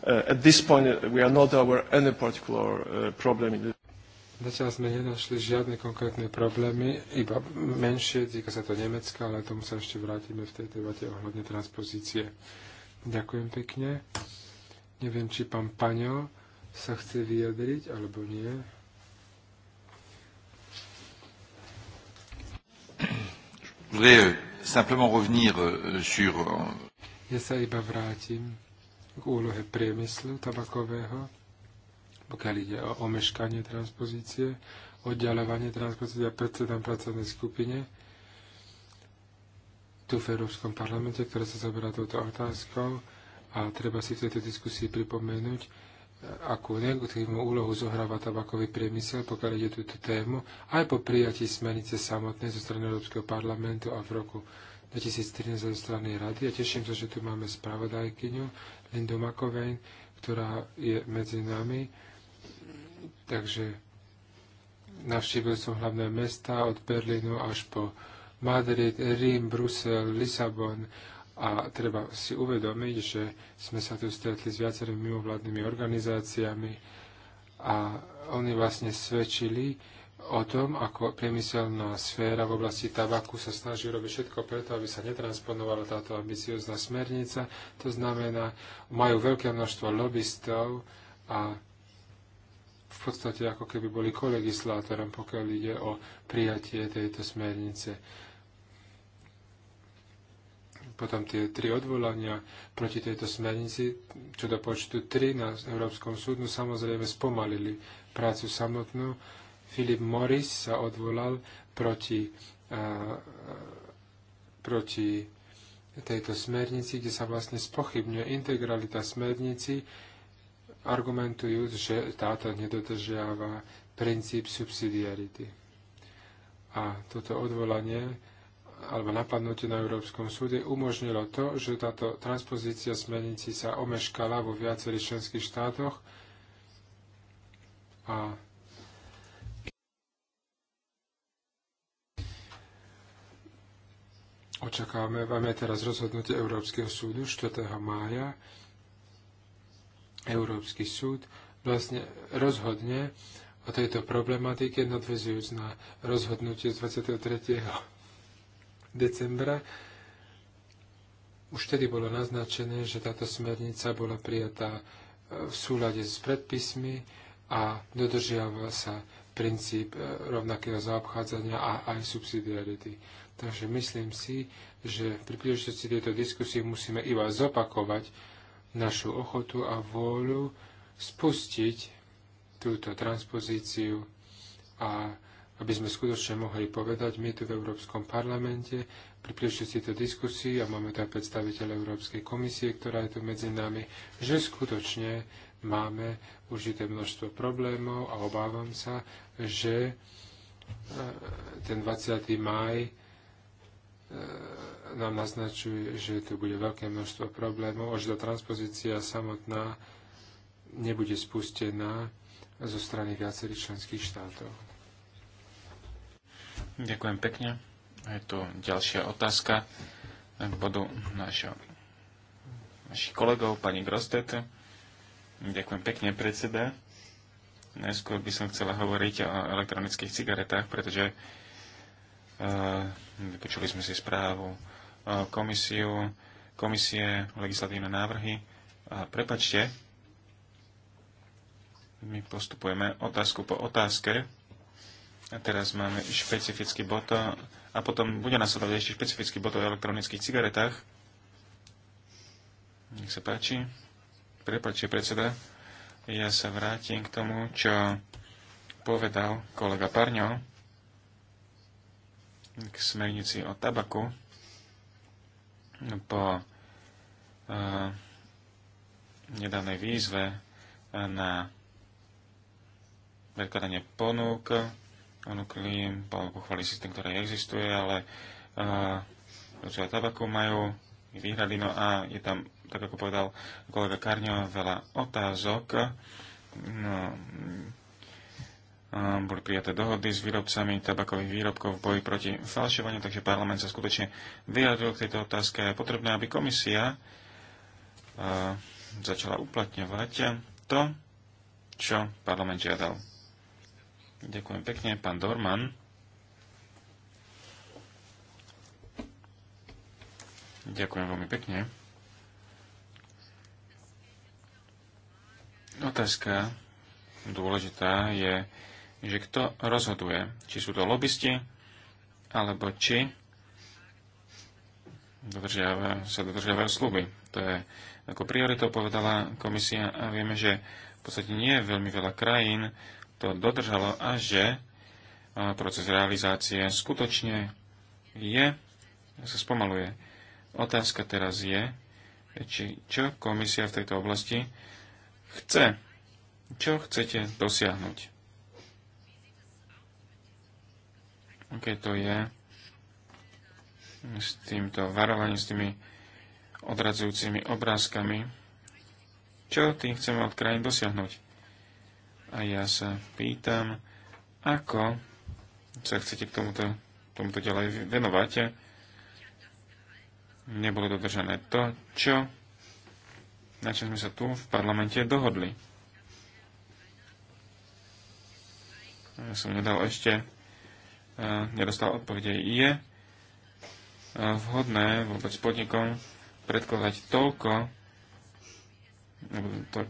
Uh, at this point, uh, we are not aware of any particular uh, problem. In the Zatiaľ sme nenašli žiadne konkrétne problémy, iba menšie, týka sa to Nemecka, ale tomu sa ešte vrátime v tej debate ohľadne transpozície. Ďakujem pekne. Neviem, či pán Paňo sa chce vyjadriť, alebo nie. Euh, euh, euh, ja sa iba vrátim k úlohe priemyslu tabakového pokiaľ ide o omeškanie transpozície, oddialovanie transpozície a predsedám pracovnej skupine tu v Európskom parlamente, ktorá sa zaberá touto otázkou a treba si v tejto diskusii pripomenúť, akú negatívnu úlohu zohráva tabakový priemysel, pokiaľ ide túto tému, aj po prijatí smernice samotnej zo strany Európskeho parlamentu a v roku 2013 zo strany Rady. A ja teším sa, že tu máme spravodajkyňu Lindu Makovej, ktorá je medzi nami Takže navštívil som hlavné mesta od Berlínu až po Madrid, Rím, Brusel, Lisabon a treba si uvedomiť, že sme sa tu stretli s viacerými mimovládnymi organizáciami a oni vlastne svedčili o tom, ako priemyselná sféra v oblasti tabaku sa snaží robiť všetko preto, aby sa netransponovala táto ambiciozná smernica. To znamená, majú veľké množstvo lobbystov a v podstate ako keby boli kolegislátorom, pokiaľ ide o prijatie tejto smernice. Potom tie tri odvolania proti tejto smernici, čo do počtu tri na Európskom súdnu, samozrejme spomalili prácu samotnú. Filip Morris sa odvolal proti, a, proti tejto smernici, kde sa vlastne spochybňuje integralita smernici, argumentujúc, že táto nedodržiava princíp subsidiarity. A toto odvolanie alebo napadnutie na Európskom súde umožnilo to, že táto transpozícia smernici sa omeškala vo viacerých členských štátoch a očakávame teraz rozhodnutie Európskeho súdu 4. mája Európsky súd vlastne rozhodne o tejto problematike, nadvezujúc na rozhodnutie z 23. decembra. Už tedy bolo naznačené, že táto smernica bola prijatá e, v súlade s predpismi a dodržiava sa princíp e, rovnakého zaobchádzania a aj subsidiarity. Takže myslím si, že pri príležitosti tejto diskusie musíme iba zopakovať, našu ochotu a vôľu spustiť túto transpozíciu a aby sme skutočne mohli povedať, my tu v Európskom parlamente, pri si tejto diskusii, a máme tam predstaviteľ Európskej komisie, ktorá je tu medzi nami, že skutočne máme určité množstvo problémov a obávam sa, že e, ten 20. maj E, nám naznačuje, že tu bude veľké množstvo problémov a že tá transpozícia samotná nebude spustená zo strany viacerých členských štátov. Ďakujem pekne. Je tu ďalšia otázka k bodu našho, našich kolegov, pani Grostete. Ďakujem pekne, predseda. Najskôr by som chcela hovoriť o elektronických cigaretách, pretože Eh, vypočuli sme si správu eh, komisiu, komisie, legislatívne návrhy. prepačte, my postupujeme otázku po otázke. A teraz máme špecifický bod a potom bude nasledovať ešte špecifický bod o elektronických cigaretách. Nech sa páči. Prepačte, predseda. Ja sa vrátim k tomu, čo povedal kolega Parňo k smernici o tabaku po uh, nedanej výzve na predkladanie ponúk. Nuklín bol pochváliť systém, ktorý existuje, ale uh, tabaku majú výhrady, no a je tam, tak ako povedal kolega Karňo, veľa otázok. No, boli prijaté dohody s výrobcami tabakových výrobkov v boji proti falšovaniu, takže parlament sa skutočne vyjadril k tejto otázke. Je potrebné, aby komisia začala uplatňovať to, čo parlament žiadal. Ďakujem pekne, pán Dorman. Ďakujem veľmi pekne. Otázka dôležitá je, že kto rozhoduje, či sú to lobbysti, alebo či dodržiava, sa dodržiavajú sluby. To je ako prioritou povedala komisia a vieme, že v podstate nie je veľmi veľa krajín to dodržalo a že proces realizácie skutočne je, sa spomaluje. Otázka teraz je, či čo komisia v tejto oblasti chce. Čo chcete dosiahnuť? aké to je s týmto varovaním, s tými odradzujúcimi obrázkami. Čo tým chceme od krajín dosiahnuť? A ja sa pýtam, ako sa chcete k tomuto, tomuto ďalej venovať. Nebolo dodržané to, čo, na čo sme sa tu v parlamente dohodli. Ja som nedal ešte E, nedostal odpovede, je e, vhodné vôbec podnikom predkladať toľko,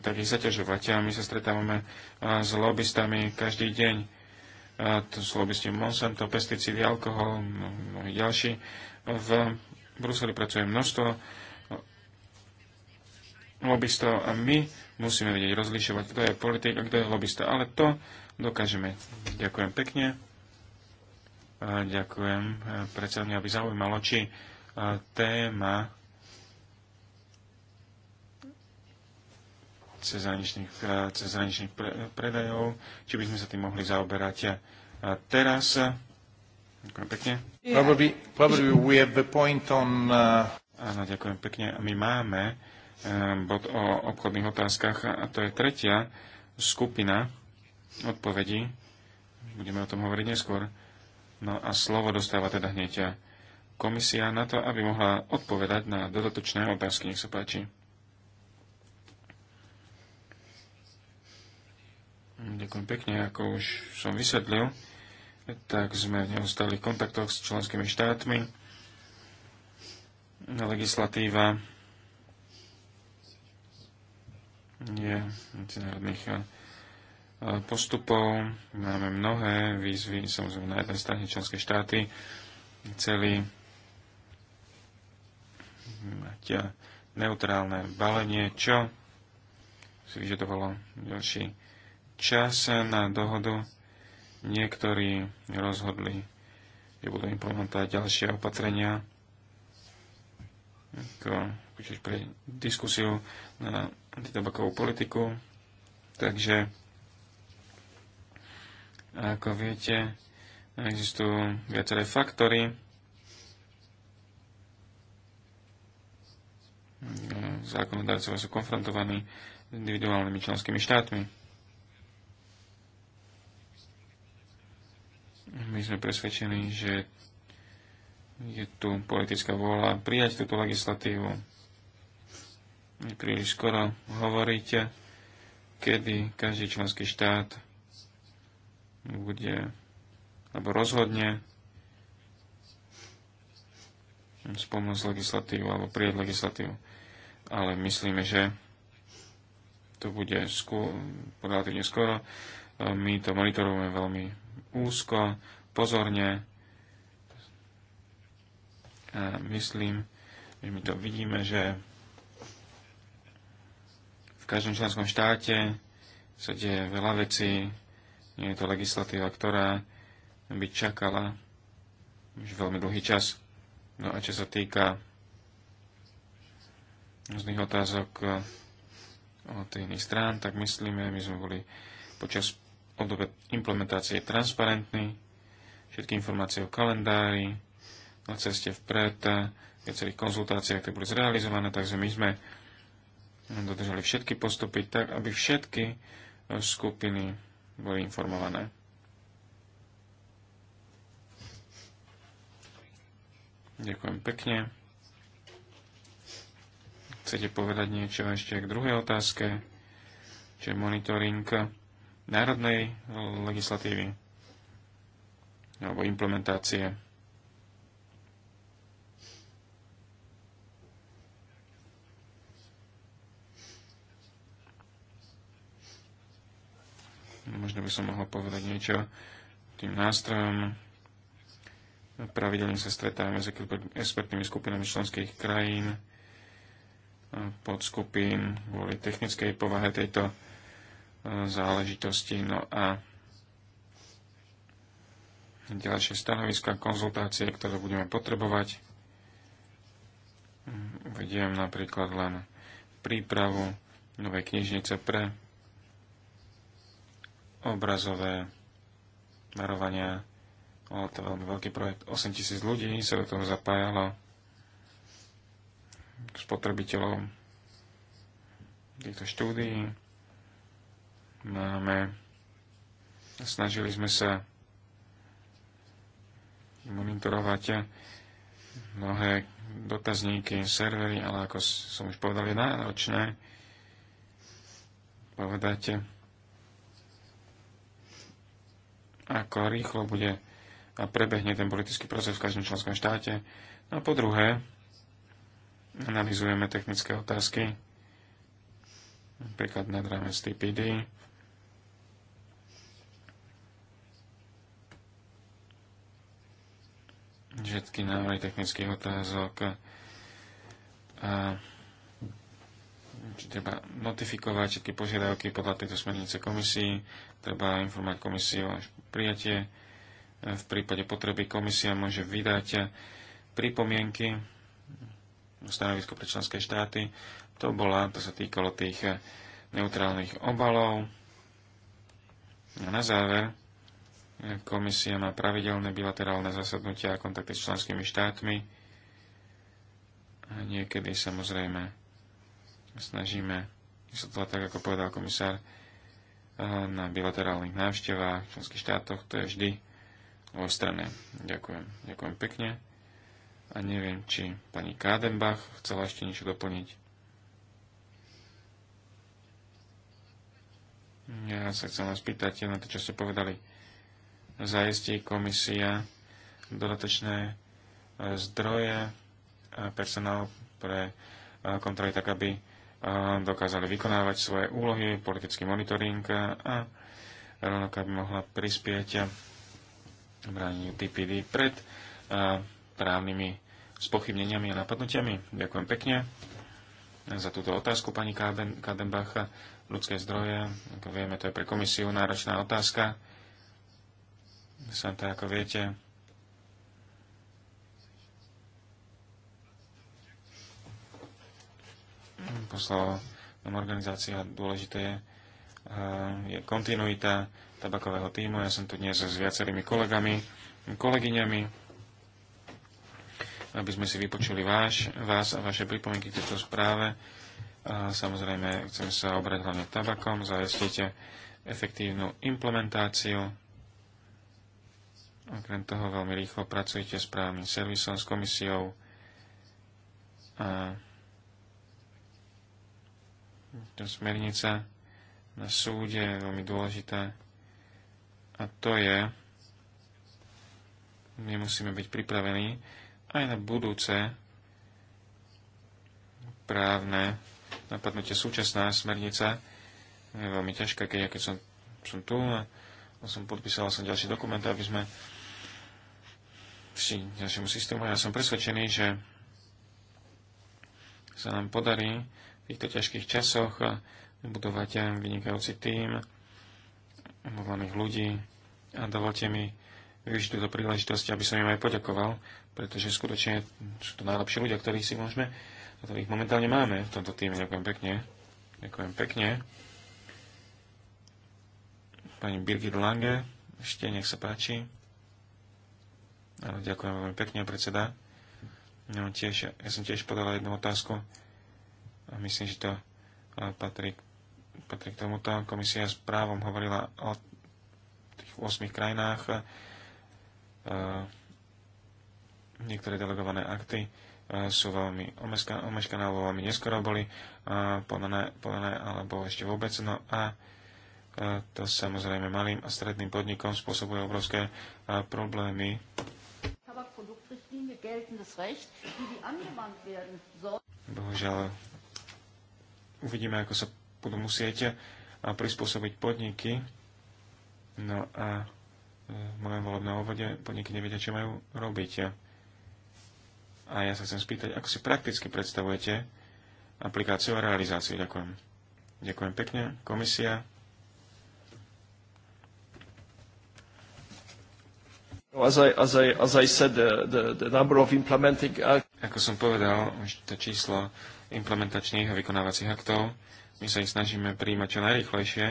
takých zaťažovať. A my sa stretávame e, s lobbystami každý deň. to sú lobbysti Monsanto, pesticídy, alkohol, mnohí ďalší. V Bruseli pracuje množstvo lobbystov a my musíme vedieť rozlišovať, kto je politik a kto je lobbysta. Ale to dokážeme. Ďakujem pekne. Ďakujem. E, Predsa mňa by zaujímalo, či e, téma cezraničných, e, cezraničných predajov, či by sme sa tým mohli zaoberať A teraz. Ďakujem pekne. Probably, probably we have the point on, uh, Áno, ďakujem pekne. My máme bod o obchodných otázkach a to je tretia skupina odpovedí. Budeme o tom hovoriť neskôr. No a slovo dostáva teda hneď komisia na to, aby mohla odpovedať na dodatočné otázky. Nech sa páči. Ďakujem pekne, ako už som vysvetlil, tak sme v kontaktoch s členskými štátmi. Legislatíva je medzinárodných postupov. Máme mnohé výzvy, samozrejme na jednej strane členské štáty chceli mať eh, neutrálne balenie, čo si vyžadovalo ďalší čas na dohodu. Niektorí rozhodli, že budú implementovať ďalšie opatrenia ako pre diskusiu na antitabakovú politiku. Takže a ako viete, existujú viaceré faktory, zákonodárcovia sú konfrontovaní s individuálnymi členskými štátmi. My sme presvedčení, že je tu politická vôľa prijať túto legislatívu. Príliš skoro hovoríte, kedy každý členský štát bude, alebo rozhodne spomôcť legislatívu alebo prijať legislatívu. Ale myslíme, že to bude skôr, relatívne skoro. E, my to monitorujeme veľmi úzko, pozorne. A myslím, že my to vidíme, že v každom členskom štáte sa deje veľa vecí, nie je to legislatíva, ktorá by čakala už veľmi dlhý čas. No a čo sa týka rôznych otázok eh, od iných strán, tak myslíme, my sme boli počas obdobia implementácie transparentní, všetky informácie o kalendári, o ceste vpred, eh, viacerých konzultáciách, ktoré boli zrealizované, takže my sme dodržali všetky postupy tak, aby všetky eh, skupiny boli informované. Ďakujem pekne. Chcete povedať niečo ešte k druhej otázke, čo je monitoring národnej legislatívy alebo implementácie možno by som mohol povedať niečo tým nástrojom. Pravidelne sa stretávame s expertnými skupinami členských krajín, skupín kvôli technickej povahe tejto e, záležitosti. No a ďalšie stanoviska, konzultácie, ktoré budeme potrebovať. Vediem napríklad len prípravu novej knižnice pre obrazové varovania. Bolo to veľmi veľký projekt. 8000 ľudí sa do toho zapájalo spotrebiteľov týchto štúdií. Máme, snažili sme sa monitorovať mnohé dotazníky, servery, ale ako som už povedal, je náročné povedať, ako rýchlo bude a prebehne ten politický proces v každom členskom štáte. No a po druhé, analizujeme technické otázky, napríklad nad rámec TPD, všetky návrhy technických otázok a či treba notifikovať všetky požiadavky podľa tejto smernice komisii, treba informovať komisiu o prijatie. E, v prípade potreby komisia môže vydať e, pripomienky, stanovisko pre členské štáty. To bola, to sa týkalo tých e, neutrálnych obalov. A na záver, komisia má pravidelné bilaterálne zasadnutia a kontakty s členskými štátmi. A niekedy samozrejme snažíme vysvetľovať tak, ako povedal komisár, eh, na bilaterálnych návštevách v členských štátoch, to je vždy vo strane. Ďakujem. Ďakujem pekne. A neviem, či pani Kádenbach chcela ešte niečo doplniť. Ja sa chcem vás pýtať na to, čo ste povedali. Zajistí komisia dodatočné eh, zdroje a personál pre eh, kontroly, tak aby dokázali vykonávať svoje úlohy, politický monitoring a rovnako by mohla prispieť bráneniu TPD pred právnymi spochybneniami a napadnutiami. Ďakujem pekne za túto otázku, pani Kadenbach. Ľudské zdroje, ako vieme, to je pre komisiu náročná otázka. Santa, ako viete, poslala nám organizácia. Dôležité je, eh, je kontinuita tabakového týmu. Ja som tu dnes s viacerými kolegami, kolegyňami, aby sme si vypočuli váš, vás a vaše pripomienky k tejto správe. A samozrejme, chcem sa obrať hlavne tabakom, zajistite efektívnu implementáciu. Okrem toho veľmi rýchlo pracujete s právnym servisom, s komisiou a tá smernica na súde je veľmi dôležitá. A to je, my musíme byť pripravení aj na budúce právne napadnutie. Súčasná smernica je veľmi ťažká, keď ja keď som, som tu a som podpísal som ďalší dokument, aby sme všetci ďalšiemu systému. Ja som presvedčený, že sa nám podarí týchto ťažkých časoch budovať vynikajúci tým odvolaných ľudí a dovolte mi využiť túto príležitosť, aby som im aj poďakoval, pretože skutočne sú to najlepší ľudia, ktorých si môžeme, ktorých momentálne máme v tomto týme. Ďakujem pekne. Ďakujem pekne. Pani Birgit Lange, ešte nech sa páči. ďakujem veľmi pekne, predseda. No, tiež, ja som tiež podala jednu otázku a myslím, že to e, patrí, patrí k tomuto. Komisia s právom hovorila o tých 8 krajinách. E, niektoré delegované akty e, sú veľmi omeškané alebo veľmi neskoro boli podané, podané alebo ešte vôbec. No a to samozrejme malým a stredným podnikom spôsobuje obrovské problémy. Bohužiaľ, uvidíme, ako sa budú musieť eh, prispôsobiť podniky. No a eh, v mojom volebnom obvode podniky nevedia, čo majú robiť. A ja sa chcem spýtať, ako si prakticky predstavujete aplikáciu a realizáciu. Ďakujem. Ďakujem pekne. Komisia. As I, as I, as I said, the, the, the number of implementing uh, ako som povedal, už to číslo implementačných a vykonávacích aktov, my sa ich snažíme príjmať čo najrychlejšie.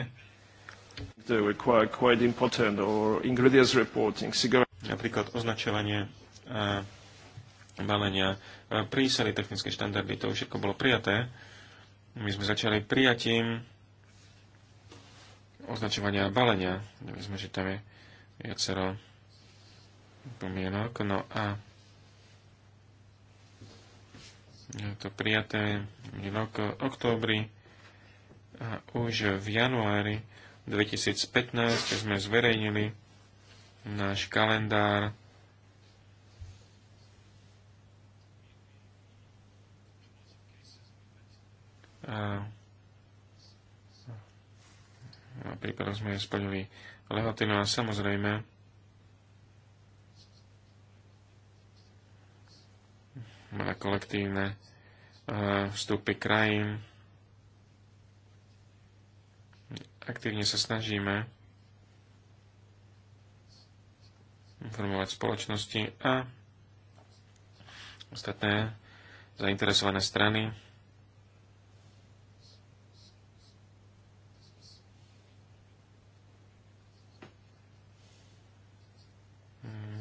Napríklad označovanie balenia, prísely technické štandardy, to už všetko bolo prijaté. My sme začali prijatím označovania balenia. Videli sme, že tam je viacero pomienok. No a je to prijaté v októbri a už v januári 2015 sme zverejnili náš kalendár a prípadom sme splnili lehotinu no a samozrejme na kolektívne eh, vstupy krajín. Aktívne sa snažíme informovať spoločnosti a ostatné zainteresované strany.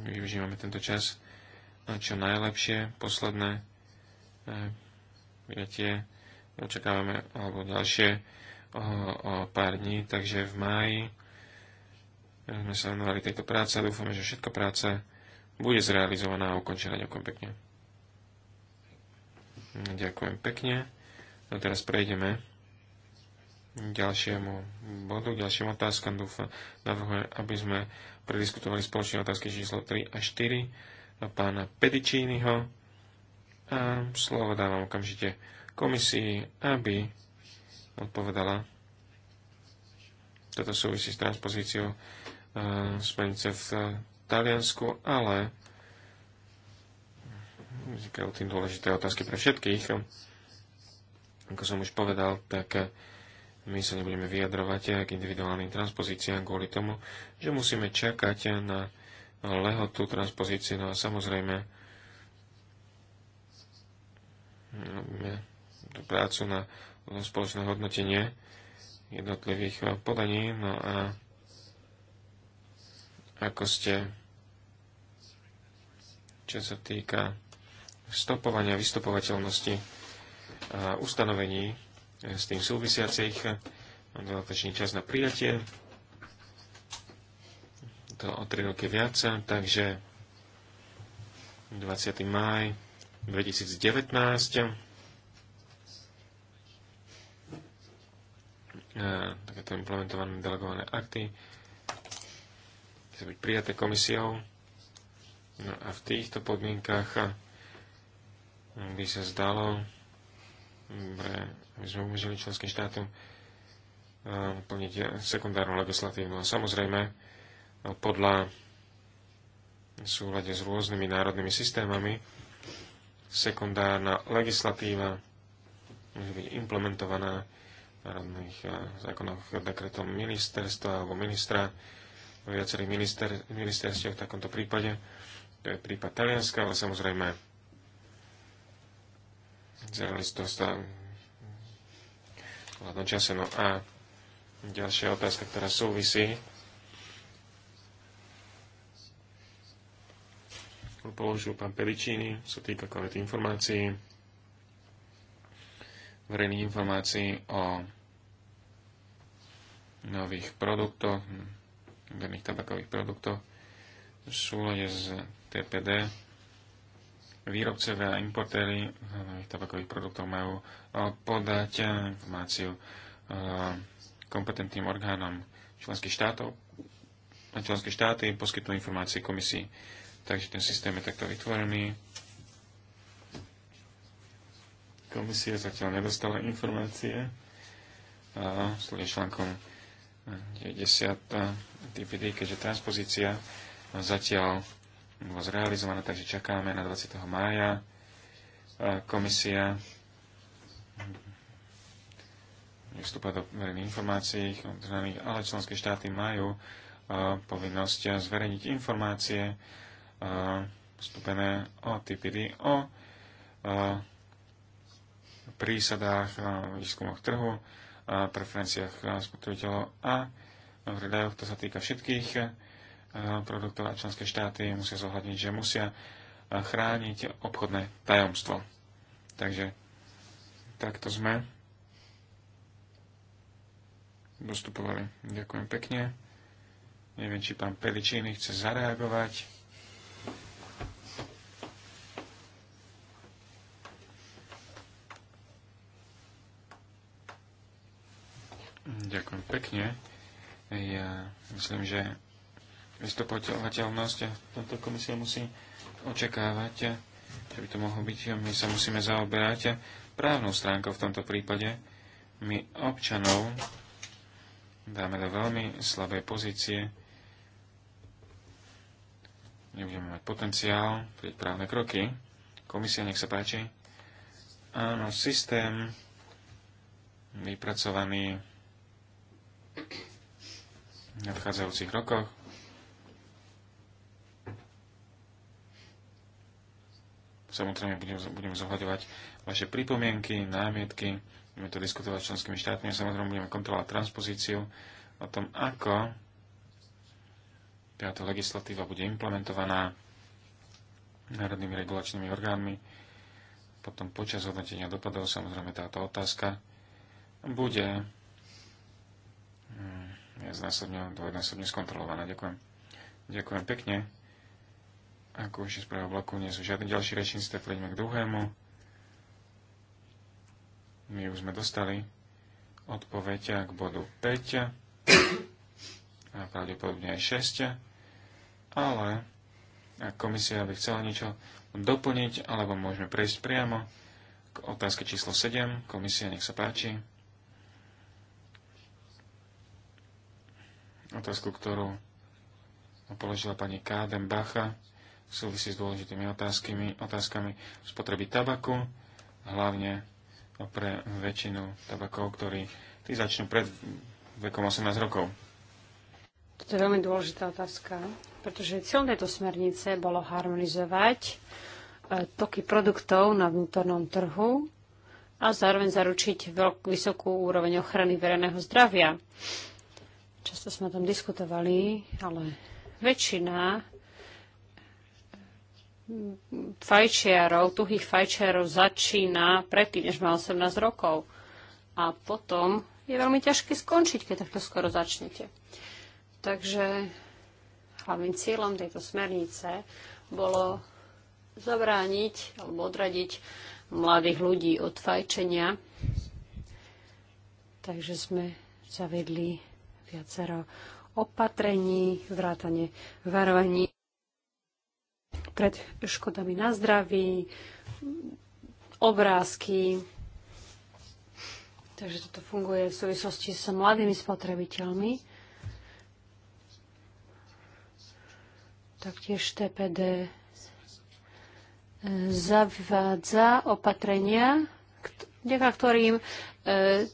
Využívame tento čas čo najlepšie. Posledné vyjatie e, očakávame alebo ďalšie o, o pár dní, takže v máji e, sme sa venovali tejto práce a dúfame, že všetko práca bude zrealizovaná a ukončená. Ďakujem pekne. Ďakujem pekne. A no teraz prejdeme ďalšiemu bodu, ďalším otázkam. Dúfam, navrhujem, aby sme prediskutovali spoločne otázky číslo 3 a 4 pána Pedičínyho a slovo dávam okamžite komisii, aby odpovedala. Toto súvisí s transpozíciou e, smernice v Taliansku, ale vznikajú tým dôležité otázky pre všetkých. Ako som už povedal, tak my sa nebudeme vyjadrovať k individuálnym transpozíciám kvôli tomu, že musíme čakať na lehotu transpozície. No a samozrejme, robíme tú prácu na spoločné hodnotenie jednotlivých podaní. No a ako ste, čo sa týka stopovania vystupovateľnosti a ustanovení s tým súvisiacich, dodatočný čas na prijatie to o 3 roky viac, takže 20. máj 2019 e, takéto implementované delegované akty musia byť prijaté komisiou no a v týchto podmienkách by sa zdalo, by sme umožnili členským štátom e, plniť sekundárnu legislatívu. A samozrejme, No, podľa súlade s rôznymi národnými systémami. Sekundárna legislatíva môže byť implementovaná v národných eh, zákonoch dekretom ministerstva alebo ministra vo viacerých minister, ministerstiev v takomto prípade. To je prípad Talianska, ale samozrejme zreli to sa v hľadnom čase. No a ďalšia otázka, ktorá súvisí ktorú položil pán Peličíny, sa týka kvality informácií, verejných informácií o nových produktoch, moderných tabakových produktoch v súlade s TPD. Výrobcovia a importéry nových tabakových produktov majú eh, podať eh, informáciu eh, kompetentným orgánom členských štátov a členské štáty poskytnú informácie komisii Takže ten systém je takto vytvorený. Komisia zatiaľ nedostala informácie a slúde článkom 90 TPD, keďže transpozícia zatiaľ bola zrealizovaná, takže čakáme na 20. mája. Komisia vstúpa do verejných informácií, ale členské štáty majú povinnosť zverejniť informácie vstúpené o TPD, o prísadách, výskumoch trhu, preferenciách spotrebiteľov a predajoch. To sa týka všetkých produktov a členské štáty musia zohľadniť, že musia chrániť obchodné tajomstvo. Takže takto sme dostupovali. Ďakujem pekne. Neviem, či pán Peličíny chce zareagovať. Ďakujem pekne. Ja myslím, že vystupovateľnosť v tomto komisia musí očakávať, že by to mohlo byť. My sa musíme zaoberať právnou stránkou v tomto prípade. My občanov dáme do veľmi slabé pozície. Nebudeme mať potenciál pri právne kroky. Komisia, nech sa páči. Áno, systém vypracovaný v nadchádzajúcich rokoch. Samozrejme budeme, budeme zohľadovať vaše pripomienky, námietky, budeme to diskutovať s členskými štátmi a samozrejme budeme kontrolovať transpozíciu o tom, ako táto legislatíva bude implementovaná národnými regulačnými orgánmi. Potom počas hodnotenia dopadov samozrejme táto otázka bude viacnásobne, dvojnásobne skontrolovaná. Ďakujem. Ďakujem pekne. Ako už je správa bloku, nie sú žiadne ďalšie rečníci, tak poďme k druhému. My už sme dostali odpoveď k bodu 5 a pravdepodobne aj 6, ale ak komisia by chcela niečo doplniť, alebo môžeme prejsť priamo k otázke číslo 7. Komisia, nech sa páči. otázku, ktorú položila pani Kádem Bacha v súvisí s dôležitými otázkami, otázkami spotreby tabaku, hlavne pre väčšinu tabakov, ktorí tí začnú pred vekom 18 rokov. Toto je veľmi dôležitá otázka, pretože cieľom tejto smernice bolo harmonizovať e, toky produktov na vnútornom trhu a zároveň zaručiť vysokú úroveň ochrany verejného zdravia. Často sme o tom diskutovali, ale väčšina fajčiarov, tuhých fajčiarov začína predtým, než má 18 rokov. A potom je veľmi ťažké skončiť, keď takto skoro začnete. Takže hlavným cieľom tejto smernice bolo zabrániť alebo odradiť mladých ľudí od fajčenia. Takže sme zavedli viacero opatrení, vrátane varovaní pred škodami na zdraví, obrázky. Takže toto funguje v súvislosti s mladými spotrebiteľmi. Taktiež TPD e, zavádza opatrenia, vďaka ktorým e,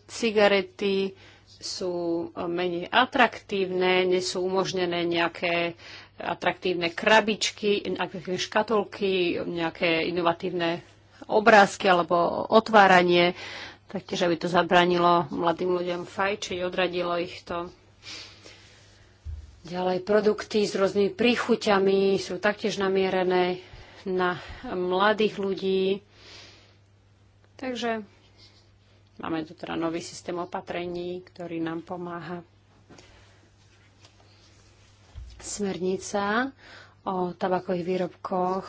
cigarety sú menej atraktívne, nie sú umožnené nejaké atraktívne krabičky, nejaké škatulky, nejaké inovatívne obrázky alebo otváranie, taktiež aby to zabranilo mladým ľuďom fajčiť, odradilo ich to. Ďalej produkty s rôznymi príchuťami sú taktiež namierené na mladých ľudí. Takže Máme tu teda nový systém opatrení, ktorý nám pomáha. Smernica o tabakových výrobkoch,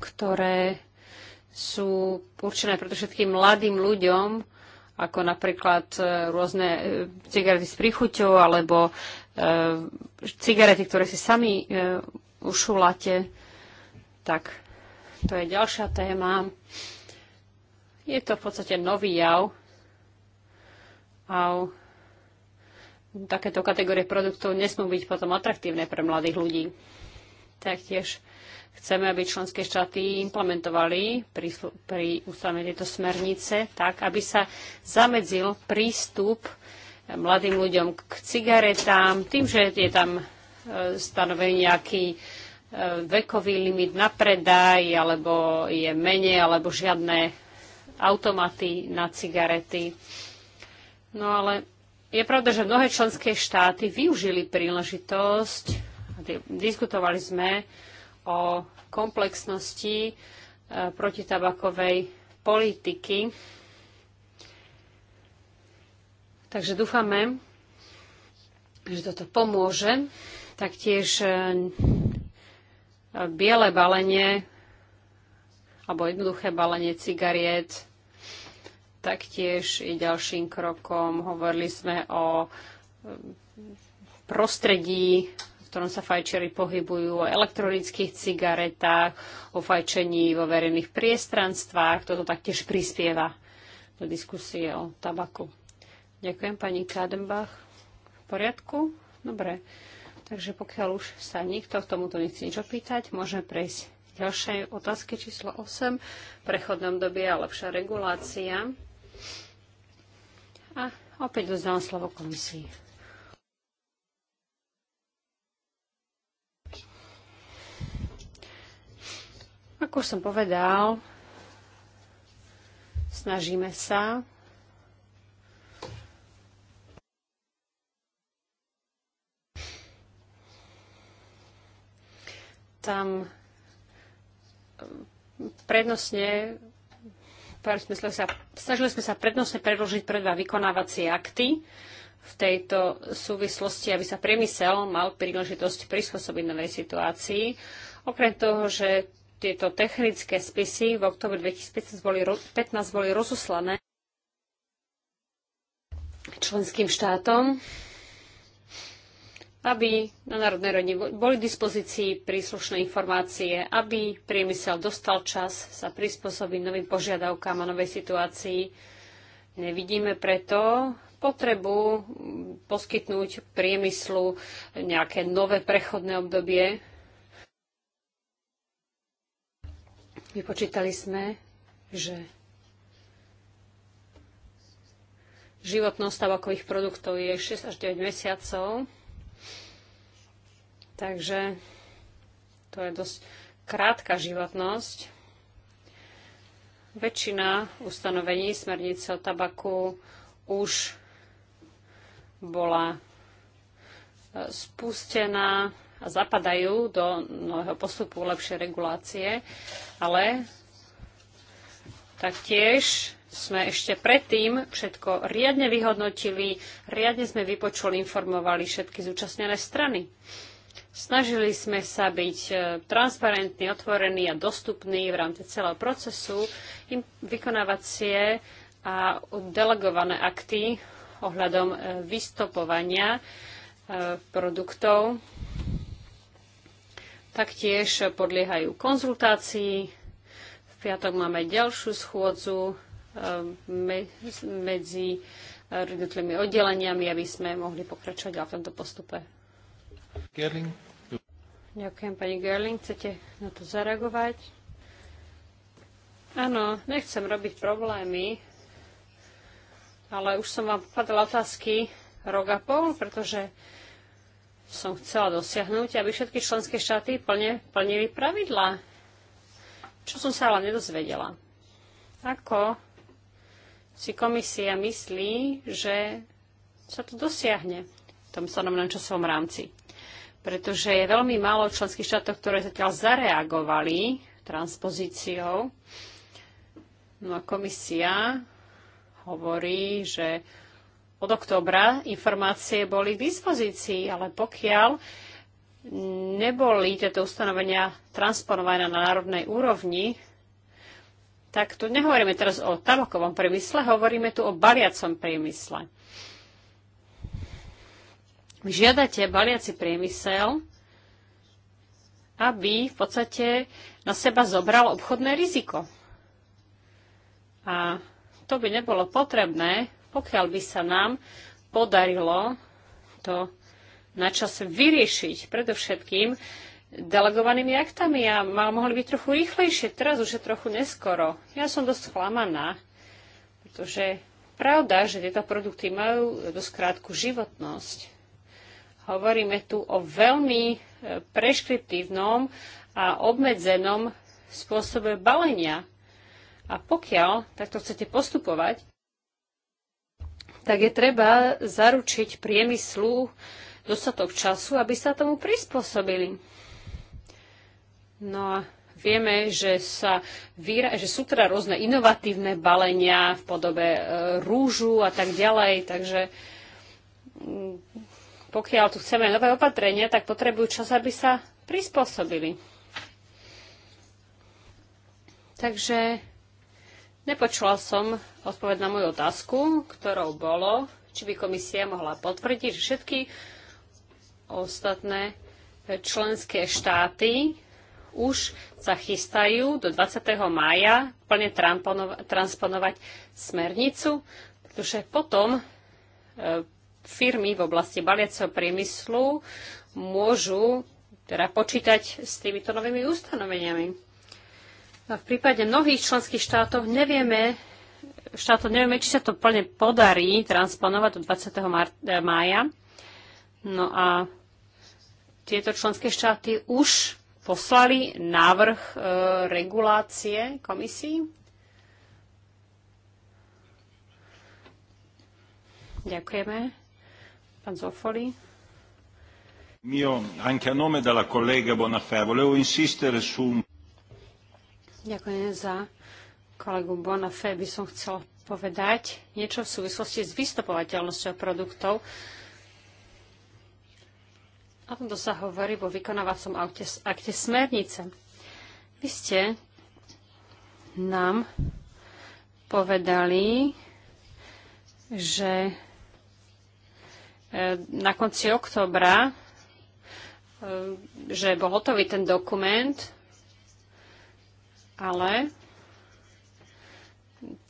ktoré sú určené preto všetkým mladým ľuďom, ako napríklad e, rôzne e, cigarety s príchuťou alebo e, cigarety, ktoré si sami ušulate. Tak to je ďalšia téma. Je to v podstate nový jav, a takéto kategórie produktov nesmú byť potom atraktívne pre mladých ľudí. Taktiež chceme, aby členské štáty implementovali pri, pri ústavne tieto smernice tak, aby sa zamedzil prístup mladým ľuďom k cigaretám, tým, že je tam e, stanovený nejaký e, vekový limit na predaj, alebo je menej, alebo žiadne automaty na cigarety. No ale je pravda, že mnohé členské štáty využili príležitosť, diskutovali sme o komplexnosti e, protitabakovej politiky. Takže dúfame, že toto pomôže. Taktiež e, biele balenie alebo jednoduché balenie cigariet taktiež i ďalším krokom. Hovorili sme o e, prostredí, v ktorom sa fajčeri pohybujú, o elektronických cigaretách, o fajčení vo verejných priestranstvách. Toto taktiež prispieva do diskusie o tabaku. Ďakujem pani Kadenbach. V poriadku? Dobre. Takže pokiaľ už sa nikto k tomuto nechce nič opýtať, môžeme prejsť k ďalšej otázke číslo 8. prechodnom dobie a lepšia regulácia. A opäť dozdám slovo komisii. Ako som povedal, snažíme sa tam prednostne sme sa, snažili sme sa prednostne predložiť pre dva vykonávacie akty v tejto súvislosti, aby sa priemysel mal príležitosť prispôsobiť novej situácii. Okrem toho, že tieto technické spisy v oktobri 2015 boli, boli rozoslané členským štátom, aby na národnej rodine boli k dispozícii príslušné informácie, aby priemysel dostal čas sa prispôsobiť novým požiadavkám a novej situácii. Nevidíme preto potrebu poskytnúť priemyslu nejaké nové prechodné obdobie. Vypočítali sme, že životnosť tabakových produktov je 6 až 9 mesiacov Takže to je dosť krátka životnosť. Väčšina ustanovení smernice o tabaku už bola e, spustená a zapadajú do nového postupu lepšie regulácie, ale taktiež sme ešte predtým všetko riadne vyhodnotili, riadne sme vypočuli, informovali všetky zúčastnené strany. Snažili sme sa byť e, transparentní, otvorení a dostupní v rámci celého procesu. Im vykonávacie a delegované akty ohľadom e, vystopovania e, produktov taktiež podliehajú konzultácii. V piatok máme ďalšiu schôdzu medzi jednotlivými oddeleniami, aby sme mohli pokračovať v tomto postupe Gerling. Ďakujem, pani Gerling. Chcete na to zareagovať? Áno, nechcem robiť problémy, ale už som vám popadala otázky rok a pol, pretože som chcela dosiahnuť, aby všetky členské štáty plne, plnili pravidlá. Čo som sa ale nedozvedela. Ako si komisia myslí, že sa to dosiahne v tom stanovnom časovom rámci pretože je veľmi málo členských štátov, ktoré zatiaľ zareagovali transpozíciou. No a komisia hovorí, že od oktobra informácie boli k dispozícii, ale pokiaľ neboli tieto ustanovenia transponované na národnej úrovni, tak tu nehovoríme teraz o tabakovom priemysle, hovoríme tu o baliacom priemysle žiadate baliaci priemysel, aby v podstate na seba zobral obchodné riziko. A to by nebolo potrebné, pokiaľ by sa nám podarilo to na čase vyriešiť, predovšetkým delegovanými aktami a mohli byť trochu rýchlejšie, teraz už je trochu neskoro. Ja som dosť klamaná, pretože pravda, že tieto produkty majú dosť krátku životnosť. Hovoríme tu o veľmi e, preškriptívnom a obmedzenom spôsobe balenia. A pokiaľ takto chcete postupovať, tak je treba zaručiť priemyslu dostatok času, aby sa tomu prispôsobili. No a vieme, že, sa výra- že sú teda rôzne inovatívne balenia v podobe e, rúžu a tak ďalej, takže mm, pokiaľ tu chceme nové opatrenia, tak potrebujú čas, aby sa prispôsobili. Takže nepočula som odpoveď na moju otázku, ktorou bolo, či by komisia mohla potvrdiť, že všetky ostatné členské štáty už sa chystajú do 20. mája plne transponovať smernicu, pretože potom e, firmy v oblasti baliaceho priemyslu môžu teda počítať s týmito novými ustanoveniami. A v prípade mnohých členských štátov nevieme, štátov nevieme, či sa to plne podarí transponovať do 20. E, mája. No a tieto členské štáty už poslali návrh e, regulácie komisii? Ďakujeme. Pán Zofoli. Mio, anche a nome della collega Bonafè, volevo insistere su... Ďakujem za kolegu Bonafé. By som chcel povedať niečo v súvislosti s vystupovateľnosťou produktov. A to sa hovorí vo vykonávacom akte, akte smernice. Vy ste nám povedali, že E, na konci oktobra, e, že bol hotový ten dokument, ale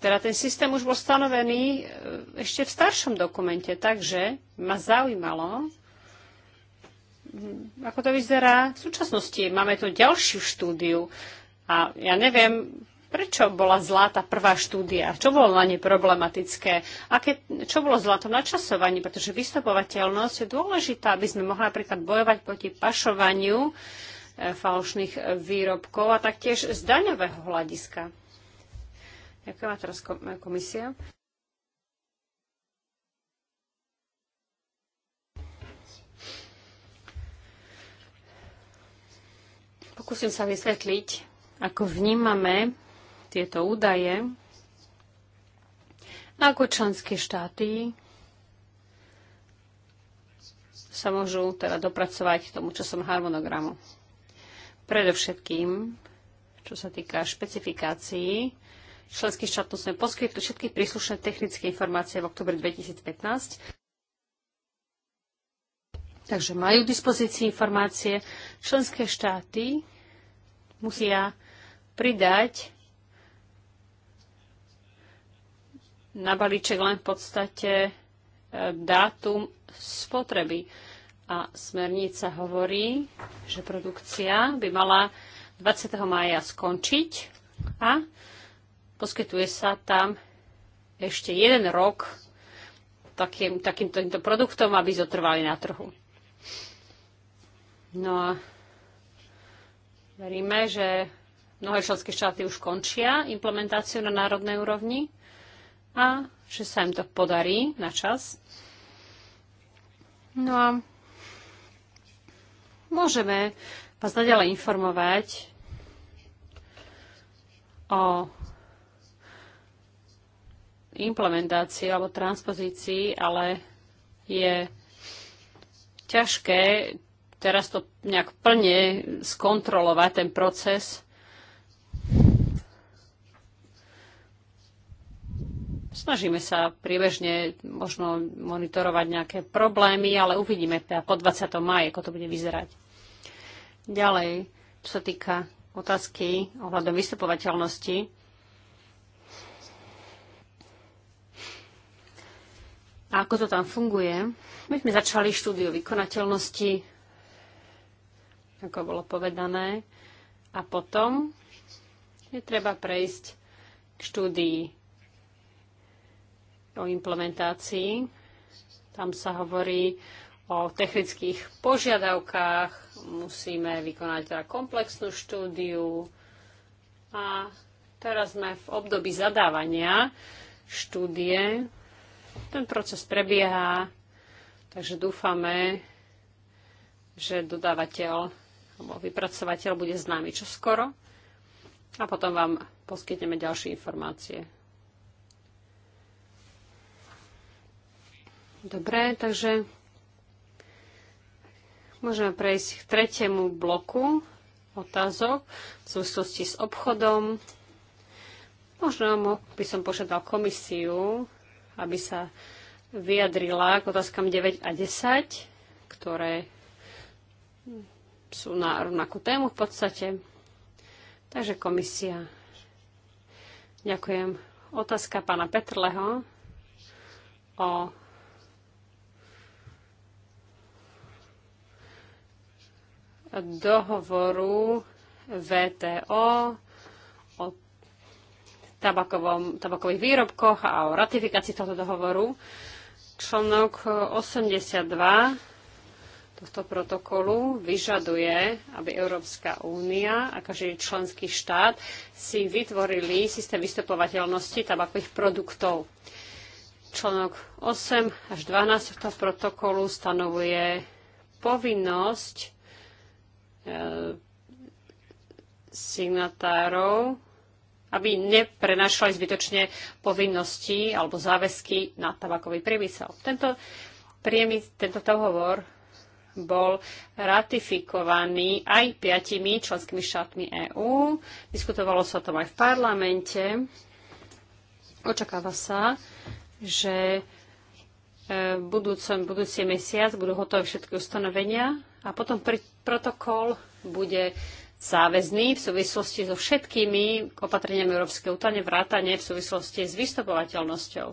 teda ten systém už bol stanovený e, ešte v staršom dokumente, takže ma zaujímalo, ako to vyzerá v súčasnosti. Máme tu ďalšiu štúdiu a ja neviem, Prečo bola zlá tá prvá štúdia? Čo bolo na nej problematické? keď, čo bolo zlá to načasovanie? Pretože vystupovateľnosť je dôležitá, aby sme mohli napríklad bojovať proti pašovaniu e, falošných e, výrobkov a taktiež z daňového hľadiska. Ďakujem teraz e, komisia. Pokúsim sa vysvetliť, ako vnímame tieto údaje, ako členské štáty sa môžu teda dopracovať k tomu časom harmonogramu. Predovšetkým, čo sa týka špecifikácií, členských štátom sme poskytli všetky príslušné technické informácie v oktobri 2015 Takže majú k dispozícii informácie. Členské štáty musia pridať na balíček len v podstate e, dátum spotreby. A smernica hovorí, že produkcia by mala 20. mája skončiť a poskytuje sa tam ešte jeden rok takým, takýmto, takýmto produktom, aby zotrvali na trhu. No a veríme, že mnohé členské štáty už končia implementáciu na národnej úrovni a že sa im to podarí na čas. No a môžeme vás naďalej informovať o implementácii alebo transpozícii, ale je ťažké teraz to nejak plne skontrolovať, ten proces, Snažíme sa priebežne možno monitorovať nejaké problémy, ale uvidíme teda po 20. maji, ako to bude vyzerať. Ďalej, čo sa týka otázky ohľadom vystupovateľnosti, A ako to tam funguje? My sme začali štúdiu vykonateľnosti, ako bolo povedané, a potom je treba prejsť k štúdii o implementácii. Tam sa hovorí o technických požiadavkách, musíme vykonať teda komplexnú štúdiu a teraz sme v období zadávania štúdie. Ten proces prebieha, takže dúfame, že dodávateľ alebo vypracovateľ bude známy čoskoro a potom vám poskytneme ďalšie informácie. Dobre, takže môžeme prejsť k tretiemu bloku otázok v súvislosti s obchodom. Možno by som požiadal komisiu, aby sa vyjadrila k otázkam 9 a 10, ktoré sú na rovnakú tému v podstate. Takže komisia. Ďakujem. Otázka pána Petrleho o dohovoru VTO o tabakovom, tabakových výrobkoch a o ratifikácii tohto dohovoru. Článok 82 tohto protokolu vyžaduje, aby Európska únia a každý členský štát si vytvorili systém vystupovateľnosti tabakových produktov. Článok 8 až 12 tohto protokolu stanovuje povinnosť E, signatárov, aby neprenašali zbytočne povinnosti alebo záväzky na tabakový priemysel. Tento, priemys- tento dohovor bol ratifikovaný aj piatimi členskými štátmi EÚ. Diskutovalo sa o tom aj v parlamente. Očakáva sa, že v e, budúcom, budúci mesiac budú hotové všetky ustanovenia a potom pr- protokol bude záväzný v súvislosti so všetkými opatreniami Európskej útane vrátane v súvislosti s vystupovateľnosťou.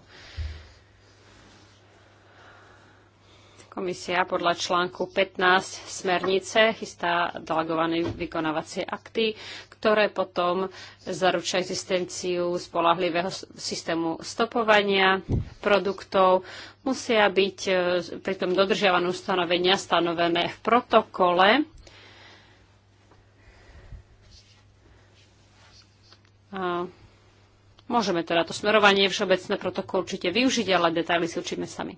Komisia podľa článku 15 smernice chystá delegované vykonávacie akty, ktoré potom zaručia existenciu spolahlivého systému stopovania produktov. Musia byť e, pritom dodržiavané ustanovenia stanovené v protokole. A môžeme teda to smerovanie všeobecné protokol určite využiť, ale detaily si učíme sami.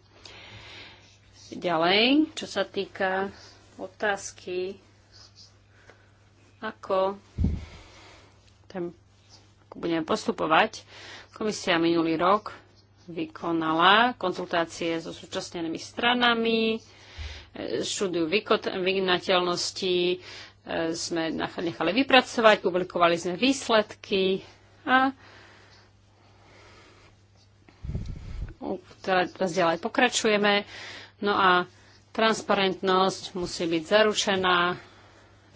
Ďalej, čo sa týka otázky, ako tam budeme postupovať. Komisia minulý rok vykonala konzultácie so súčasnenými stranami, e, štúdiu vykonateľnosti e, sme nechali vypracovať, publikovali sme výsledky a teda teraz ďalej pokračujeme. No a transparentnosť musí byť zaručená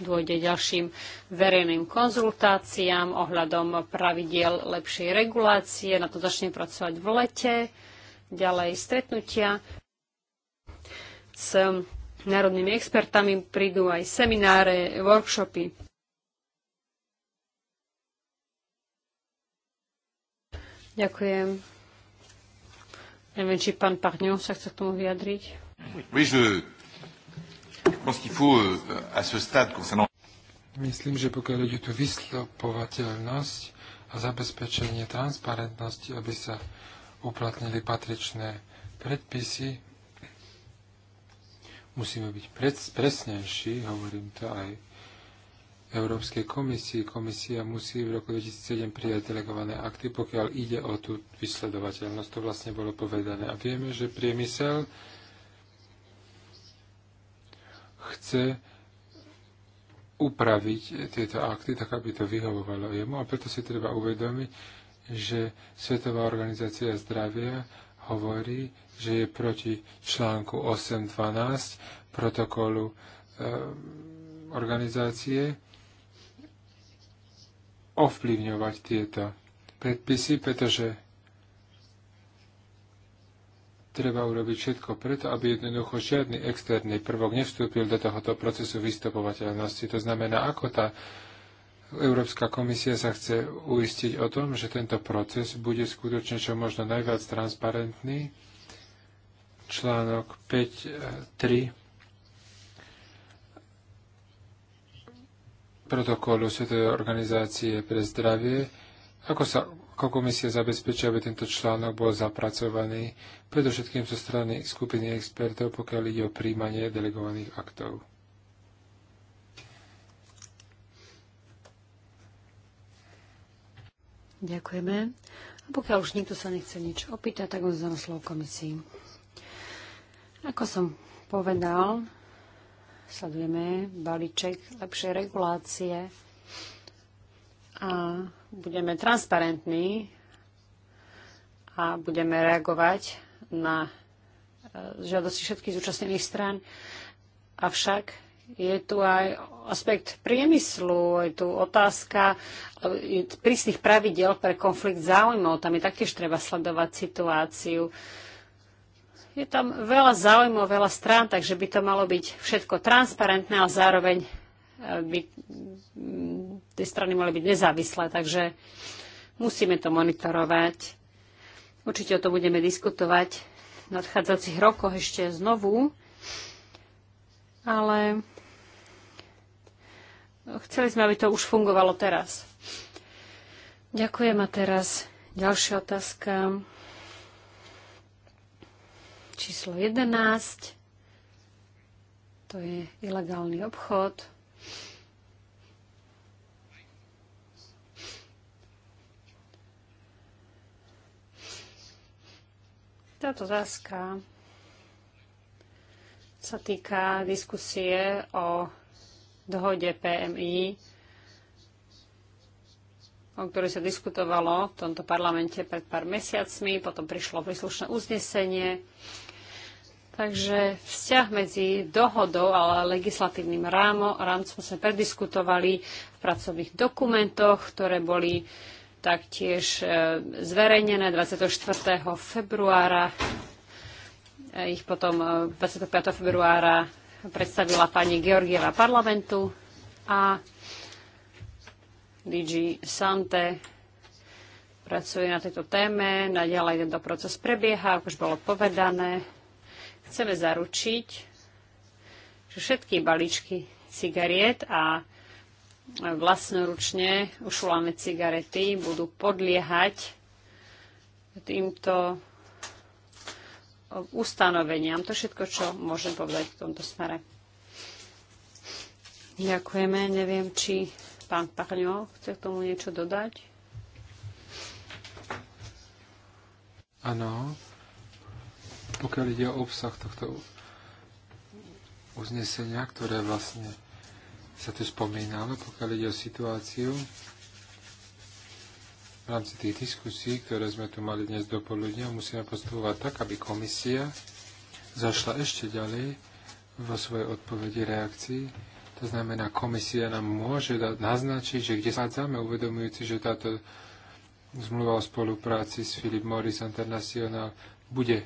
dôjde ďalším verejným konzultáciám ohľadom pravidiel lepšej regulácie. Na to začne pracovať v lete. Ďalej stretnutia s národnými expertami prídu aj semináre, workshopy. Ďakujem. Neviem, či pán Pachňov sa chce k tomu vyjadriť. Euh, Myslím, že pokiaľ ide tu vyslopovateľnosť a zabezpečenie transparentnosti, aby sa uplatnili patričné predpisy, musíme byť presnejší, hovorím to aj Európskej komisii. Komisia musí v roku 2007 prijať delegované akty, pokiaľ ide o tú vysledovateľnosť. To vlastne bolo povedané. A vieme, že priemysel chce upraviť tieto akty tak, aby to vyhovovalo jemu. A preto si treba uvedomiť, že Svetová organizácia zdravia hovorí, že je proti článku 8.12 protokolu e, organizácie ovplyvňovať tieto predpisy, pretože treba urobiť všetko preto, aby jednoducho žiadny externý prvok nevstúpil do tohoto procesu vystupovateľnosti. To znamená, ako tá Európska komisia sa chce uistiť o tom, že tento proces bude skutočne čo možno najviac transparentný. Článok 5.3 protokolu Svetovej organizácie pre zdravie, ako sa ako komisia zabezpečí, aby tento článok bol zapracovaný, predovšetkým zo strany skupiny expertov, pokiaľ ide o príjmanie delegovaných aktov? Ďakujeme. A pokiaľ už nikto sa nechce nič opýtať, tak ozdám slovo komisii. Ako som povedal, sledujeme balíček lepšej regulácie a budeme transparentní a budeme reagovať na e, žiadosti všetkých zúčastnených strán. Avšak je tu aj aspekt priemyslu, je tu otázka e, prísnych pravidel pre konflikt záujmov. Tam je taktiež treba sledovať situáciu. Je tam veľa záujmov, veľa strán, takže by to malo byť všetko transparentné a zároveň by mm, tie strany mali byť nezávislé, takže musíme to monitorovať. Určite o to budeme diskutovať v nadchádzacích rokoch ešte znovu, ale chceli sme, aby to už fungovalo teraz. Ďakujem a teraz ďalšia otázka. Číslo 11. To je ilegálny obchod. Táto otázka sa týka diskusie o dohode PMI, o ktorej sa diskutovalo v tomto parlamente pred pár mesiacmi, potom prišlo príslušné uznesenie. Takže vzťah medzi dohodou a legislatívnym rámom rámcom sme prediskutovali v pracovných dokumentoch, ktoré boli taktiež e, zverejnené 24. februára. E, ich potom 25. E, februára predstavila pani Georgieva parlamentu a DG Sante pracuje na tejto téme. Naďalej tento proces prebieha, ako už bolo povedané. Chceme zaručiť, že všetky balíčky cigariet a vlastnoručne ušulané cigarety budú podliehať týmto ustanoveniam. To všetko, čo môžem povedať v tomto smere. Ďakujeme. Neviem, či pán Pachňo chce k tomu niečo dodať. Áno. Pokiaľ ide o obsah tohto uznesenia, ktoré vlastne sa tu spomínalo, pokiaľ ide o situáciu v rámci tých diskusí, ktoré sme tu mali dnes do poludnia, musíme postupovať tak, aby komisia zašla ešte ďalej vo svojej odpovedi reakcii. To znamená, komisia nám môže dať, naznačiť, že kde sádzame, uvedomujúci, že táto zmluva o spolupráci s Philip Morris International bude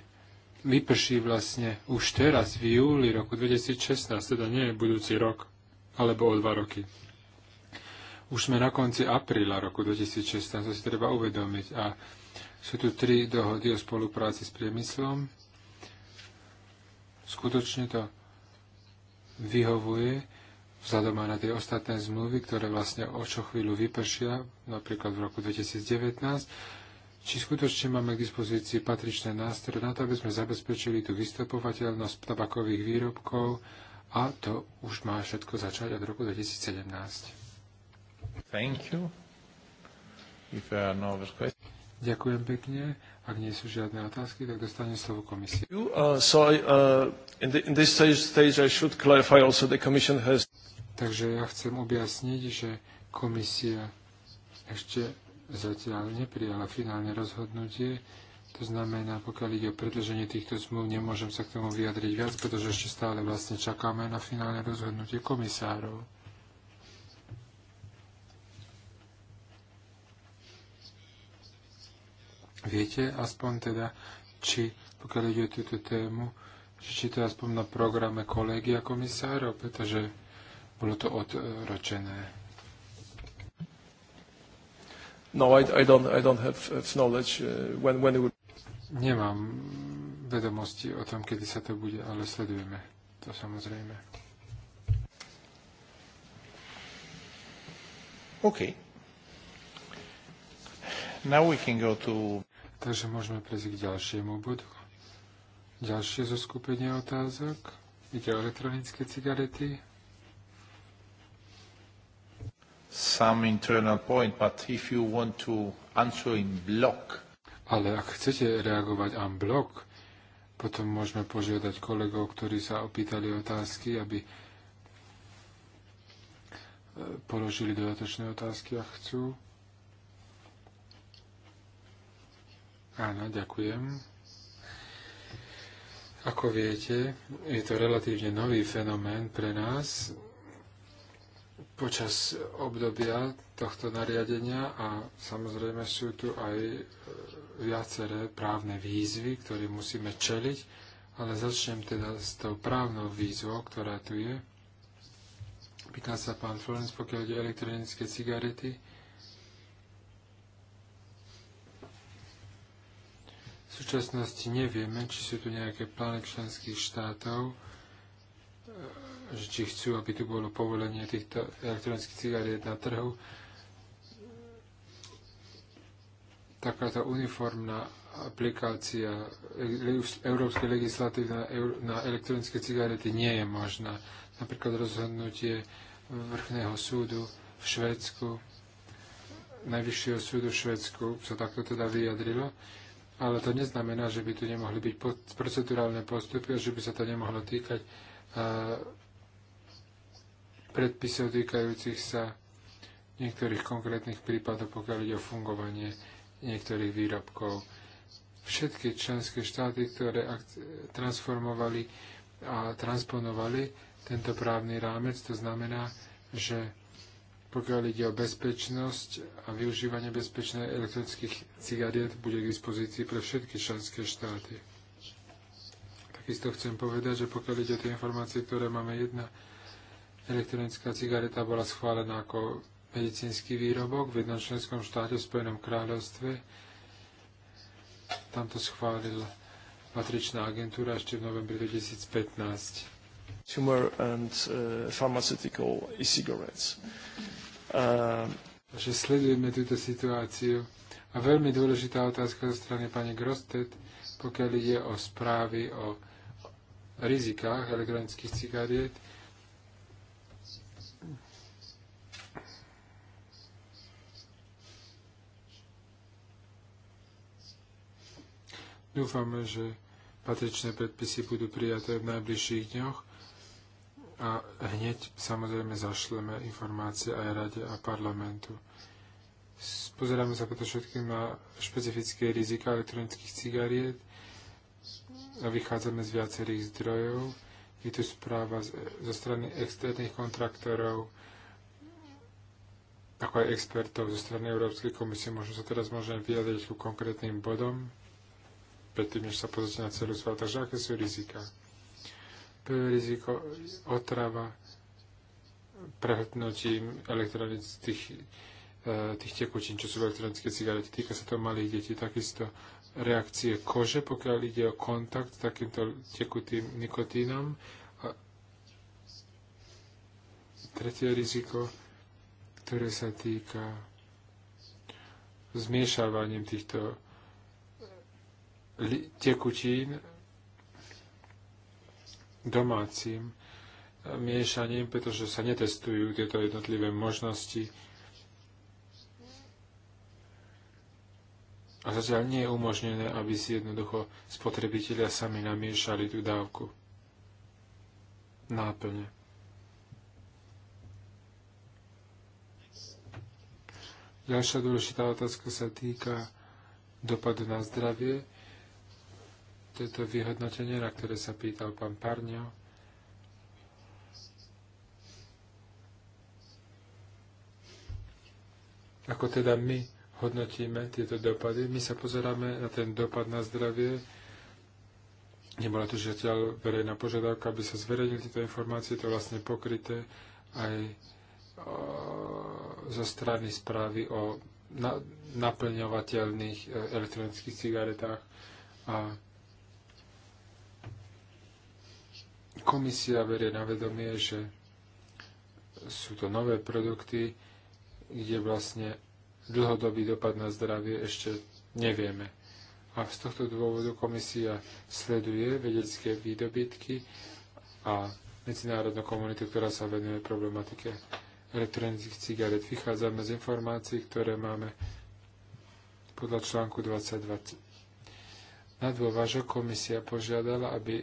vyprší vlastne už teraz v júli roku 2016, teda nie je budúci rok alebo o dva roky. Už sme na konci apríla roku 2016, to si treba uvedomiť. A sú tu tri dohody o spolupráci s priemyslom. Skutočne to vyhovuje vzhľadom aj na tie ostatné zmluvy, ktoré vlastne o čo chvíľu vypršia, napríklad v roku 2019, či skutočne máme k dispozícii patričné nástroje na to, aby sme zabezpečili tú vystupovateľnosť tabakových výrobkov a to už má všetko začať od roku 2017. Thank you. If there are no Ďakujem pekne. Ak nie sú žiadne otázky, tak dostane slovo komisie. Uh, so uh, in this stage I should clarify also the commission has... Takže ja chcem objasniť, že komisia ešte zatiaľ neprijala finálne rozhodnutie, to znamená, pokiaľ ide o predlženie týchto zmluv, nemôžem sa k tomu vyjadriť viac, pretože ešte stále vlastne čakáme na finálne rozhodnutie komisárov. Viete aspoň teda, či pokiaľ ide o túto tému, že či to je aspoň na programe kolegia komisárov, pretože bolo to odročené. No, I, I don't, I don't have, have knowledge uh, when, when it would... Nemám vedomosti o tom, kedy sa to bude, ale sledujeme to samozrejme. OK. Now we can go to... Takže môžeme prejsť k ďalšiemu bodu. Ďalšie zo skupenia otázok. Ide o elektronické cigarety. Some internal point, but if you want to answer in block, ale ak chcete reagovať en blok, potom môžeme požiadať kolegov, ktorí sa opýtali otázky, aby e, položili dodatočné otázky, ak chcú. Áno, ďakujem. Ako viete, je to relatívne nový fenomén pre nás, počas obdobia tohto nariadenia a samozrejme sú tu aj e, viaceré právne výzvy, ktoré musíme čeliť, ale začnem teda s tou právnou výzvou, ktorá tu je. Pýta sa pán Florence, pokiaľ ide elektronické cigarety. V súčasnosti nevieme, či sú tu nejaké plány členských štátov, či chcú, aby tu bolo povolenie týchto elektronických cigariet na trhu. Takáto uniformná aplikácia e, e, európskej legislatívy na, na elektronické cigarety nie je možná. Napríklad rozhodnutie vrchného súdu v Švedsku, najvyššieho súdu v Švedsku sa takto teda vyjadrilo, ale to neznamená, že by tu nemohli byť procedurálne postupy a že by sa to nemohlo týkať uh, predpisov týkajúcich sa niektorých konkrétnych prípadov, pokiaľ ide o fungovanie niektorých výrobkov. Všetky členské štáty, ktoré transformovali a transponovali tento právny rámec, to znamená, že pokiaľ ide o bezpečnosť a využívanie bezpečných elektronických cigariet, bude k dispozícii pre všetky členské štáty. Takisto chcem povedať, že pokiaľ ide o tie informácie, ktoré máme jedna, elektronická cigareta bola schválená ako medicínsky výrobok v jednom členskom štáte v Spojenom kráľovstve. Tam to schválil patričná agentúra ešte v novembri 2015. Consumer and uh, pharmaceutical e-cigarettes. Uh... Takže sledujeme túto situáciu. A veľmi dôležitá otázka zo strany pani Grostet, pokiaľ ide o správy o rizikách elektronických cigariet. Dúfame, že patričné predpisy budú prijaté v najbližších dňoch a hneď samozrejme zašleme informácie aj Rade a parlamentu. Pozeráme sa preto všetkým na špecifické rizika elektronických cigariet a vychádzame z viacerých zdrojov. Je tu správa zo strany externých kontraktorov, ako aj expertov zo strany Európskej komisie. Možno sa teraz môžem vyjadriť ku konkrétnym bodom predtým, než sa pozrite na celú svoju. Takže aké sú rizika? Prvé riziko otrava prehltnutím elektronických e, tých tekutín, čo sú elektronické cigarety. Týka sa to malých detí. Takisto reakcie kože, pokiaľ ide o kontakt s takýmto tekutým nikotínom. A tretie riziko, ktoré sa týka zmiešávaním týchto tekutín domácim e, miešaním, pretože sa netestujú tieto jednotlivé možnosti. A zatiaľ nie je umožnené, aby si jednoducho spotrebitelia sami namiešali tú dávku náplne. Ďalšia dôležitá otázka sa týka dopadu na zdravie to vyhodnotenie, na ktoré sa pýtal pán Parňo. Ako teda my hodnotíme tieto dopady? My sa pozeráme na ten dopad na zdravie. Nebola tu žiaľ verejná požiadavka, aby sa zverejnili tieto informácie, to vlastne pokryté aj zo strany správy o na, naplňovateľných e, elektronických cigaretách a komisia berie na vedomie, že sú to nové produkty, kde vlastne dlhodobý dopad na zdravie ešte nevieme. A z tohto dôvodu komisia sleduje vedecké výdobytky a medzinárodnú komunitu, ktorá sa venuje problematike elektronických cigaret. Vychádzame z informácií, ktoré máme podľa článku 2020. Na dôvažok komisia požiadala, aby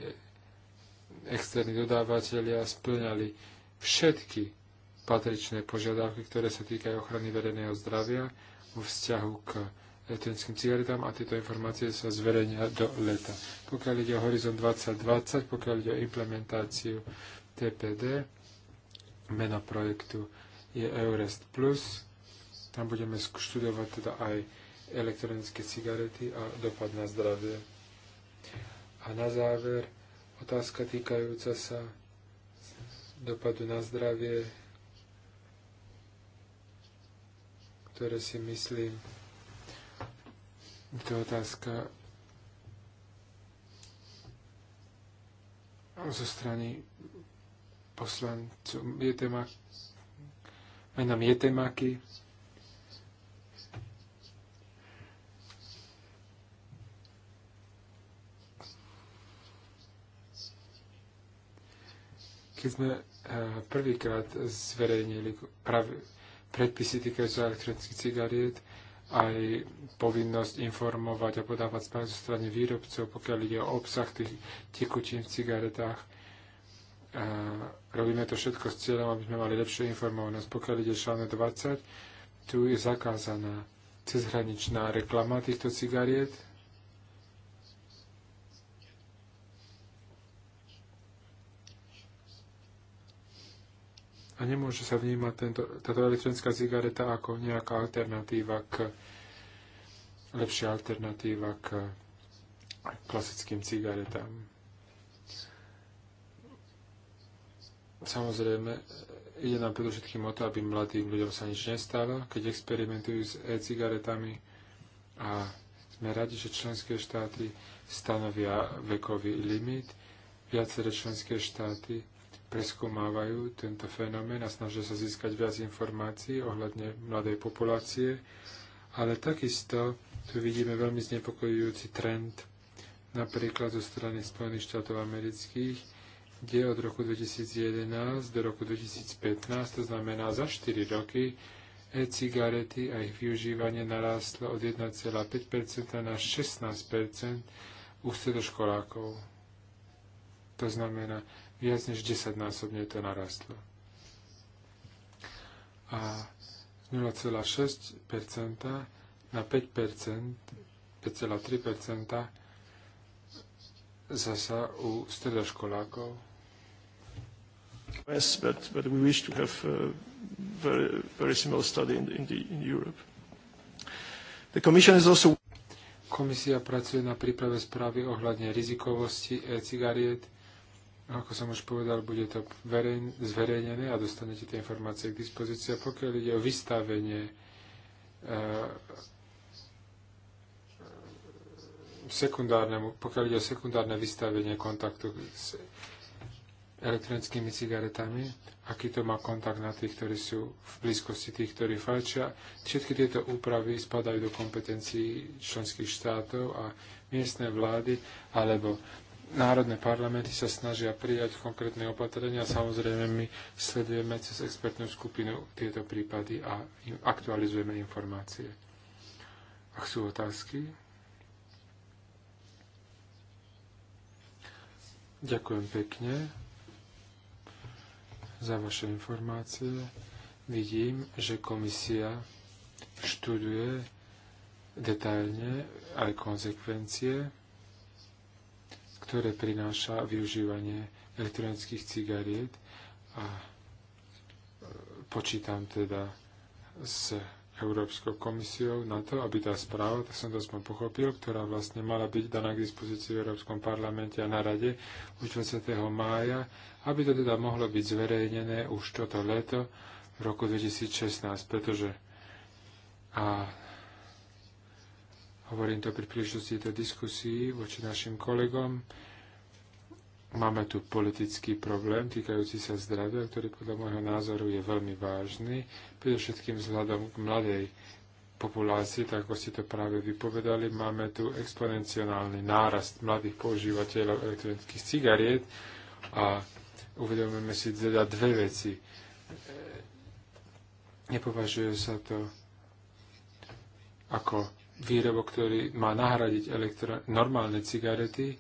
externí dodávateľia splňali všetky patričné požiadavky, ktoré sa týkajú ochrany verejného zdravia vo vzťahu k elektronickým cigaretám a tieto informácie sa zverejnia do leta. Pokiaľ ide o Horizon 2020, pokiaľ ide o implementáciu TPD, meno projektu je Eurest Plus. Tam budeme študovať teda aj elektronické cigarety a dopad na zdravie. A na záver Otázka týkajúca sa dopadu na zdravie, ktoré si myslím, to je otázka zo strany poslancov. Je téma, menom je témaky, keď sme e, prvýkrát zverejnili predpisy týkajúce elektronických cigariet, aj povinnosť informovať a podávať správy zo strany výrobcov, pokiaľ ide o obsah tých tekutín v cigaretách. E, robíme to všetko s cieľom, aby sme mali lepšiu informovanosť. Pokiaľ ide článok 20, tu je zakázaná cezhraničná reklama týchto cigariet, a nemôže sa vnímať tento, táto elektronická cigareta ako nejaká alternatíva k lepšia alternatíva k klasickým cigaretám. Samozrejme, ide nám predovšetkým o to, aby mladým ľuďom sa nič nestalo, keď experimentujú s e-cigaretami a sme radi, že členské štáty stanovia vekový limit. Viaceré členské štáty preskúmávajú tento fenomén a snažia sa získať viac informácií ohľadne mladej populácie, ale takisto tu vidíme veľmi znepokojujúci trend napríklad zo strany Spojených štátov amerických, kde od roku 2011 do roku 2015, to znamená za 4 roky, e-cigarety a ich využívanie narástlo od 1,5% na 16% u stredoškolákov. To znamená, viac než desaťnásobne to narastlo. A 0,6% na 5%, 5,3% zasa u stredoškolákov. Yes, but, but we wish to have a very, very similar study in, in, the, in Europe. The Commission is also... Komisia pracuje na príprave správy ohľadne rizikovosti e-cigariet ako som už povedal, bude to verejn, zverejnené a dostanete tie informácie k dispozícii. A pokiaľ ide o vystavenie e, sekundárnemu, pokiaľ ide o sekundárne vystavenie kontaktu s elektronickými cigaretami, aký to má kontakt na tých, ktorí sú v blízkosti tých, ktorí fajčia. Všetky tieto úpravy spadajú do kompetencií členských štátov a miestnej vlády alebo národné parlamenty sa snažia prijať konkrétne opatrenia. Samozrejme, my sledujeme cez expertnú skupinu tieto prípady a aktualizujeme informácie. Ak sú otázky? Ďakujem pekne za vaše informácie. Vidím, že komisia študuje detailne aj konsekvencie ktoré prináša využívanie elektronických cigariet a e, počítam teda s Európskou komisiou na to, aby tá správa, tak som to aspoň pochopil, ktorá vlastne mala byť daná k dispozícii v Európskom parlamente a na rade už 20. mája, aby to teda mohlo byť zverejnené už toto leto v roku 2016, pretože a Hovorím to pri príležitosti tejto diskusii voči našim kolegom. Máme tu politický problém týkajúci sa zdravia, ktorý podľa môjho názoru je veľmi vážny, predovšetkým vzhľadom k mladej populácii, tak ako ste to práve vypovedali, máme tu exponenciálny nárast mladých používateľov elektronických cigariet a uvedomujeme si teda dve veci. E, nepovažuje sa to ako výrobok, ktorý má nahradiť elektro- normálne cigarety.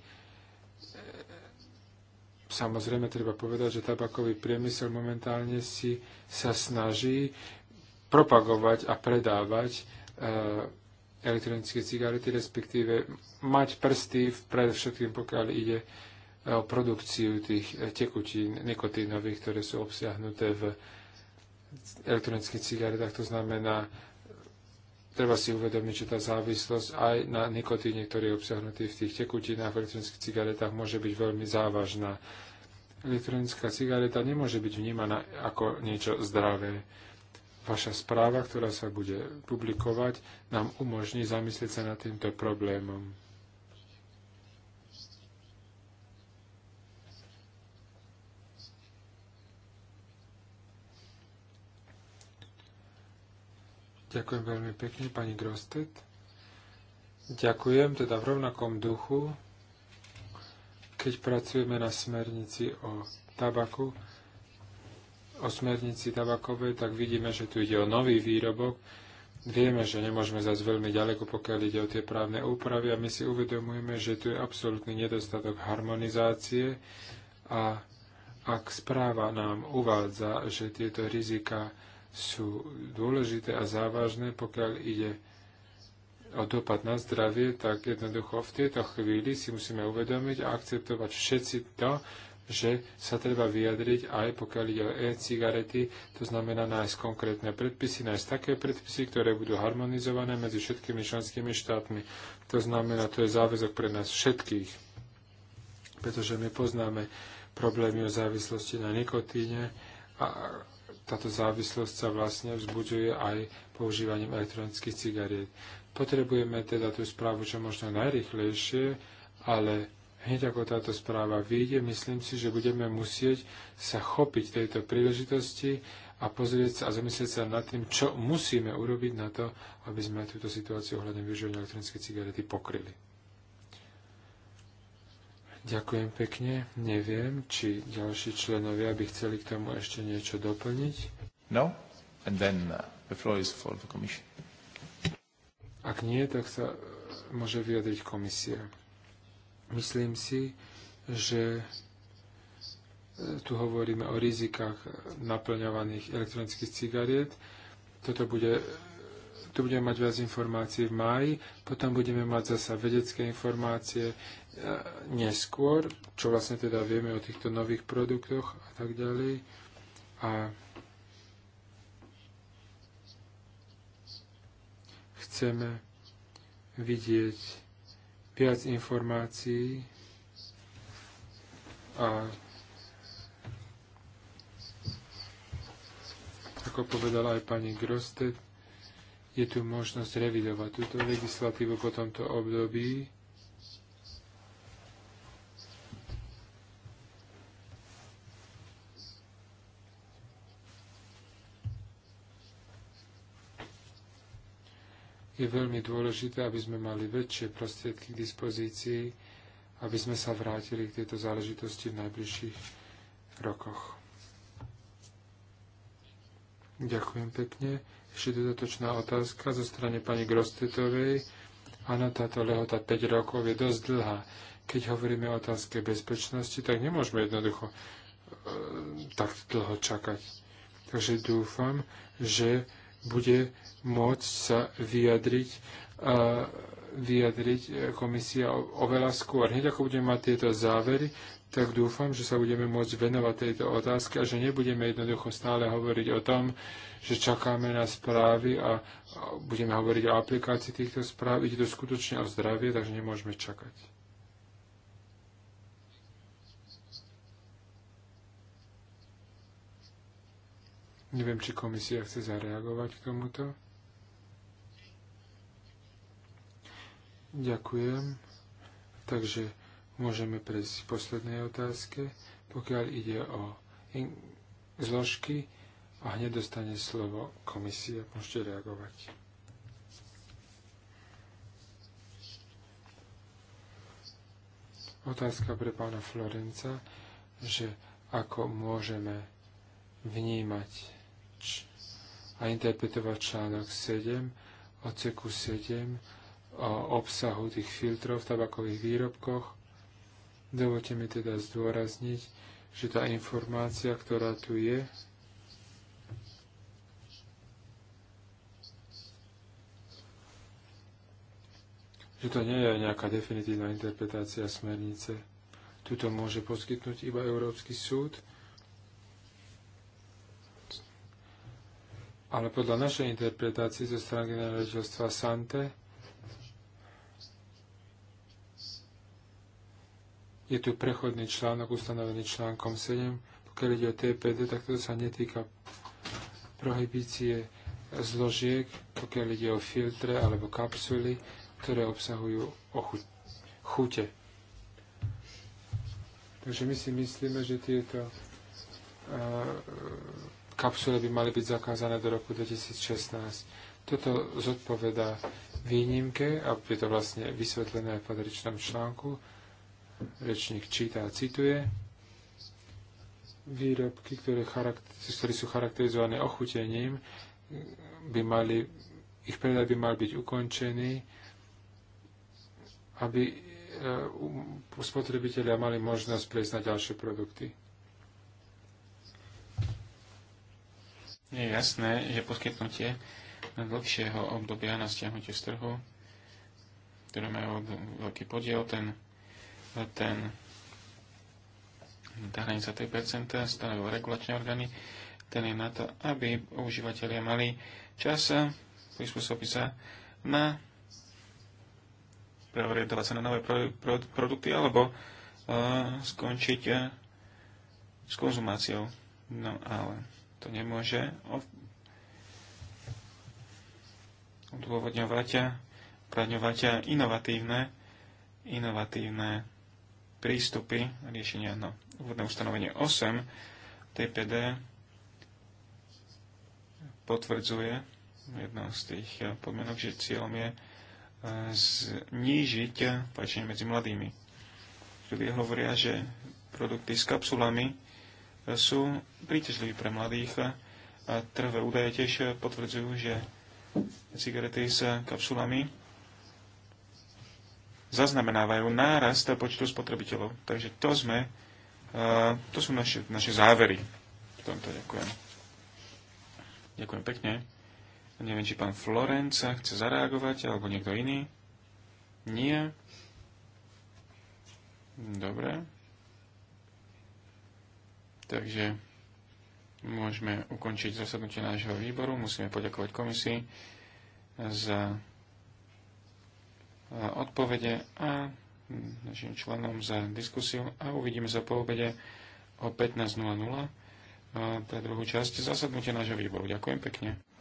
Samozrejme, treba povedať, že tabakový priemysel momentálne si sa snaží propagovať a predávať eh, elektronické cigarety, respektíve mať prsty v predovšetkým, pokiaľ ide eh, o produkciu tých eh, tekutín nikotínových, ktoré sú obsiahnuté v elektronických cigaretách. To znamená treba si uvedomiť, že tá závislosť aj na nikotíne, ktorý je obsahnutý v tých tekutinách v elektronických cigaretách, môže byť veľmi závažná. Elektronická cigareta nemôže byť vnímaná ako niečo zdravé. Vaša správa, ktorá sa bude publikovať, nám umožní zamyslieť sa nad týmto problémom. Ďakujem veľmi pekne, pani Grostet. Ďakujem teda v rovnakom duchu, keď pracujeme na smernici o tabaku, o smernici tabakovej, tak vidíme, že tu ide o nový výrobok. Vieme, že nemôžeme zať veľmi ďaleko, pokiaľ ide o tie právne úpravy a my si uvedomujeme, že tu je absolútny nedostatok harmonizácie a ak správa nám uvádza, že tieto rizika sú dôležité a závažné, pokiaľ ide o dopad na zdravie, tak jednoducho v tejto chvíli si musíme uvedomiť a akceptovať všetci to, že sa treba vyjadriť aj pokiaľ ide o e-cigarety, to znamená nájsť konkrétne predpisy, nájsť také predpisy, ktoré budú harmonizované medzi všetkými členskými štátmi. To znamená, to je záväzok pre nás všetkých, pretože my poznáme problémy o závislosti na nikotíne a táto závislosť sa vlastne vzbudzuje aj používaním elektronických cigariet. Potrebujeme teda tú správu čo možno najrychlejšie, ale hneď ako táto správa vyjde, myslím si, že budeme musieť sa chopiť tejto príležitosti a pozrieť sa a zamyslieť sa nad tým, čo musíme urobiť na to, aby sme túto situáciu ohľadne využívania elektronických cigarety pokryli. Ďakujem pekne. Neviem, či ďalší členovia by chceli k tomu ešte niečo doplniť. No? And then uh, the floor is for the commission. Ak nie, tak sa uh, môže vyjadriť komisia. Myslím si, že uh, tu hovoríme o rizikách uh, naplňovaných elektronických cigariet. Toto bude tu budeme mať viac informácií v máji, potom budeme mať zasa vedecké informácie e, neskôr, čo vlastne teda vieme o týchto nových produktoch a tak ďalej. A chceme vidieť viac informácií a ako povedala aj pani Grostet, je tu možnosť revidovať túto legislatívu po tomto období. Je veľmi dôležité, aby sme mali väčšie prostriedky k dispozícii, aby sme sa vrátili k tejto záležitosti v najbližších rokoch. Ďakujem pekne ešte dodatočná otázka zo strany pani Grostetovej. Áno, táto lehota 5 rokov je dosť dlhá. Keď hovoríme o otázke bezpečnosti, tak nemôžeme jednoducho e, tak dlho čakať. Takže dúfam, že bude môcť sa vyjadriť, uh, vyjadriť e, komisia oveľa skôr. Hneď ako budeme mať tieto závery, tak dúfam, že sa budeme môcť venovať tejto otázke a že nebudeme jednoducho stále hovoriť o tom, že čakáme na správy a budeme hovoriť o aplikácii týchto správ. Ide to skutočne o zdravie, takže nemôžeme čakať. Neviem, či komisia chce zareagovať k tomuto. Ďakujem. Takže Môžeme prejsť k poslednej otázke. Pokiaľ ide o zložky, a hneď dostane slovo komisia. Môžete reagovať. Otázka pre pána Florenca, že ako môžeme vnímať a interpretovať článok 7, odseku 7 o obsahu tých filtrov v tabakových výrobkoch Dovolte mi teda zdôrazniť, že tá informácia, ktorá tu je, že to nie je nejaká definitívna interpretácia smernice. Tuto môže poskytnúť iba Európsky súd, ale podľa našej interpretácie zo strany generálneho Sante je tu prechodný článok ustanovený článkom 7. Pokiaľ ide o TPD, tak to sa netýka prohibície zložiek, pokiaľ ide o filtre alebo kapsuly, ktoré obsahujú chute. Takže my si myslíme, že tieto e, kapsule by mali byť zakázané do roku 2016. Toto zodpoveda výnimke a je to vlastne vysvetlené v patričnom článku rečník číta a cituje, výrobky, ktoré, ktoré sú charakterizované ochutením, by mali, ich predaj by mal byť ukončený, aby e, spotrebitelia mali možnosť prejsť na ďalšie produkty. Je jasné, že poskytnutie dlhšieho obdobia na stiahnutie z trhu, ktoré majú veľký podiel, ten ten tá hranica 3% stanovil regulačné orgány, ten je na to, aby užívateľia mali čas prispôsobiť sa na preorientovať sa na nové pro, pro, produkty alebo uh, skončiť uh, s konzumáciou. No ale to nemôže odôvodňovať a inovatívne, inovatívne prístupy riešenia. na no, úvodné ustanovenie 8 TPD potvrdzuje jednou z tých eh, podmienok, že cieľom je eh, znížiť páčenie medzi mladými. Ľudia hovoria, že produkty s kapsulami eh, sú príťažliví pre mladých a trhové údaje tiež potvrdzujú, že cigarety s kapsulami zaznamenávajú nárast počtu spotrebiteľov. Takže to sme, e, to sú naše, naše závery. V tomto ďakujem. Ďakujem pekne. Neviem, či pán Florenca chce zareagovať, alebo niekto iný. Nie. Dobre. Takže môžeme ukončiť zasadnutie nášho výboru. Musíme poďakovať komisii za odpovede a našim členom za diskusiu a uvidíme sa po obede o 15.00 eh, pre druhú časť zasadnutia nášho výboru. Ďakujem pekne.